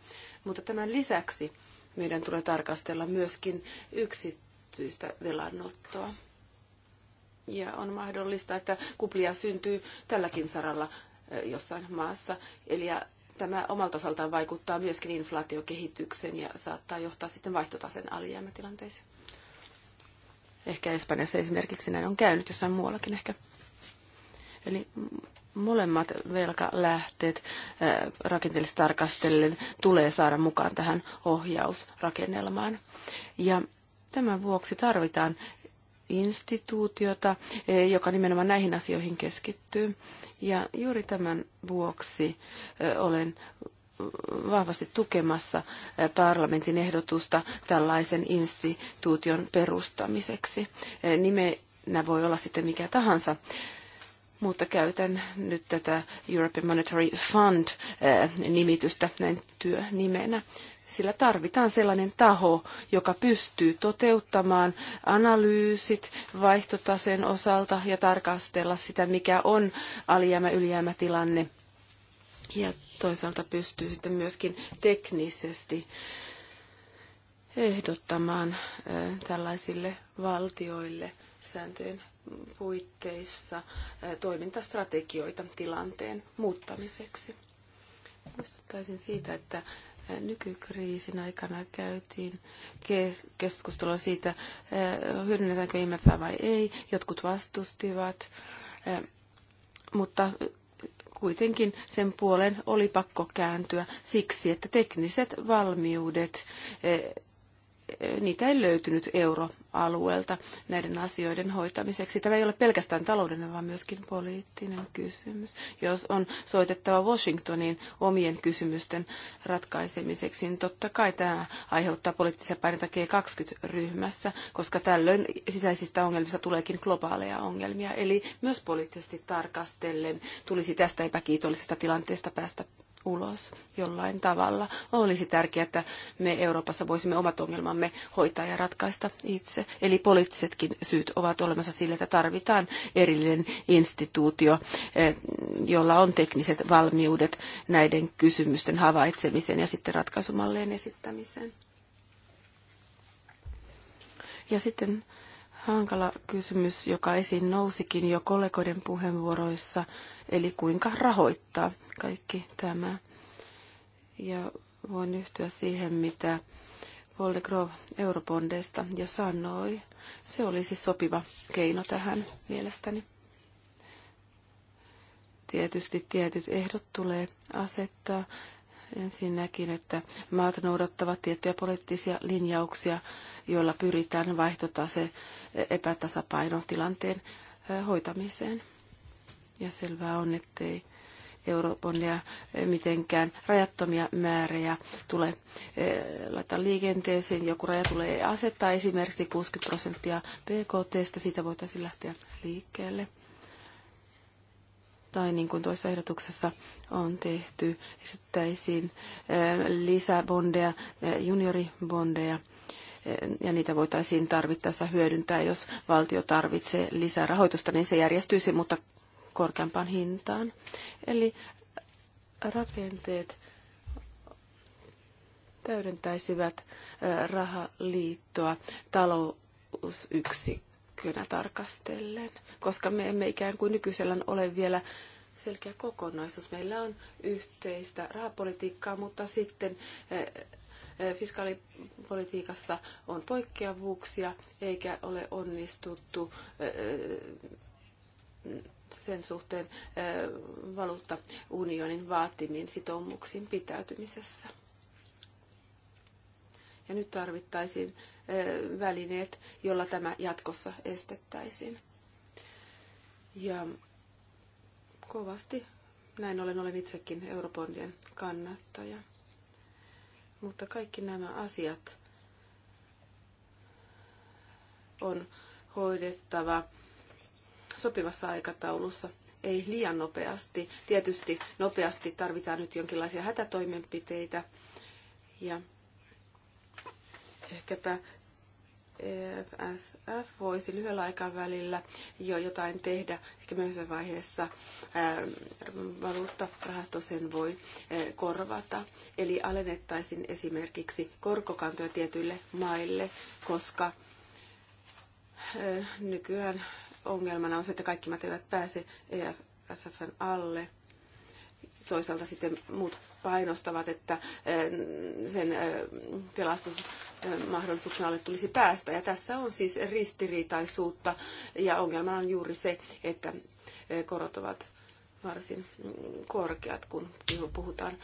Mutta tämän lisäksi meidän tulee tarkastella myöskin yksityistä velanottoa. Ja on mahdollista, että kuplia syntyy tälläkin saralla jossain maassa. Eli tämä omalta osaltaan vaikuttaa myöskin inflaatiokehitykseen ja saattaa johtaa sitten vaihtotasen alijäämätilanteeseen. Ehkä Espanjassa esimerkiksi näin on käynyt, jossain muuallakin ehkä. Eli molemmat velkalähteet rakenteellisesti tarkastellen tulee saada mukaan tähän ohjausrakennelmaan. Ja tämän vuoksi tarvitaan instituutiota, eh, joka nimenomaan näihin asioihin keskittyy. Ja juuri tämän vuoksi eh, olen vahvasti tukemassa eh, parlamentin ehdotusta tällaisen instituution perustamiseksi. Nimenä voi olla sitten mikä tahansa, mutta käytän nyt tätä European Monetary Fund-nimitystä näin työnimenä sillä tarvitaan sellainen taho, joka pystyy toteuttamaan analyysit vaihtotaseen osalta ja tarkastella sitä, mikä on alijäämä-ylijäämätilanne. Ja toisaalta pystyy sitten myöskin teknisesti ehdottamaan tällaisille valtioille sääntöjen puitteissa toimintastrategioita tilanteen muuttamiseksi. Muistuttaisin siitä, että Nykykriisin aikana käytiin kes- keskustelua siitä, eh, hyödynnetäänkö IMFää vai ei. Jotkut vastustivat, eh, mutta kuitenkin sen puolen oli pakko kääntyä siksi, että tekniset valmiudet eh, niitä ei löytynyt euroalueelta näiden asioiden hoitamiseksi. Tämä ei ole pelkästään taloudellinen, vaan myöskin poliittinen kysymys. Jos on soitettava Washingtoniin omien kysymysten ratkaisemiseksi, niin totta kai tämä aiheuttaa poliittisia paineita G20-ryhmässä, koska tällöin sisäisistä ongelmista tuleekin globaaleja ongelmia. Eli myös poliittisesti tarkastellen tulisi tästä epäkiitollisesta tilanteesta päästä ulos jollain tavalla. Olisi tärkeää, että me Euroopassa voisimme omat ongelmamme hoitaa ja ratkaista itse. Eli poliittisetkin syyt ovat olemassa sille, että tarvitaan erillinen instituutio, eh, jolla on tekniset valmiudet näiden kysymysten havaitsemiseen ja sitten ratkaisumalleen esittämiseen. Ja sitten hankala kysymys, joka esiin nousikin jo kollegoiden puheenvuoroissa, eli kuinka rahoittaa kaikki tämä. Ja voin yhtyä siihen, mitä Paul Grove eurobondeista jo sanoi. Se olisi sopiva keino tähän mielestäni. Tietysti tietyt ehdot tulee asettaa. Ensinnäkin, että maat noudattavat tiettyjä poliittisia linjauksia, joilla pyritään vaihtotase epätasapainotilanteen eh, hoitamiseen. Ja selvää on, ettei eurobondeja mitenkään rajattomia määriä tule eh, laittaa liikenteeseen. Joku raja tulee asettaa esimerkiksi 60 prosenttia BKT, siitä voitaisiin lähteä liikkeelle. Tai niin kuin toisessa ehdotuksessa on tehty, esittäisiin eh, lisäbondeja, eh, junioribondeja, ja niitä voitaisiin tarvittaessa hyödyntää, jos valtio tarvitsee lisää rahoitusta, niin se järjestyisi, mutta korkeampaan hintaan. Eli rakenteet täydentäisivät rahaliittoa talousyksikkönä tarkastellen, koska me emme ikään kuin nykyisellään ole vielä selkeä kokonaisuus. Meillä on yhteistä rahapolitiikkaa, mutta sitten fiskaalipolitiikassa on poikkeavuuksia eikä ole onnistuttu sen suhteen valuuttaunionin vaatimiin sitoumuksiin pitäytymisessä. Ja nyt tarvittaisiin välineet, jolla tämä jatkossa estettäisiin. Ja kovasti näin ollen olen itsekin eurobondien kannattaja. Mutta kaikki nämä asiat on hoidettava sopivassa aikataulussa, ei liian nopeasti. Tietysti nopeasti tarvitaan nyt jonkinlaisia hätätoimenpiteitä ja ehkäpä EFSF voisi lyhyellä aikavälillä jo jotain tehdä. Ehkä myös vaiheessa ähm, valuuttarahasto sen voi äh, korvata. Eli alennettaisiin esimerkiksi korkokantoja tietyille maille, koska äh, nykyään ongelmana on se, että kaikki maat eivät pääse EFSFn alle. Toisaalta sitten muut painostavat, että eh, sen eh, pelastusmahdollisuuksien alle tulisi päästä. Ja tässä on siis ristiriitaisuutta ja ongelmana on juuri se, että eh, korot ovat varsin mm, korkeat, kun puhutaan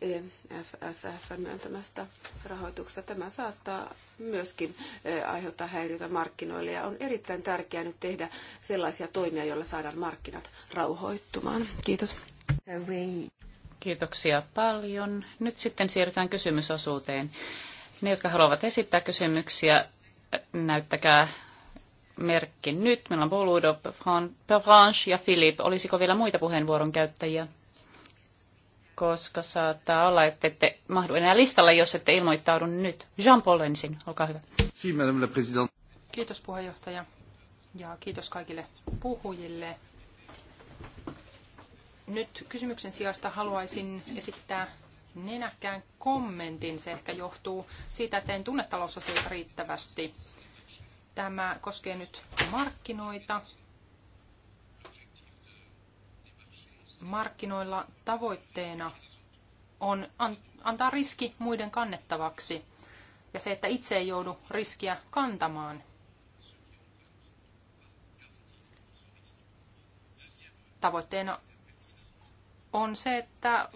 EFSFn myöntämästä rahoituksesta. Tämä saattaa myöskin e, aiheuttaa häiriötä markkinoille ja on erittäin tärkeää nyt tehdä sellaisia toimia, joilla saadaan markkinat rauhoittumaan. Kiitos.
Kiitoksia paljon. Nyt sitten siirrytään kysymysosuuteen. Ne, jotka haluavat esittää kysymyksiä, näyttäkää merkki nyt. Meillä on Boludo, Branche ja Philip. Olisiko vielä muita puheenvuoron käyttäjiä? koska saattaa olla, että ette mahdu enää listalle, jos ette ilmoittaudu nyt. Jean-Paul ensin, olkaa hyvä. Si, madame la
Kiitos puheenjohtaja ja kiitos kaikille puhujille. Nyt kysymyksen sijasta haluaisin esittää nenäkään kommentin. Se ehkä johtuu siitä, että en tunne talousasioita riittävästi. Tämä koskee nyt markkinoita markkinoilla tavoitteena on antaa riski muiden kannettavaksi ja se, että itse ei joudu riskiä kantamaan. Tavoitteena on se, että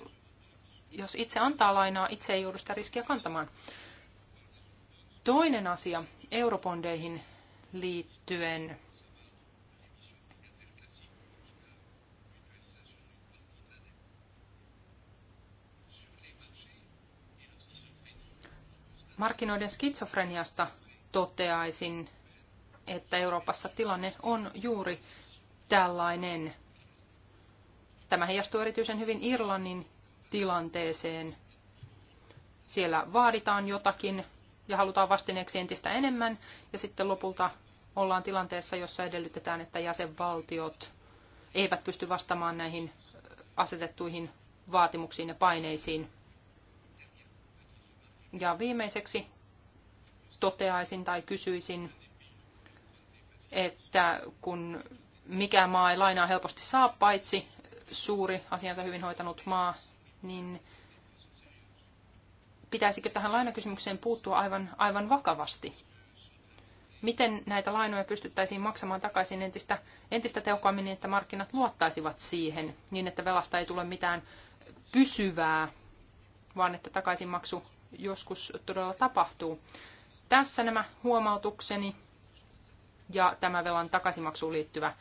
jos itse antaa lainaa, itse ei joudu sitä riskiä kantamaan. Toinen asia eurobondeihin liittyen Markkinoiden skitsofreniasta toteaisin, että Euroopassa tilanne on juuri tällainen. Tämä heijastuu erityisen hyvin Irlannin tilanteeseen. Siellä vaaditaan jotakin ja halutaan vastineeksi entistä enemmän, ja sitten lopulta ollaan tilanteessa, jossa edellytetään, että jäsenvaltiot eivät pysty vastaamaan näihin asetettuihin vaatimuksiin ja paineisiin. Ja viimeiseksi toteaisin tai kysyisin, että kun mikä maa ei lainaa helposti saa, paitsi suuri asiansa hyvin hoitanut maa, niin pitäisikö tähän lainakysymykseen puuttua aivan, aivan vakavasti? Miten näitä lainoja pystyttäisiin maksamaan takaisin entistä, entistä tehokkaammin niin, että markkinat luottaisivat siihen, niin että velasta ei tule mitään pysyvää, vaan että takaisinmaksu joskus todella tapahtuu. Tässä nämä huomautukseni ja tämä velan takaisinmaksuun liittyvä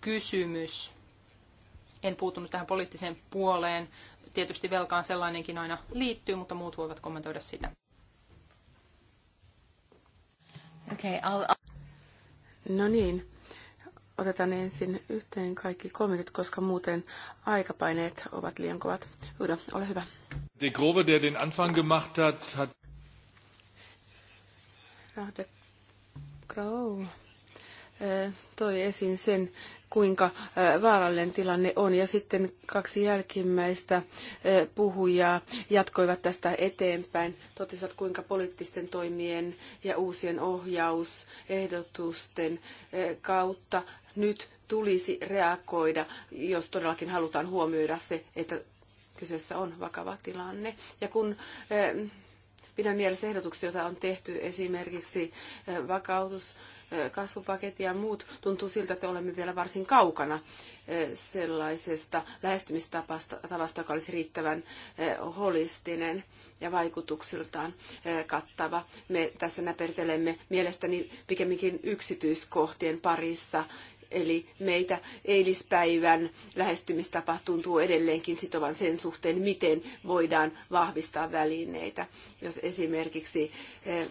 kysymys. En puutunut tähän poliittiseen puoleen. Tietysti velkaan sellainenkin aina liittyy, mutta muut voivat kommentoida sitä.
Okay, I'll... No niin, otetaan ensin yhteen kaikki kommentit, koska muuten aikapaineet ovat liian kovat. Udo, ole hyvä.
Der Grove, der den Anfang gemacht hat, hat.
Ja, ah, äh, toi esiin sen, kuinka äh, vaarallinen tilanne on. Ja sitten kaksi jälkimmäistä äh, puhujaa jatkoivat tästä eteenpäin, totesivat kuinka poliittisten toimien ja uusien ohjausehdotusten kautta nyt tulisi reagoida, jos todellakin halutaan huomioida se, että Kyseessä on vakava tilanne. Ja kun eh, pidän mielessä ehdotuksia, joita on tehty esimerkiksi eh, vakautus, eh, kasvupaketti ja muut, tuntuu siltä, että olemme vielä varsin kaukana sellaisesta lähestymistavasta, joka olisi riittävän holistinen ja vaikutuksiltaan kattava. Me tässä näpertelemme mielestäni pikemminkin yksityiskohtien parissa Eli meitä eilispäivän lähestymistapa tuntuu edelleenkin sitovan sen suhteen, miten voidaan vahvistaa välineitä. Jos esimerkiksi eh,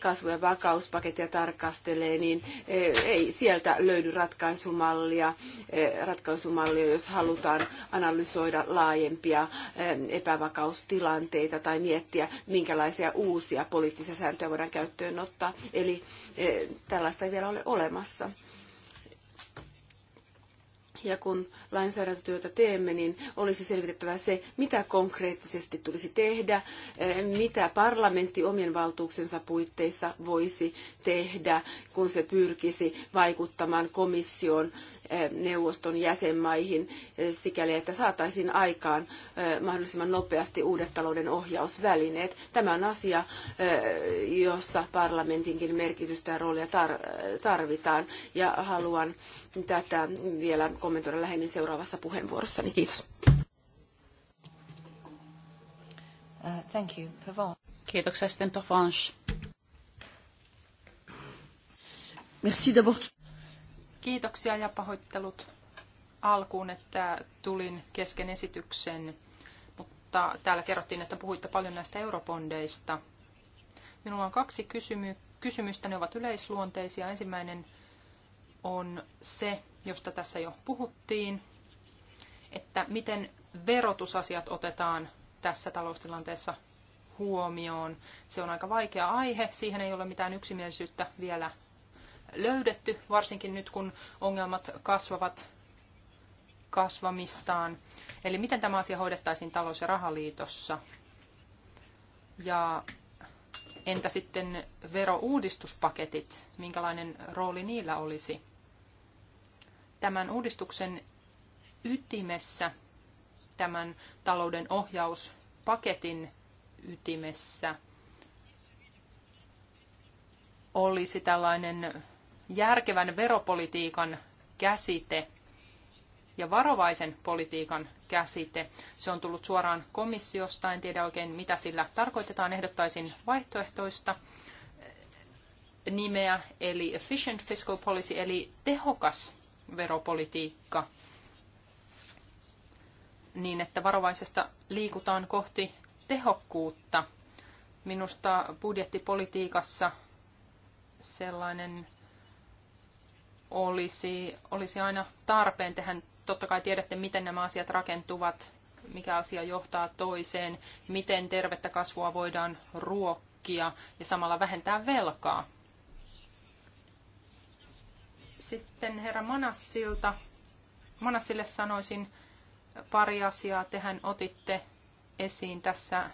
kasvu- ja vakauspakettia tarkastelee, niin eh, ei sieltä löydy ratkaisumallia, eh, ratkaisumallia, jos halutaan analysoida laajempia epävakaustilanteita tai miettiä, minkälaisia uusia poliittisia sääntöjä voidaan käyttöön ottaa. Eli tällaista ei vielä ole olemassa. Ja kun lainsäädäntötyötä teemme, niin olisi selvitettävä se, mitä konkreettisesti tulisi tehdä, eh, mitä parlamentti omien valtuuksensa puitteissa voisi tehdä, kun se pyrkisi vaikuttamaan komission eh, neuvoston jäsenmaihin eh, sikäli, että saataisiin aikaan mahdollisimman nopeasti uudet talouden ohjausvälineet. Tämä on asia, jossa parlamentinkin merkitystä ja roolia tarvitaan, ja haluan tätä vielä kommentoida lähemmin seuraavassa puheenvuorossani. Kiitos. Uh,
thank you. Kiitoksia sitten Pavanche.
Merci d'abord.
Kiitoksia ja pahoittelut alkuun, että tulin kesken esityksen, mutta täällä kerrottiin, että puhuitte paljon näistä eurobondeista. Minulla on kaksi kysymy- kysymystä, ne ovat yleisluonteisia. Ensimmäinen on se, josta tässä jo puhuttiin, että miten verotusasiat otetaan tässä taloustilanteessa huomioon. Se on aika vaikea aihe, siihen ei ole mitään yksimielisyyttä vielä löydetty, varsinkin nyt kun ongelmat kasvavat kasvamistaan. Eli miten tämä asia hoidettaisiin talous- ja rahaliitossa? Ja entä sitten verouudistuspaketit, minkälainen rooli niillä olisi? tämän uudistuksen ytimessä, tämän talouden ohjauspaketin ytimessä olisi tällainen järkevän veropolitiikan käsite ja varovaisen politiikan käsite. Se on tullut suoraan komissiosta, en tiedä oikein mitä sillä tarkoitetaan. Ehdottaisin vaihtoehtoista nimeä, eli efficient fiscal policy, eli tehokas veropolitiikka niin, että varovaisesta liikutaan kohti tehokkuutta. Minusta budjettipolitiikassa sellainen olisi, olisi aina tarpeen. tehdä totta kai tiedätte, miten nämä asiat rakentuvat, mikä asia johtaa toiseen, miten tervettä kasvua voidaan ruokkia ja samalla vähentää velkaa. Sitten herra Manassilta, Manassille sanoisin pari asiaa. Tehän otitte esiin tässä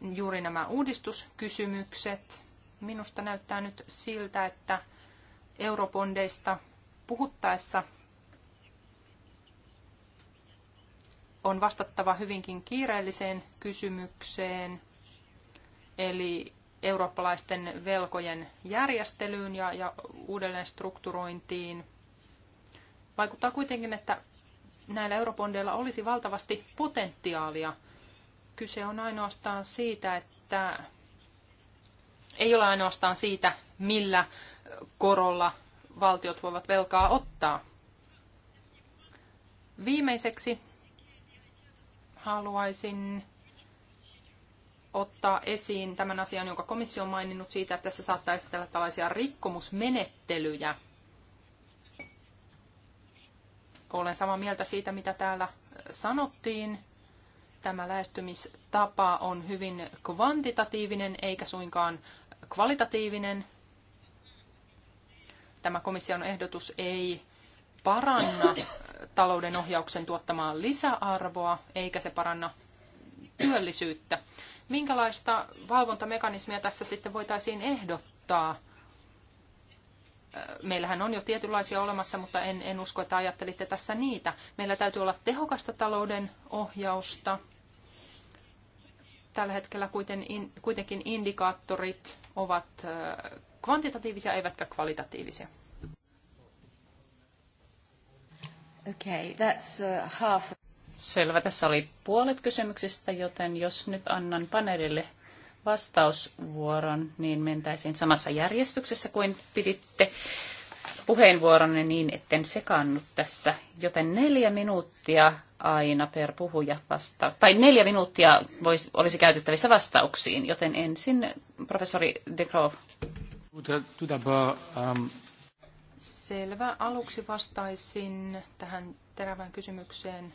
juuri nämä uudistuskysymykset. Minusta näyttää nyt siltä, että eurobondeista puhuttaessa on vastattava hyvinkin kiireelliseen kysymykseen, eli eurooppalaisten velkojen järjestelyyn ja, ja uudelleen strukturointiin. Vaikuttaa kuitenkin, että näillä eurobondeilla olisi valtavasti potentiaalia. Kyse on ainoastaan siitä, että ei ole ainoastaan siitä, millä korolla valtiot voivat velkaa ottaa. Viimeiseksi haluaisin ottaa esiin tämän asian, jonka komissio on maininnut siitä, että tässä saattaa esitellä tällaisia rikkomusmenettelyjä. Olen samaa mieltä siitä, mitä täällä sanottiin. Tämä lähestymistapa on hyvin kvantitatiivinen eikä suinkaan kvalitatiivinen. Tämä komission ehdotus ei paranna talouden ohjauksen tuottamaa lisäarvoa, eikä se paranna työllisyyttä. Minkälaista valvontamekanismia tässä sitten voitaisiin ehdottaa? Meillähän on jo tietynlaisia olemassa, mutta en, en usko, että ajattelitte tässä niitä. Meillä täytyy olla tehokasta talouden ohjausta. Tällä hetkellä kuitenkin indikaattorit ovat kvantitatiivisia eivätkä kvalitatiivisia.
Okay,
that's uh, half. Selvä. Tässä oli puolet kysymyksistä, joten jos nyt annan paneelille vastausvuoron, niin mentäisiin samassa järjestyksessä kuin piditte puheenvuoronne niin, etten sekaannut tässä. Joten neljä minuuttia aina per puhuja vasta tai neljä minuuttia voisi, olisi käytettävissä vastauksiin, joten ensin professori De Croo
um, Selvä. Aluksi vastaisin tähän terävään kysymykseen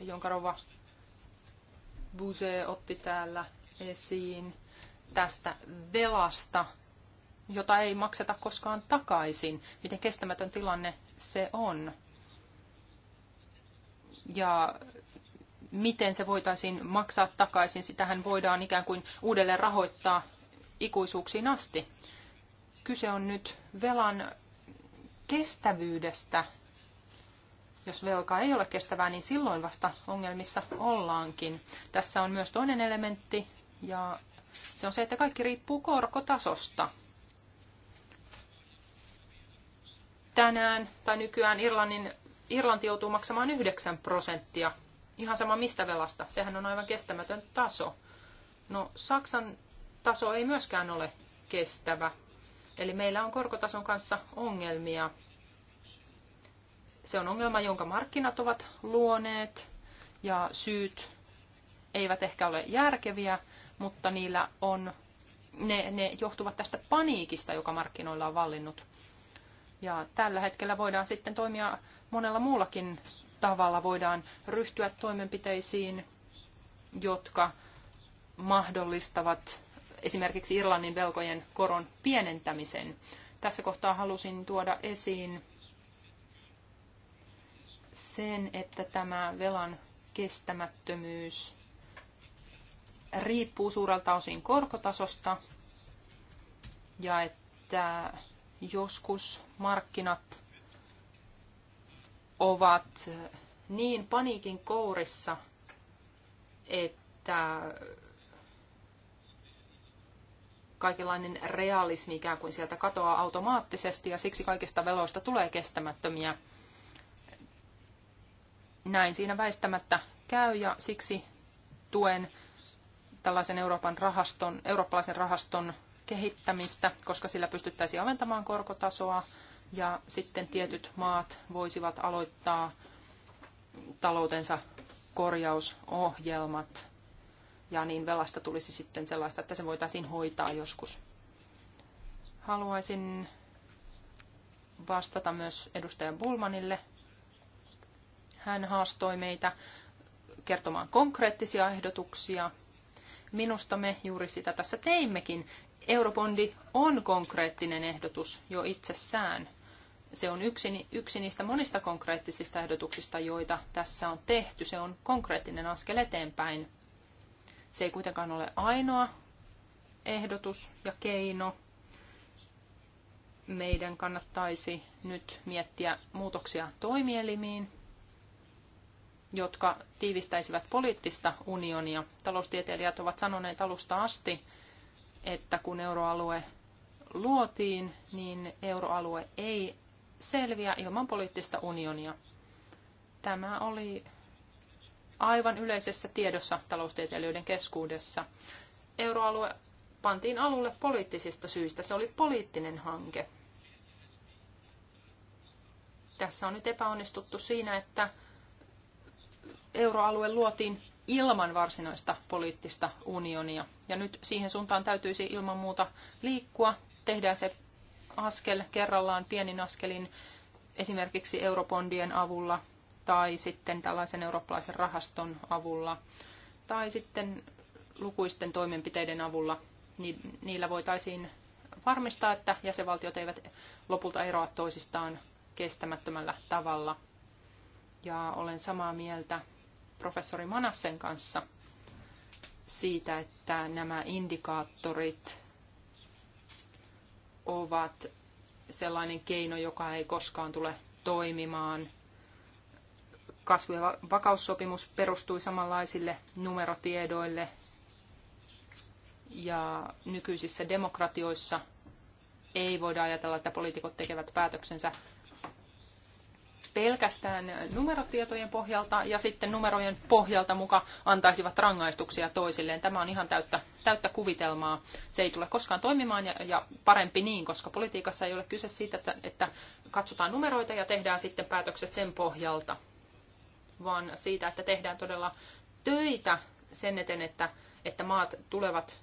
jonka Rova Buse otti täällä esiin tästä velasta, jota ei makseta koskaan takaisin. Miten kestämätön tilanne se on? Ja miten se voitaisiin maksaa takaisin, sitähän voidaan ikään kuin uudelleen rahoittaa ikuisuuksiin asti. Kyse on nyt velan kestävyydestä jos velka ei ole kestävää, niin silloin vasta ongelmissa ollaankin. Tässä on myös toinen elementti, ja se on se, että kaikki riippuu korkotasosta. Tänään tai nykyään Irlannin, Irlanti joutuu maksamaan 9 prosenttia. Ihan sama mistä velasta. Sehän on aivan kestämätön taso. No Saksan taso ei myöskään ole kestävä. Eli meillä on korkotason kanssa ongelmia. Se on ongelma, jonka markkinat ovat luoneet ja syyt eivät ehkä ole järkeviä, mutta niillä on, ne, ne johtuvat tästä paniikista, joka markkinoilla on vallinnut. Ja tällä hetkellä voidaan sitten toimia monella muullakin tavalla. Voidaan ryhtyä toimenpiteisiin, jotka mahdollistavat esimerkiksi Irlannin velkojen koron pienentämisen. Tässä kohtaa halusin tuoda esiin sen, että tämä velan kestämättömyys riippuu suurelta osin korkotasosta ja että joskus markkinat ovat niin paniikin kourissa, että kaikenlainen realismi ikään kuin sieltä katoaa automaattisesti ja siksi kaikista veloista tulee kestämättömiä näin siinä väistämättä käy ja siksi tuen tällaisen Euroopan rahaston, eurooppalaisen rahaston kehittämistä, koska sillä pystyttäisiin aventamaan korkotasoa ja sitten tietyt maat voisivat aloittaa taloutensa korjausohjelmat ja niin velasta tulisi sitten sellaista, että se voitaisiin hoitaa joskus. Haluaisin vastata myös edustaja Bulmanille hän haastoi meitä kertomaan konkreettisia ehdotuksia. Minusta me juuri sitä tässä teimmekin. Eurobondi on konkreettinen ehdotus jo itsessään. Se on yksi, yksi niistä monista konkreettisista ehdotuksista, joita tässä on tehty. Se on konkreettinen askel eteenpäin. Se ei kuitenkaan ole ainoa ehdotus ja keino. Meidän kannattaisi nyt miettiä muutoksia toimielimiin, jotka tiivistäisivät poliittista unionia. Taloustieteilijät ovat sanoneet alusta asti, että kun euroalue luotiin, niin euroalue ei selviä ilman poliittista unionia. Tämä oli aivan yleisessä tiedossa taloustieteilijöiden keskuudessa. Euroalue pantiin alulle poliittisista syistä. Se oli poliittinen hanke. Tässä on nyt epäonnistuttu siinä, että euroalue luotiin ilman varsinaista poliittista unionia. Ja nyt siihen suuntaan täytyisi ilman muuta liikkua. Tehdään se askel kerrallaan pienin askelin esimerkiksi eurobondien avulla tai sitten tällaisen eurooppalaisen rahaston avulla tai sitten lukuisten toimenpiteiden avulla. Niillä voitaisiin varmistaa, että jäsenvaltiot eivät lopulta eroa toisistaan kestämättömällä tavalla – ja olen samaa mieltä professori Manassen kanssa siitä, että nämä indikaattorit ovat sellainen keino, joka ei koskaan tule toimimaan. Kasvu- ja vakaussopimus perustui samanlaisille numerotiedoille ja nykyisissä demokratioissa ei voida ajatella, että poliitikot tekevät päätöksensä pelkästään numerotietojen pohjalta ja sitten numerojen pohjalta muka antaisivat rangaistuksia toisilleen. Tämä on ihan täyttä, täyttä kuvitelmaa. Se ei tule koskaan toimimaan ja, ja parempi niin, koska politiikassa ei ole kyse siitä, että, että katsotaan numeroita ja tehdään sitten päätökset sen pohjalta, vaan siitä, että tehdään todella töitä sen eteen, että, että maat tulevat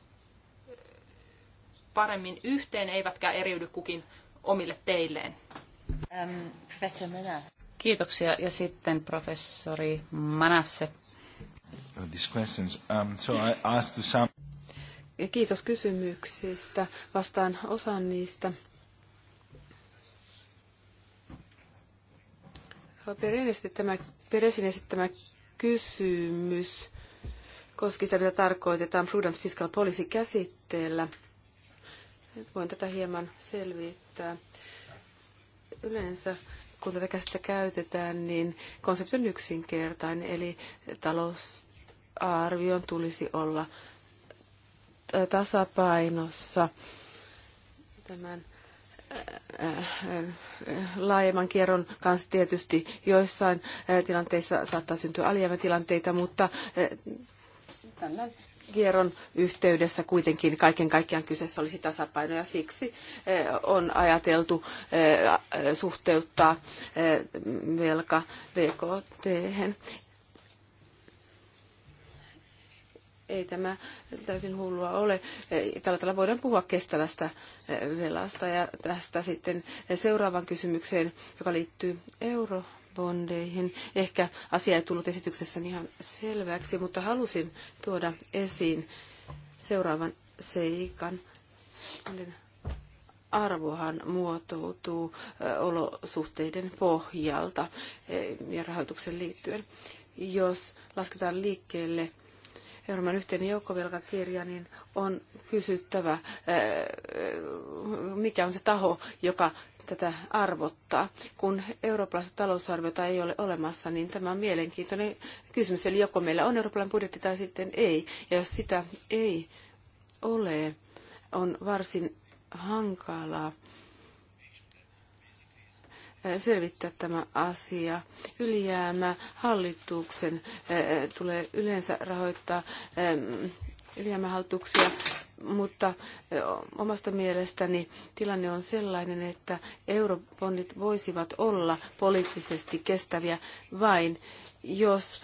paremmin yhteen, eivätkä eriydy kukin omille teilleen. Um, professor Miller.
Kiitoksia. Ja sitten professori Manasse.
Um,
kiitos kysymyksistä. Vastaan osan niistä. Peresin esittämä kysymys koski sitä, mitä tarkoitetaan prudent fiscal policy käsitteellä. Voin tätä hieman selvittää. Yleensä kun tätä käsitettä käytetään, niin konsepti on yksinkertainen, eli talousarvion tulisi olla tasapainossa tämän laajemman kierron kanssa tietysti joissain tilanteissa saattaa syntyä alijäämätilanteita, mutta tämän kierron yhteydessä kuitenkin kaiken kaikkiaan kyseessä olisi tasapaino ja siksi eh, on ajateltu eh, suhteuttaa eh, velka VKT. hen. Ei tämä täysin hullua ole. Tällä tavalla voidaan puhua kestävästä velasta ja tästä sitten seuraavan kysymykseen, joka liittyy euroon bondeihin. Ehkä asia ei tullut esityksessä ihan selväksi, mutta halusin tuoda esiin seuraavan seikan. Arvohan muotoutuu olosuhteiden pohjalta e, ja rahoituksen liittyen. Jos lasketaan liikkeelle Euroopan yhteinen joukkovelkakirja, niin on kysyttävä, äh, mikä on se taho, joka tätä arvottaa. Kun eurooppalaista talousarviota ei ole olemassa, niin tämä on mielenkiintoinen kysymys. Eli joko meillä on eurooppalainen budjetti tai sitten ei. Ja jos sitä ei ole, on varsin hankalaa selvittää tämä asia. Ylijäämä hallituksen tulee yleensä rahoittaa ähm, ylijäämähallituksia, mutta omasta mielestäni tilanne on sellainen, että eurobondit voisivat olla poliittisesti kestäviä vain, jos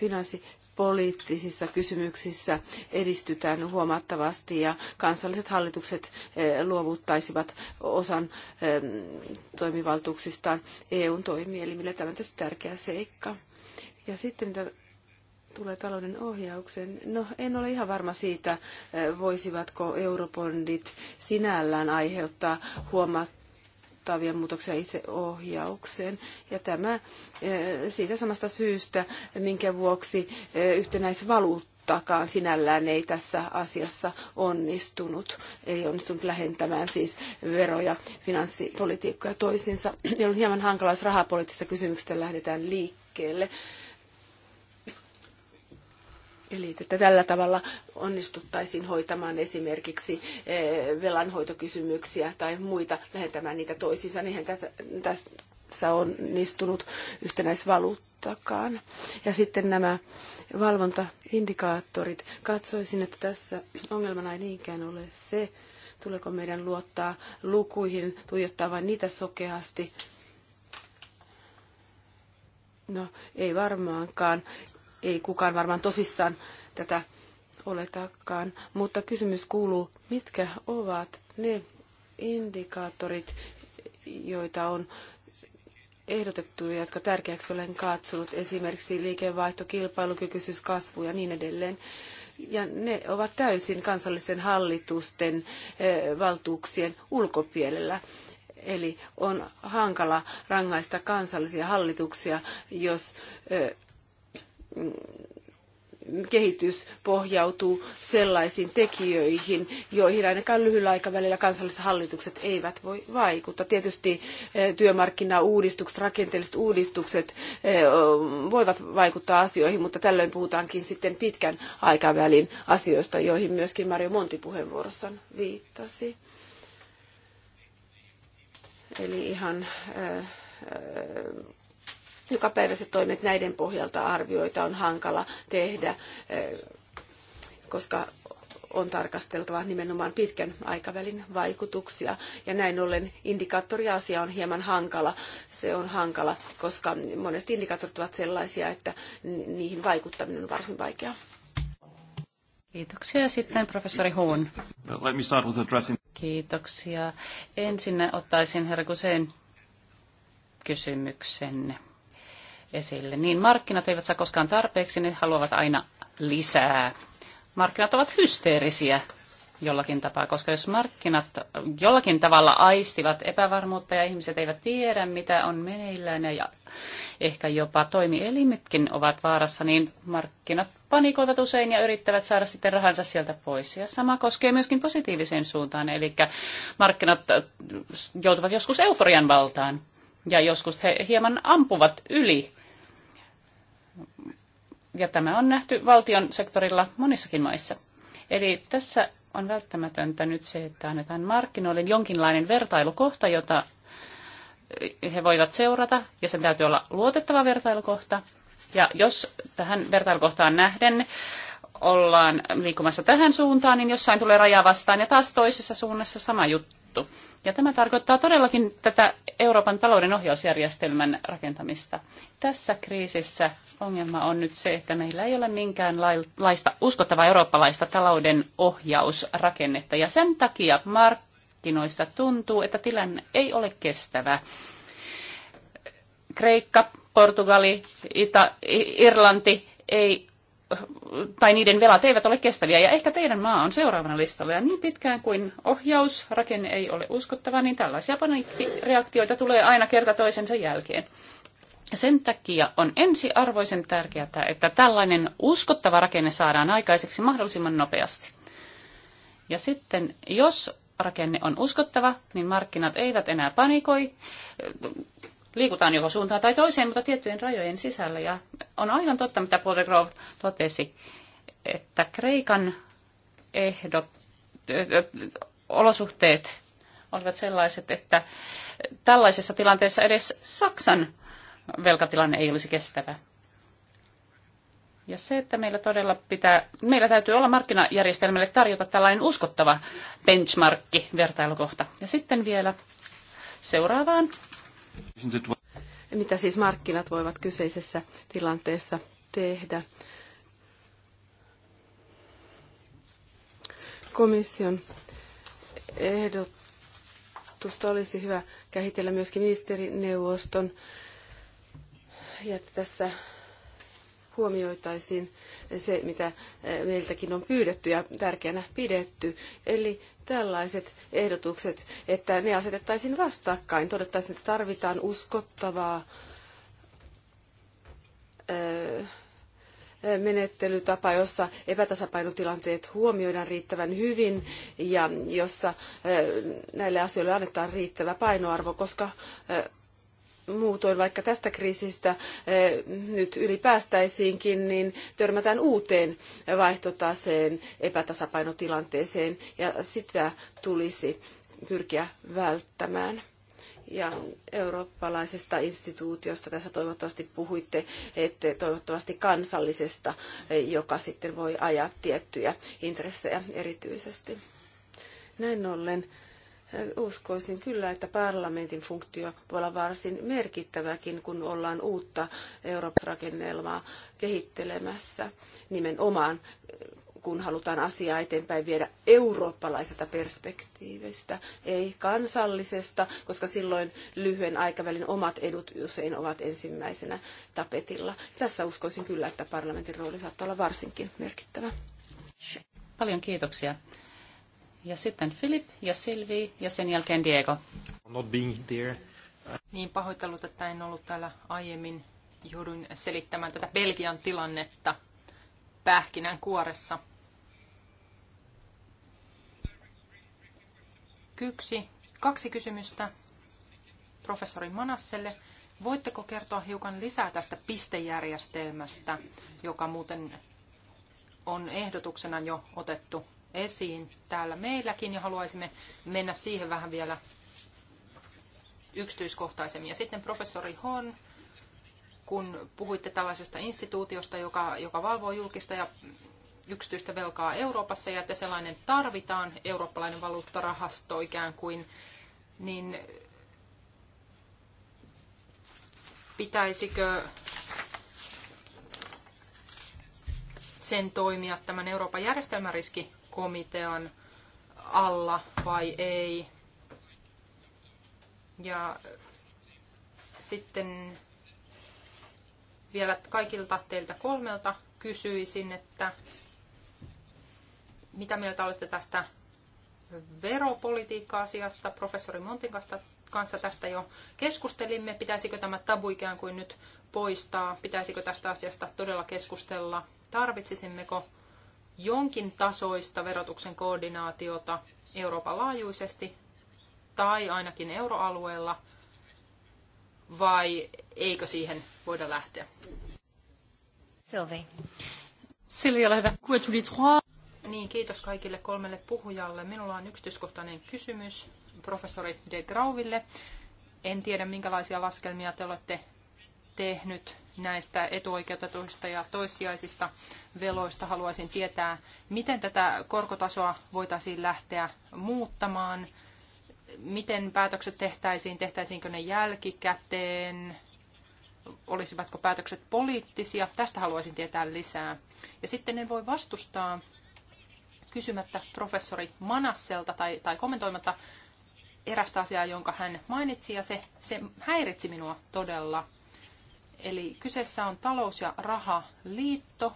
finanssi poliittisissa kysymyksissä edistytään huomattavasti ja kansalliset hallitukset eh, luovuttaisivat osan eh, toimivaltuuksistaan EUn toimielimille. Tämä on tietysti tärkeä seikka. Ja sitten mitä tulee talouden ohjaukseen. No, en ole ihan varma siitä, eh, voisivatko eurobondit sinällään aiheuttaa huomattavasti vaikuttavia muutoksia ohjaukseen Ja tämä eh, siitä samasta syystä, minkä vuoksi eh, takaan sinällään ei tässä asiassa onnistunut, ei onnistunut lähentämään siis veroja, finanssipolitiikkoja toisiinsa. Ja on hieman hankala, jos rahapoliittisista kysymyksistä lähdetään liikkeelle. Eli että tällä tavalla onnistuttaisiin hoitamaan esimerkiksi eh, velanhoitokysymyksiä tai muita, lähentämään niitä toisiinsa. Niinhän tässä on onnistunut yhtenäisvaluuttakaan. Ja sitten nämä valvontaindikaattorit. Katsoisin, että tässä ongelmana ei niinkään ole se, tuleeko meidän luottaa lukuihin, tuijottaa vain niitä sokeasti. No, ei varmaankaan ei kukaan varmaan tosissaan tätä oletakaan. Mutta kysymys kuuluu, mitkä ovat ne indikaattorit, joita on ehdotettu, jotka tärkeäksi olen katsonut, esimerkiksi liikevaihto, kilpailukykyisyys, kasvu ja niin edelleen. Ja ne ovat täysin kansallisen hallitusten eh, valtuuksien ulkopielellä. Eli on hankala rangaista kansallisia hallituksia, jos eh, kehitys pohjautuu sellaisiin tekijöihin, joihin ainakaan lyhyellä aikavälillä kansalliset hallitukset eivät voi vaikuttaa. Tietysti eh, työmarkkinauudistukset, rakenteelliset uudistukset eh, voivat vaikuttaa asioihin, mutta tällöin puhutaankin sitten pitkän aikavälin asioista, joihin myöskin Mario Monti puheenvuorossaan viittasi. Eli ihan eh, joka päivä se toimet näiden pohjalta arvioita on hankala tehdä, eh, koska on tarkasteltava nimenomaan pitkän aikavälin vaikutuksia. Ja näin ollen indikaattoriasia on hieman hankala. Se on hankala, koska monesti indikaattorit ovat sellaisia, että niihin vaikuttaminen on varsin vaikeaa.
Kiitoksia. Sitten professori Huun.
Let me start with addressing...
Kiitoksia. Ensin ottaisin herra Kuseen kysymyksenne esille, niin markkinat eivät saa koskaan tarpeeksi, ne haluavat aina lisää. Markkinat ovat hysteerisiä jollakin tapaa, koska jos markkinat jollakin tavalla aistivat epävarmuutta ja ihmiset eivät tiedä, mitä on meneillään ja ehkä jopa toimielimetkin ovat vaarassa, niin markkinat panikoivat usein ja yrittävät saada sitten rahansa sieltä pois. Ja sama koskee myöskin positiiviseen suuntaan, eli markkinat joutuvat joskus euforian valtaan ja joskus he hieman ampuvat yli ja tämä on nähty valtion sektorilla monissakin maissa. Eli tässä on välttämätöntä nyt se, että annetaan markkinoille jonkinlainen vertailukohta, jota he voivat seurata, ja sen täytyy olla luotettava vertailukohta. Ja jos tähän vertailukohtaan nähden ollaan liikkumassa tähän suuntaan, niin jossain tulee raja vastaan, ja taas toisessa suunnassa sama juttu. Ja tämä tarkoittaa todellakin tätä Euroopan talouden ohjausjärjestelmän rakentamista. Tässä kriisissä ongelma on nyt se, että meillä ei ole minkäänlaista uskottavaa eurooppalaista talouden ohjausrakennetta. Ja sen takia markkinoista tuntuu, että tilanne ei ole kestävä. Kreikka, Portugali, Ita, Irlanti ei tai niiden velat eivät ole kestäviä, ja ehkä teidän maa on seuraavana listalla, ja niin pitkään kuin ohjausrakenne ei ole uskottava, niin tällaisia paniikkireaktioita tulee aina kerta toisensa jälkeen. Sen takia on ensiarvoisen tärkeää, että tällainen uskottava rakenne saadaan aikaiseksi mahdollisimman nopeasti. Ja sitten, jos rakenne on uskottava, niin markkinat eivät enää panikoi, liikutaan joko suuntaan tai toiseen, mutta tiettyjen rajojen sisällä. Ja on aivan totta, mitä Paul Grove totesi, että Kreikan ehdot, olosuhteet olivat sellaiset, että tällaisessa tilanteessa edes Saksan velkatilanne ei olisi kestävä. Ja se, että meillä todella pitää, meillä täytyy olla markkinajärjestelmälle tarjota tällainen uskottava benchmarkki, vertailukohta. Ja sitten
vielä seuraavaan mitä siis markkinat voivat kyseisessä tilanteessa tehdä? Komission ehdotusta olisi hyvä käsitellä myöskin ministerineuvoston. Ja tässä huomioitaisiin se, mitä eh, meiltäkin on pyydetty ja tärkeänä pidetty. Eli tällaiset ehdotukset, että ne asetettaisiin vastakkain, todettaisiin, että tarvitaan uskottavaa eh, menettelytapa, jossa epätasapainotilanteet huomioidaan riittävän hyvin ja jossa eh, näille asioille annetaan riittävä painoarvo, koska muutoin, vaikka tästä kriisistä eh, nyt ylipäästäisiinkin, niin törmätään uuteen vaihtotaseen epätasapainotilanteeseen ja sitä tulisi pyrkiä välttämään. Ja eurooppalaisesta instituutiosta tässä toivottavasti puhuitte, että toivottavasti kansallisesta, eh, joka sitten voi ajaa tiettyjä intressejä erityisesti. Näin ollen uskoisin kyllä, että parlamentin funktio voi olla varsin merkittäväkin, kun ollaan uutta Eurooppa-rakennelmaa kehittelemässä nimenomaan kun halutaan asiaa eteenpäin viedä eurooppalaisesta perspektiivistä, ei kansallisesta, koska silloin lyhyen aikavälin omat edut usein ovat ensimmäisenä tapetilla. Tässä uskoisin kyllä, että parlamentin rooli saattaa olla varsinkin merkittävä.
Paljon kiitoksia. Ja sitten Filip
ja Silvi
ja sen jälkeen Diego.
Not being there. Niin pahoittelut, että en ollut täällä aiemmin. Jouduin selittämään tätä Belgian tilannetta pähkinän kuoressa. Kyksi kaksi kysymystä professori Manasselle. Voitteko kertoa hiukan lisää tästä pistejärjestelmästä, joka muuten on ehdotuksena jo otettu esiin täällä meilläkin ja haluaisimme mennä siihen vähän vielä yksityiskohtaisemmin. Ja sitten professori Hon, kun puhuitte tällaisesta instituutiosta, joka, joka valvoo julkista ja yksityistä velkaa Euroopassa ja että sellainen tarvitaan, eurooppalainen valuuttarahasto ikään kuin, niin pitäisikö sen toimia tämän Euroopan järjestelmäriski komitean alla vai ei. Ja sitten vielä kaikilta teiltä kolmelta kysyisin, että mitä mieltä olette tästä veropolitiikka-asiasta? Professori Montin kanssa tästä jo keskustelimme. Pitäisikö tämä tabu ikään kuin nyt poistaa? Pitäisikö tästä asiasta todella keskustella? Tarvitsisimmeko jonkin tasoista verotuksen koordinaatiota Euroopan laajuisesti tai ainakin euroalueella, vai eikö siihen voida lähteä? Sylvie.
Sylvie, ole hyvä.
Niin, kiitos kaikille kolmelle puhujalle. Minulla on yksityiskohtainen kysymys professori De Grauville. En tiedä, minkälaisia laskelmia te olette tehnyt näistä etuoikeutetuista ja toissijaisista veloista. Haluaisin tietää, miten tätä korkotasoa voitaisiin lähteä muuttamaan, miten päätökset tehtäisiin, tehtäisiinkö ne jälkikäteen, olisivatko päätökset poliittisia. Tästä haluaisin tietää lisää. Ja sitten en voi vastustaa kysymättä professori Manasselta tai, tai kommentoimatta erästä asiaa, jonka hän mainitsi, ja se, se häiritsi minua todella – Eli kyseessä on talous- ja rahaliitto,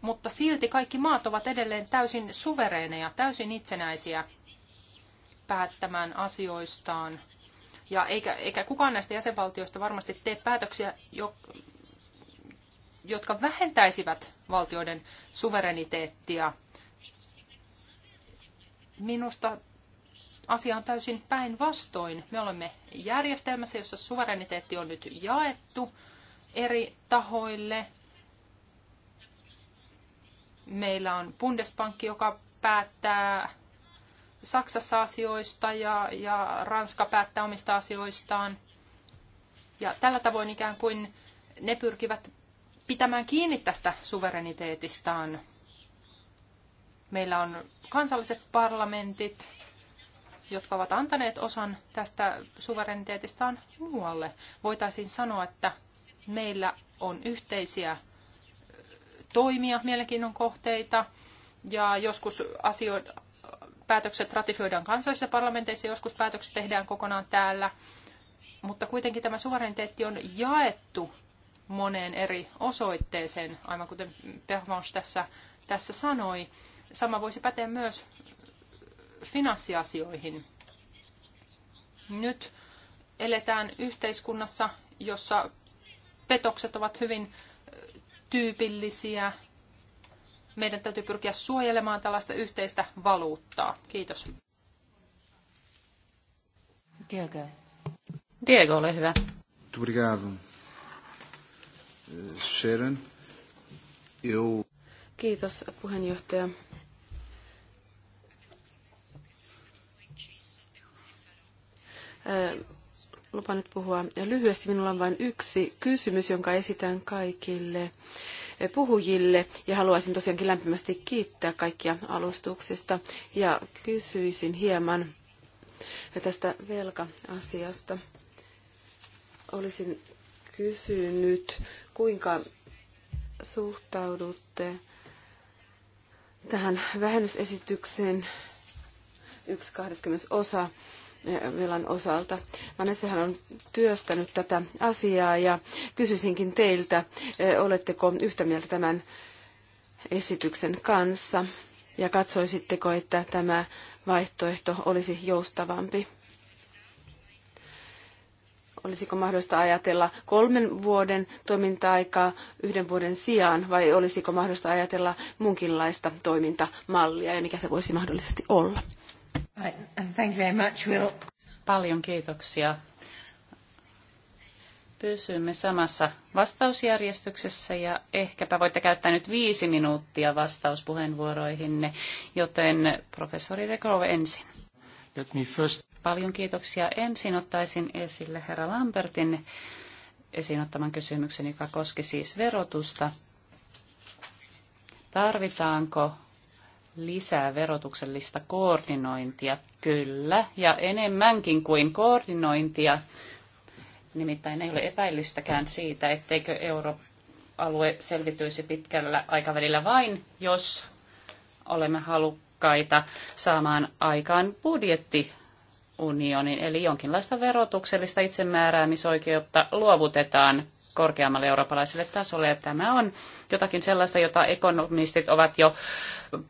mutta silti kaikki maat ovat edelleen täysin suvereeneja, täysin itsenäisiä päättämään asioistaan. Ja eikä, eikä kukaan näistä jäsenvaltioista varmasti tee päätöksiä, jotka vähentäisivät valtioiden suvereniteettia. Minusta asia on täysin päinvastoin. Me olemme järjestelmässä, jossa suvereniteetti on nyt jaettu eri tahoille. Meillä on Bundesbankki, joka päättää Saksassa asioista ja, ja Ranska päättää omista asioistaan. Ja tällä tavoin ikään kuin ne pyrkivät pitämään kiinni tästä suvereniteetistaan. Meillä on kansalliset parlamentit, jotka ovat antaneet osan tästä suvereniteetistaan muualle. Voitaisiin sanoa, että meillä on yhteisiä toimia, mielenkiinnon kohteita, ja joskus asio- päätökset ratifioidaan kansallisissa parlamenteissa, joskus päätökset tehdään kokonaan täällä, mutta kuitenkin tämä suvereniteetti on jaettu moneen eri osoitteeseen, aivan kuten Pervans tässä, tässä sanoi. Sama voisi päteä myös finanssiasioihin. Nyt eletään yhteiskunnassa, jossa petokset ovat hyvin tyypillisiä. Meidän täytyy pyrkiä suojelemaan tällaista yhteistä valuuttaa. Kiitos.
Diego. Diego, ole hyvä. Obrigado. Eh, Sharon, eu...
Kiitos puheenjohtaja. Lupa nyt puhua lyhyesti. Minulla on vain yksi kysymys, jonka esitän kaikille puhujille. Ja haluaisin tosiaankin lämpimästi kiittää kaikkia alustuksista. Ja kysyisin hieman tästä velka-asiasta. Olisin kysynyt, kuinka suhtaudutte tähän vähennysesitykseen yksi osa villan osalta. Vanessahan on työstänyt tätä asiaa ja kysyisinkin teiltä, eh, oletteko yhtä mieltä tämän esityksen kanssa ja katsoisitteko, että tämä vaihtoehto olisi joustavampi? olisiko mahdollista ajatella kolmen vuoden toiminta-aikaa yhden vuoden sijaan, vai olisiko mahdollista ajatella muunkinlaista toimintamallia, ja mikä se voisi mahdollisesti olla? Thank
you very much, Will.
Paljon kiitoksia. Pysymme
samassa vastausjärjestyksessä ja ehkäpä voitte käyttää nyt viisi minuuttia vastauspuheenvuoroihinne, joten professori Rekrove ensin. Let me first... Paljon kiitoksia. Ensin ottaisin esille herra Lambertin esiin ottaman kysymyksen, joka koski siis verotusta. Tarvitaanko lisää verotuksellista koordinointia, kyllä, ja enemmänkin kuin koordinointia. Nimittäin ei ole epäilystäkään siitä, etteikö euroalue selviytyisi pitkällä aikavälillä vain, jos olemme halukkaita saamaan aikaan budjetti unionin, eli jonkinlaista verotuksellista itsemääräämisoikeutta luovutetaan korkeammalle eurooppalaiselle tasolle. Ja tämä on jotakin sellaista, jota ekonomistit ovat jo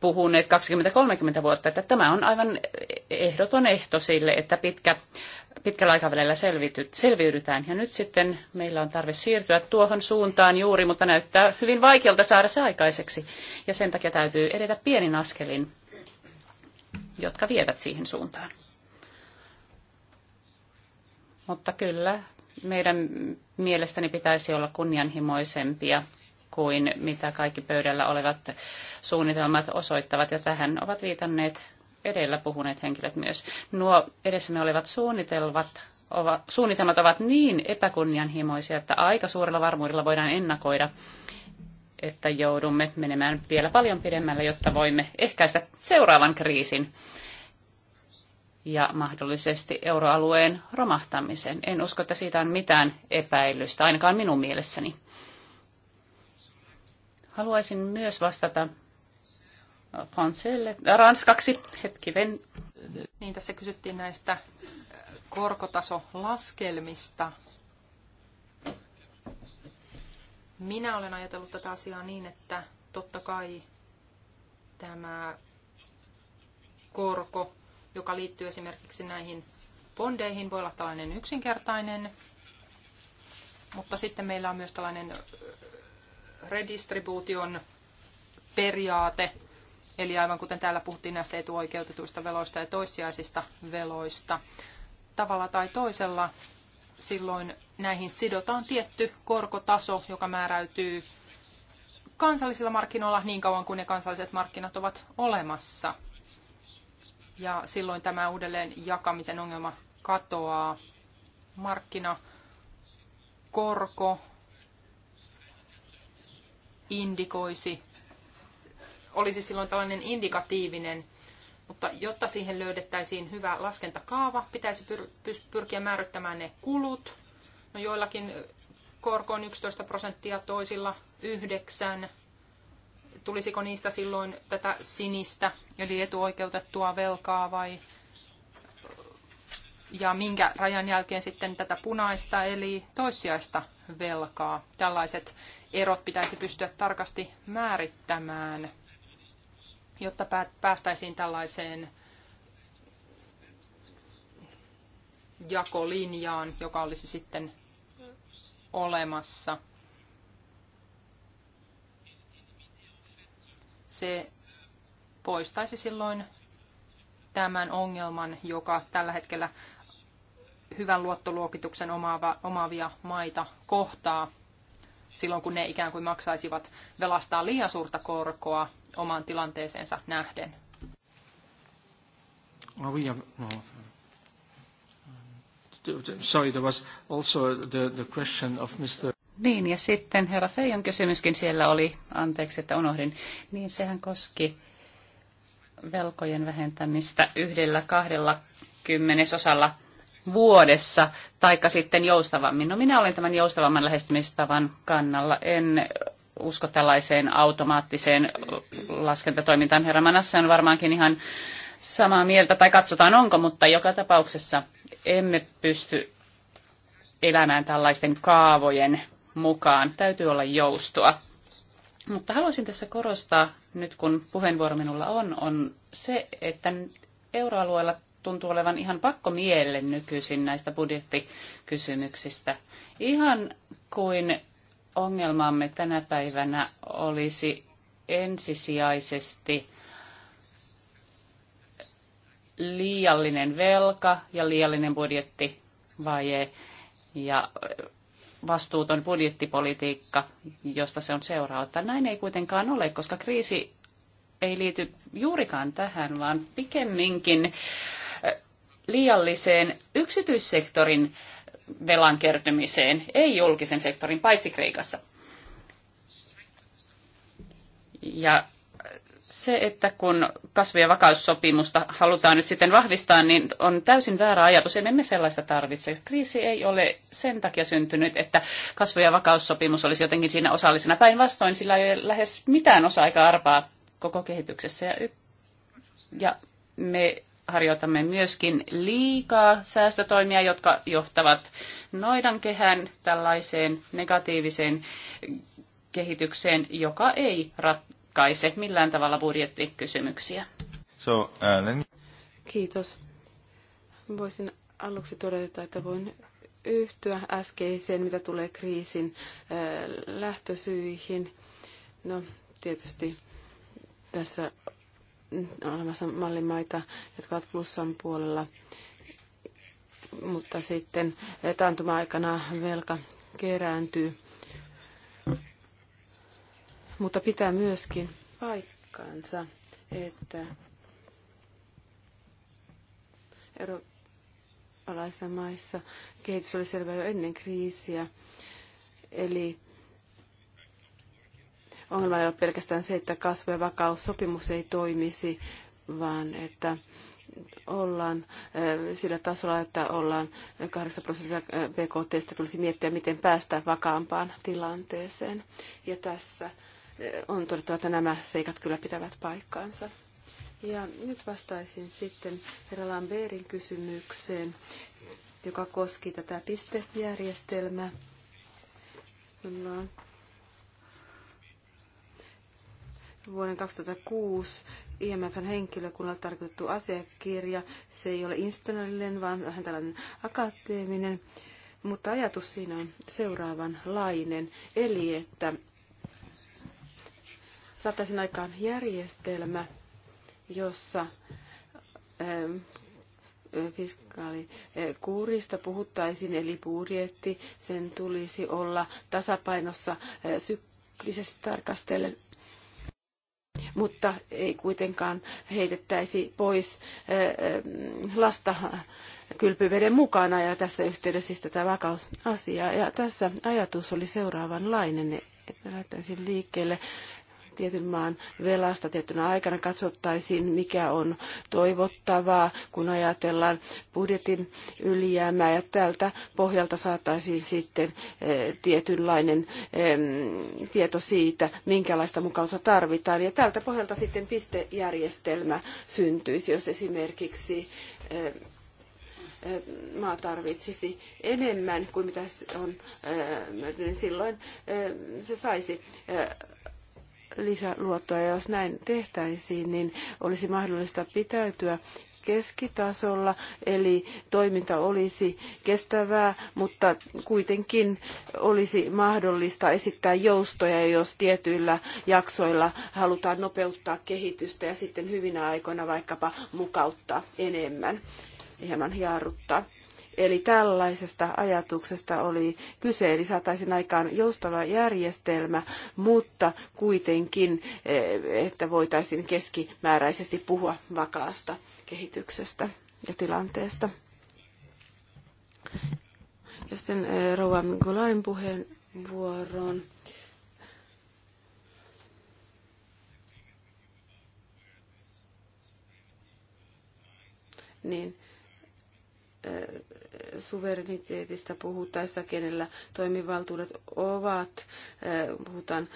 puhuneet 20-30 vuotta, että tämä on aivan ehdoton ehto sille, että pitkä, pitkällä aikavälillä selviydytään. Ja nyt sitten meillä on tarve siirtyä tuohon suuntaan juuri, mutta näyttää hyvin vaikealta saada se aikaiseksi. Ja sen takia täytyy edetä pienin askelin, jotka vievät siihen suuntaan. Mutta kyllä meidän mielestäni pitäisi olla kunnianhimoisempia kuin mitä kaikki pöydällä olevat suunnitelmat osoittavat, ja tähän ovat viitanneet edellä puhuneet henkilöt myös. Nuo edessämme olevat suunnitelmat ovat, suunnitelmat ovat niin epäkunnianhimoisia, että aika suurella varmuudella voidaan ennakoida, että joudumme menemään vielä paljon pidemmälle, jotta voimme ehkäistä seuraavan kriisin ja mahdollisesti euroalueen romahtamisen. En usko, että siitä on mitään epäilystä, ainakaan minun mielessäni. Haluaisin myös vastata Ponselle. Äh,
ranskaksi, hetki ven. Niin, tässä kysyttiin näistä korkotasolaskelmista. Minä olen ajatellut tätä asiaa niin, että totta kai tämä korko joka liittyy esimerkiksi näihin bondeihin, voi olla tällainen yksinkertainen, mutta sitten meillä on myös tällainen redistribuution periaate, eli aivan kuten täällä puhuttiin näistä etuoikeutetuista veloista ja toissijaisista veloista, tavalla tai toisella silloin näihin sidotaan tietty korkotaso, joka määräytyy kansallisilla markkinoilla niin kauan kuin ne kansalliset markkinat ovat olemassa – ja silloin tämä uudelleen jakamisen ongelma katoaa. Markkina, korko indikoisi, olisi silloin tällainen indikatiivinen, mutta jotta siihen löydettäisiin hyvä laskentakaava, pitäisi pyr- pyrkiä määrittämään ne kulut. No joillakin korko on 11 prosenttia, toisilla 9 tulisiko niistä silloin tätä sinistä, eli etuoikeutettua velkaa vai ja minkä rajan jälkeen sitten tätä punaista, eli toissijaista velkaa. Tällaiset erot pitäisi pystyä tarkasti määrittämään, jotta päästäisiin tällaiseen jakolinjaan, joka olisi sitten olemassa – se poistaisi silloin tämän ongelman, joka tällä hetkellä hyvän luottoluokituksen omaava, omaavia maita kohtaa silloin, kun ne ikään kuin maksaisivat velastaa liian suurta korkoa omaan tilanteeseensa nähden. Oh, we have, no. Sorry, there was also the, the question of Mr.
Niin, ja sitten herra Feijon kysymyskin siellä oli, anteeksi, että unohdin, niin sehän koski velkojen vähentämistä yhdellä kahdella kymmenesosalla vuodessa, taikka sitten joustavammin. No minä olen tämän joustavamman lähestymistavan kannalla. En usko tällaiseen automaattiseen laskentatoimintaan. Herra Manassa on varmaankin ihan samaa mieltä, tai katsotaan onko, mutta joka tapauksessa emme pysty elämään tällaisten kaavojen mukaan. Täytyy olla joustoa. Mutta haluaisin tässä korostaa, nyt kun puheenvuoro minulla on, on se, että euroalueella tuntuu olevan ihan pakko mielle nykyisin näistä budjettikysymyksistä. Ihan kuin ongelmamme tänä päivänä olisi ensisijaisesti liiallinen velka ja liiallinen budjettivaje ja vastuuton budjettipolitiikka, josta se on seurausta. Näin ei kuitenkaan ole, koska kriisi ei liity juurikaan tähän, vaan pikemminkin liialliseen yksityissektorin velan kertymiseen, ei julkisen sektorin, paitsi Kreikassa. Ja se, että kun kasvu- ja vakaussopimusta halutaan nyt sitten vahvistaa, niin on täysin väärä ajatus. Emme me sellaista tarvitse. Kriisi ei ole sen takia syntynyt, että kasvu- ja vakaussopimus olisi jotenkin siinä osallisena. Päinvastoin sillä ei ole lähes mitään osa aika arpaa koko kehityksessä. Ja, y- ja me harjoitamme myöskin liikaa säästötoimia, jotka johtavat noidan kehän tällaiseen negatiiviseen kehitykseen, joka ei rat- ratkaise millään tavalla budjettikysymyksiä.
So, uh,
Kiitos. Voisin aluksi todeta, että voin yhtyä äskeiseen, mitä tulee kriisin uh, lähtösyihin. No, tietysti tässä on olemassa mallimaita, jotka ovat plussan puolella, mutta sitten taantuma-aikana velka kerääntyy mutta pitää myöskin paikkansa, että eurooppalaisissa maissa kehitys oli selvä jo ennen kriisiä. Eli ongelma ei ole pelkästään se, että kasvu- ja vakaussopimus ei toimisi, vaan että ollaan eh, sillä tasolla, että ollaan 8 prosenttia BKTstä tulisi miettiä, miten päästä vakaampaan tilanteeseen. Ja tässä on todettava, että nämä seikat kyllä pitävät paikkaansa. Ja nyt vastaisin sitten herra Lambertin kysymykseen, joka koski tätä pistejärjestelmää. Minulla vuoden 2006 IMFn henkilökunnalle tarkoitettu asiakirja. Se ei ole institutionaalinen, vaan vähän tällainen akateeminen, mutta ajatus siinä on seuraavanlainen. Eli että saataisiin aikaan järjestelmä, jossa ähm, fiskaalikuurista äh, puhuttaisiin, eli budjetti, sen tulisi olla tasapainossa äh, syklisesti tarkastellen mutta ei kuitenkaan heitettäisi pois äh, ähm, lasta kylpyveden mukana ja tässä yhteydessä siis tätä vakausasiaa. Ja tässä ajatus oli seuraavanlainen, että lähdettäisiin liikkeelle tietyn maan velasta tiettynä aikana katsottaisiin, mikä on toivottavaa, kun ajatellaan budjetin ylijäämää ja tältä pohjalta saataisiin sitten eh, tietynlainen tieto siitä, minkälaista mukautusta tarvitaan. Ja tältä pohjalta sitten pistejärjestelmä syntyisi, jos esimerkiksi eh, eh, maa tarvitsisi enemmän kuin mitä on, niin silloin se saisi lisäluottoa. Ja jos näin tehtäisiin, niin olisi mahdollista pitäytyä keskitasolla, eli toiminta olisi kestävää, mutta kuitenkin olisi mahdollista esittää joustoja, jos tietyillä jaksoilla halutaan nopeuttaa kehitystä ja sitten hyvinä aikoina vaikkapa mukauttaa enemmän, hieman jarruttaa. Eli tällaisesta ajatuksesta oli kyse, eli saataisiin aikaan joustava järjestelmä, mutta kuitenkin, eh, että voitaisiin keskimääräisesti puhua vakaasta kehityksestä ja tilanteesta. Ja sitten eh, Rouva Mikulain puheenvuoroon. Niin, eh, suvereniteetista puhuttaessa, kenellä toimivaltuudet ovat. Puhutaan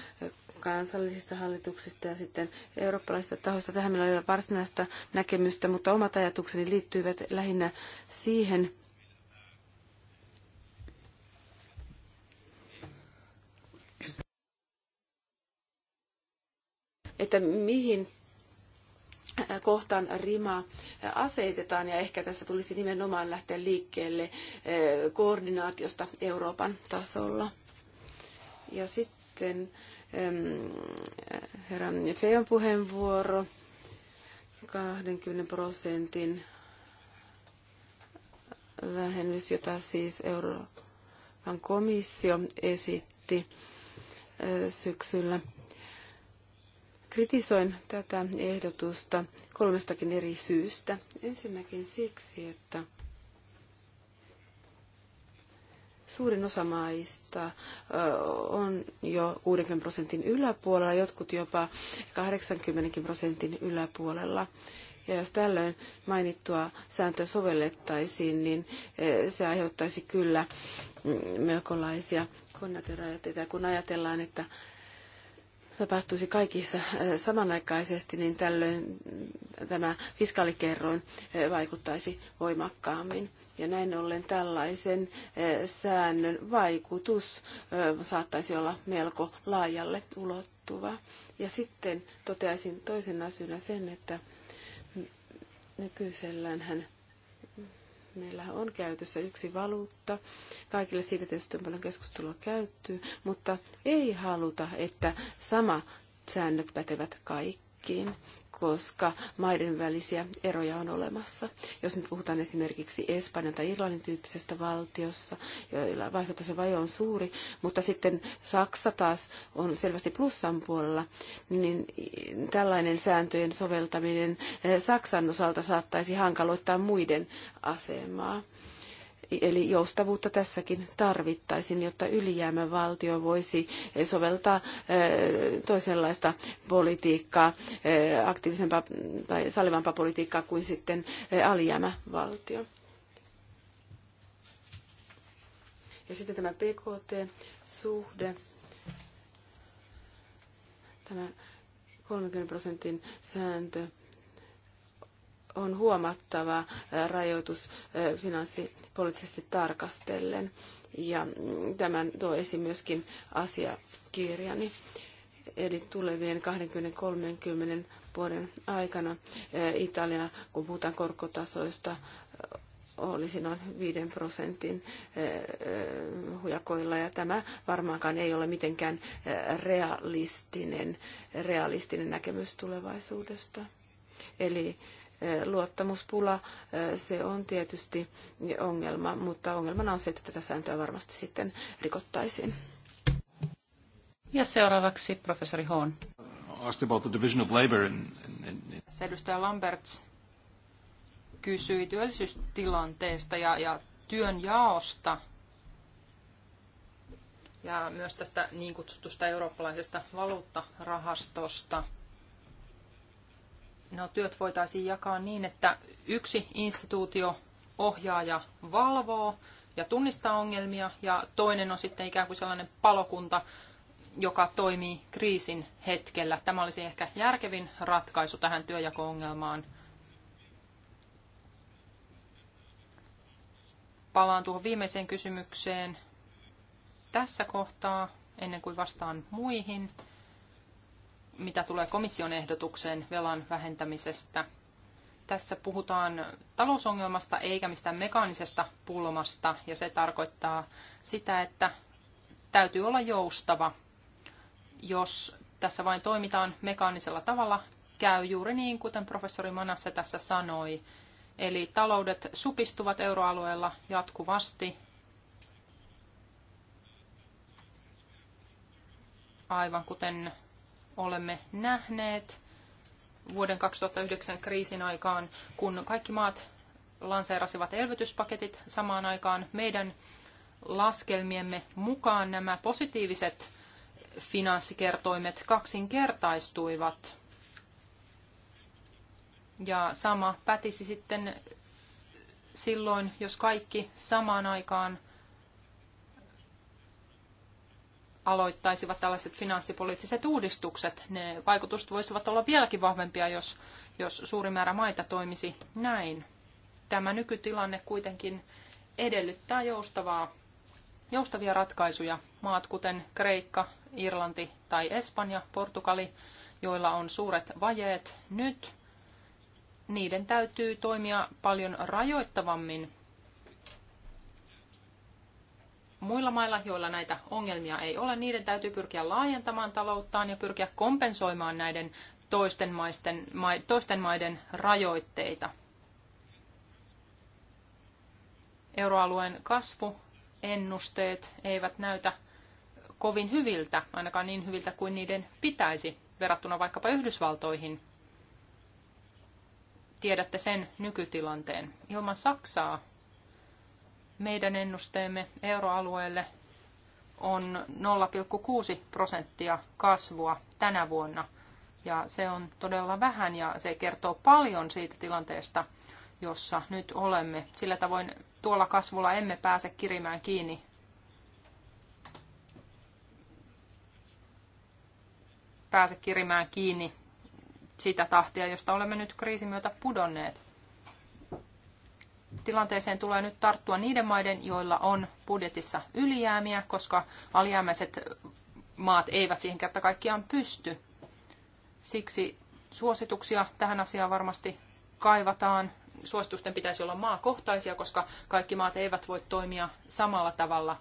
kansallisista hallituksista ja sitten eurooppalaisista tahoista. Tähän meillä ole varsinaista näkemystä, mutta omat ajatukseni liittyivät lähinnä siihen, että mihin kohtaan rima asetetaan ja ehkä tässä tulisi nimenomaan lähteä liikkeelle eh, koordinaatiosta Euroopan tasolla. Ja sitten herra Feon puheenvuoro 20 prosentin vähennys, jota siis Euroopan komissio esitti eh, syksyllä Kritisoin tätä ehdotusta kolmestakin eri syystä. Ensinnäkin siksi, että suurin osa maista on jo 60 prosentin yläpuolella, jotkut jopa 80 prosentin yläpuolella. Ja jos tällöin mainittua sääntöä sovellettaisiin, niin se aiheuttaisi kyllä mm, melkolaisia konnaterajatteita. Kun ajatellaan, että tapahtuisi kaikissa äh, samanaikaisesti, niin tällöin tämä fiskaalikerroin äh, vaikuttaisi voimakkaammin. Ja näin ollen tällaisen äh, säännön vaikutus saattaisi olla melko laajalle ulottuva. Ja sitten toteaisin toisen asiana sen, että nykyisellään hän meillä on käytössä yksi valuutta. Kaikille siitä tietysti on paljon keskustelua käyty, mutta ei haluta, että sama säännöt pätevät kaikkiin koska maiden välisiä eroja on olemassa. Jos nyt puhutaan esimerkiksi Espanjan tai Irlannin tyyppisestä valtiossa, joilla vaihtotason vaje on suuri, mutta sitten Saksa taas on selvästi plussan puolella, niin tällainen sääntöjen soveltaminen eh, Saksan osalta saattaisi hankaloittaa muiden asemaa. Eli joustavuutta tässäkin tarvittaisiin, jotta ylijäämävaltio voisi eh, soveltaa eh, toisenlaista politiikkaa, eh, aktiivisempaa tai salivampaa politiikkaa kuin sitten alijäämävaltio. Ja sitten tämä PKT-suhde, tämä 30 prosentin sääntö on huomattava rajoitus finanssipoliittisesti tarkastellen. Ja mm, tämän tuo esiin myöskin asiakirjani. Eli tulevien 20-30 vuoden aikana Italia, kun puhutaan korkotasoista, olisi noin 5 prosentin hujakoilla, ja tämä varmaankaan ei ole mitenkään realistinen, realistinen näkemys tulevaisuudesta. Eli Luottamuspula, se on tietysti ongelma, mutta ongelmana on se, että tätä sääntöä varmasti sitten rikottaisiin.
Ja seuraavaksi professori Hoon.
Asked about the division of labor in, in, in.
Edustaja Lamberts kysyi työllisyystilanteesta ja, ja työn jaosta ja myös tästä niin kutsutusta eurooppalaisesta valuuttarahastosta – No, työt voitaisiin jakaa niin, että yksi instituutio ohjaa ja valvoo ja tunnistaa ongelmia, ja toinen on sitten ikään kuin sellainen palokunta, joka toimii kriisin hetkellä. Tämä olisi ehkä järkevin ratkaisu tähän työjako-ongelmaan. Palaan tuohon viimeiseen kysymykseen tässä kohtaa, ennen kuin vastaan muihin mitä tulee komission ehdotukseen velan vähentämisestä. Tässä puhutaan talousongelmasta eikä mistään mekaanisesta pulmasta, ja se tarkoittaa sitä, että täytyy olla joustava. Jos tässä vain toimitaan mekaanisella tavalla, käy juuri niin, kuten professori Manasse tässä sanoi. Eli taloudet supistuvat euroalueella jatkuvasti. Aivan kuten olemme nähneet vuoden 2009 kriisin aikaan, kun kaikki maat lanseerasivat elvytyspaketit samaan aikaan. Meidän laskelmiemme mukaan nämä positiiviset finanssikertoimet kaksinkertaistuivat. Ja sama pätisi sitten silloin, jos kaikki samaan aikaan – aloittaisivat tällaiset finanssipoliittiset uudistukset. Ne vaikutukset voisivat olla vieläkin vahvempia, jos, jos suuri määrä maita toimisi näin. Tämä nykytilanne kuitenkin edellyttää joustavaa, joustavia ratkaisuja. Maat kuten Kreikka, Irlanti tai Espanja, Portugali, joilla on suuret vajeet nyt, niiden täytyy toimia paljon rajoittavammin muilla mailla, joilla näitä ongelmia ei ole, niiden täytyy pyrkiä laajentamaan talouttaan ja pyrkiä kompensoimaan näiden toisten, maisten, toisten maiden rajoitteita. Euroalueen kasvuennusteet eivät näytä kovin hyviltä, ainakaan niin hyviltä kuin niiden pitäisi, verrattuna vaikkapa Yhdysvaltoihin. Tiedätte sen nykytilanteen. Ilman Saksaa meidän ennusteemme euroalueelle on 0,6 prosenttia kasvua tänä vuonna. Ja se on todella vähän ja se kertoo paljon siitä tilanteesta, jossa nyt olemme. Sillä tavoin tuolla kasvulla emme pääse kirimään kiinni. Pääse kirimään kiinni sitä tahtia, josta olemme nyt kriisin myötä pudonneet tilanteeseen tulee nyt tarttua niiden maiden, joilla on budjetissa ylijäämiä, koska alijäämäiset maat eivät siihen kerta kaikkiaan pysty. Siksi suosituksia tähän asiaan varmasti kaivataan. Suositusten pitäisi olla maakohtaisia, koska kaikki maat eivät voi toimia samalla tavalla.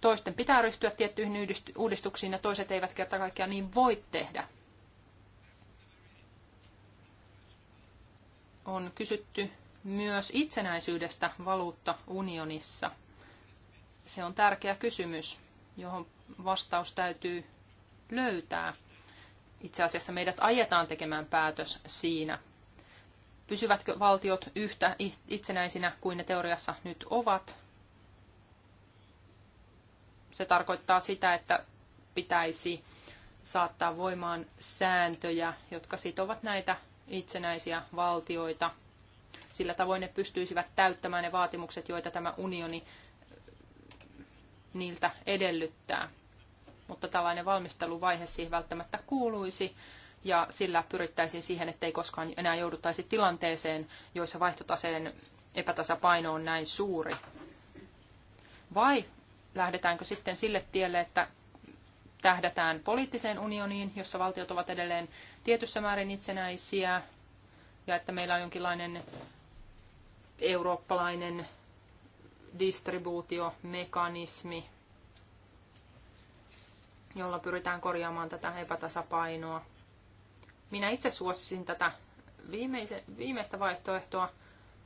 Toisten pitää ryhtyä tiettyihin uudistuksiin ja toiset eivät kerta kaikkiaan niin voi tehdä. On kysytty myös itsenäisyydestä unionissa Se on tärkeä kysymys, johon vastaus täytyy löytää. Itse asiassa meidät ajetaan tekemään päätös siinä. Pysyvätkö valtiot yhtä itsenäisinä kuin ne teoriassa nyt ovat? Se tarkoittaa sitä, että pitäisi saattaa voimaan sääntöjä, jotka sitovat näitä itsenäisiä valtioita – sillä tavoin ne pystyisivät täyttämään ne vaatimukset, joita tämä unioni niiltä edellyttää. Mutta tällainen valmisteluvaihe siihen välttämättä kuuluisi ja sillä pyrittäisiin siihen, ettei koskaan enää jouduttaisi tilanteeseen, joissa vaihtotaseen epätasapaino on näin suuri. Vai lähdetäänkö sitten sille tielle, että tähdätään poliittiseen unioniin, jossa valtiot ovat edelleen tietyssä määrin itsenäisiä, ja että meillä on jonkinlainen eurooppalainen distribuutiomekanismi, jolla pyritään korjaamaan tätä epätasapainoa. Minä itse suosisin tätä viimeise, viimeistä vaihtoehtoa,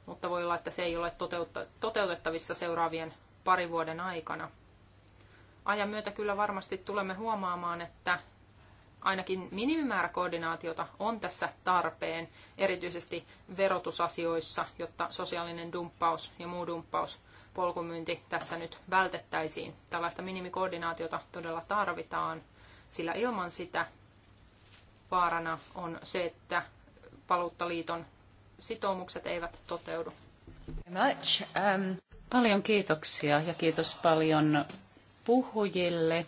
mutta voi olla, että se ei ole toteutta, toteutettavissa seuraavien parin vuoden aikana. Ajan myötä kyllä varmasti tulemme huomaamaan, että ainakin minimimäärä koordinaatiota on tässä tarpeen, erityisesti verotusasioissa, jotta sosiaalinen dumppaus ja muu dumppaus, polkumyynti tässä nyt vältettäisiin. Tällaista minimikoordinaatiota todella tarvitaan, sillä ilman sitä vaarana on se, että valuuttaliiton sitoumukset eivät toteudu. Um,
paljon kiitoksia ja kiitos paljon puhujille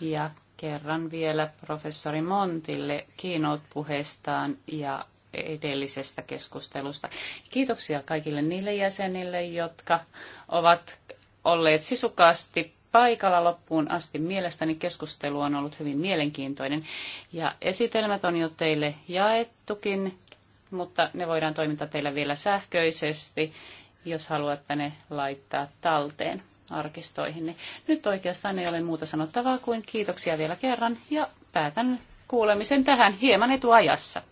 ja kerran vielä professori Montille keynote-puheestaan ja edellisestä keskustelusta. Kiitoksia kaikille niille jäsenille, jotka ovat olleet sisukkaasti paikalla loppuun asti. Mielestäni keskustelu on ollut hyvin mielenkiintoinen ja esitelmät on jo teille jaettukin, mutta ne voidaan toimittaa teille vielä sähköisesti, jos haluatte ne laittaa talteen arkistoihin. Niin nyt oikeastaan ei ole muuta sanottavaa kuin kiitoksia vielä kerran ja päätän kuulemisen tähän hieman etuajassa.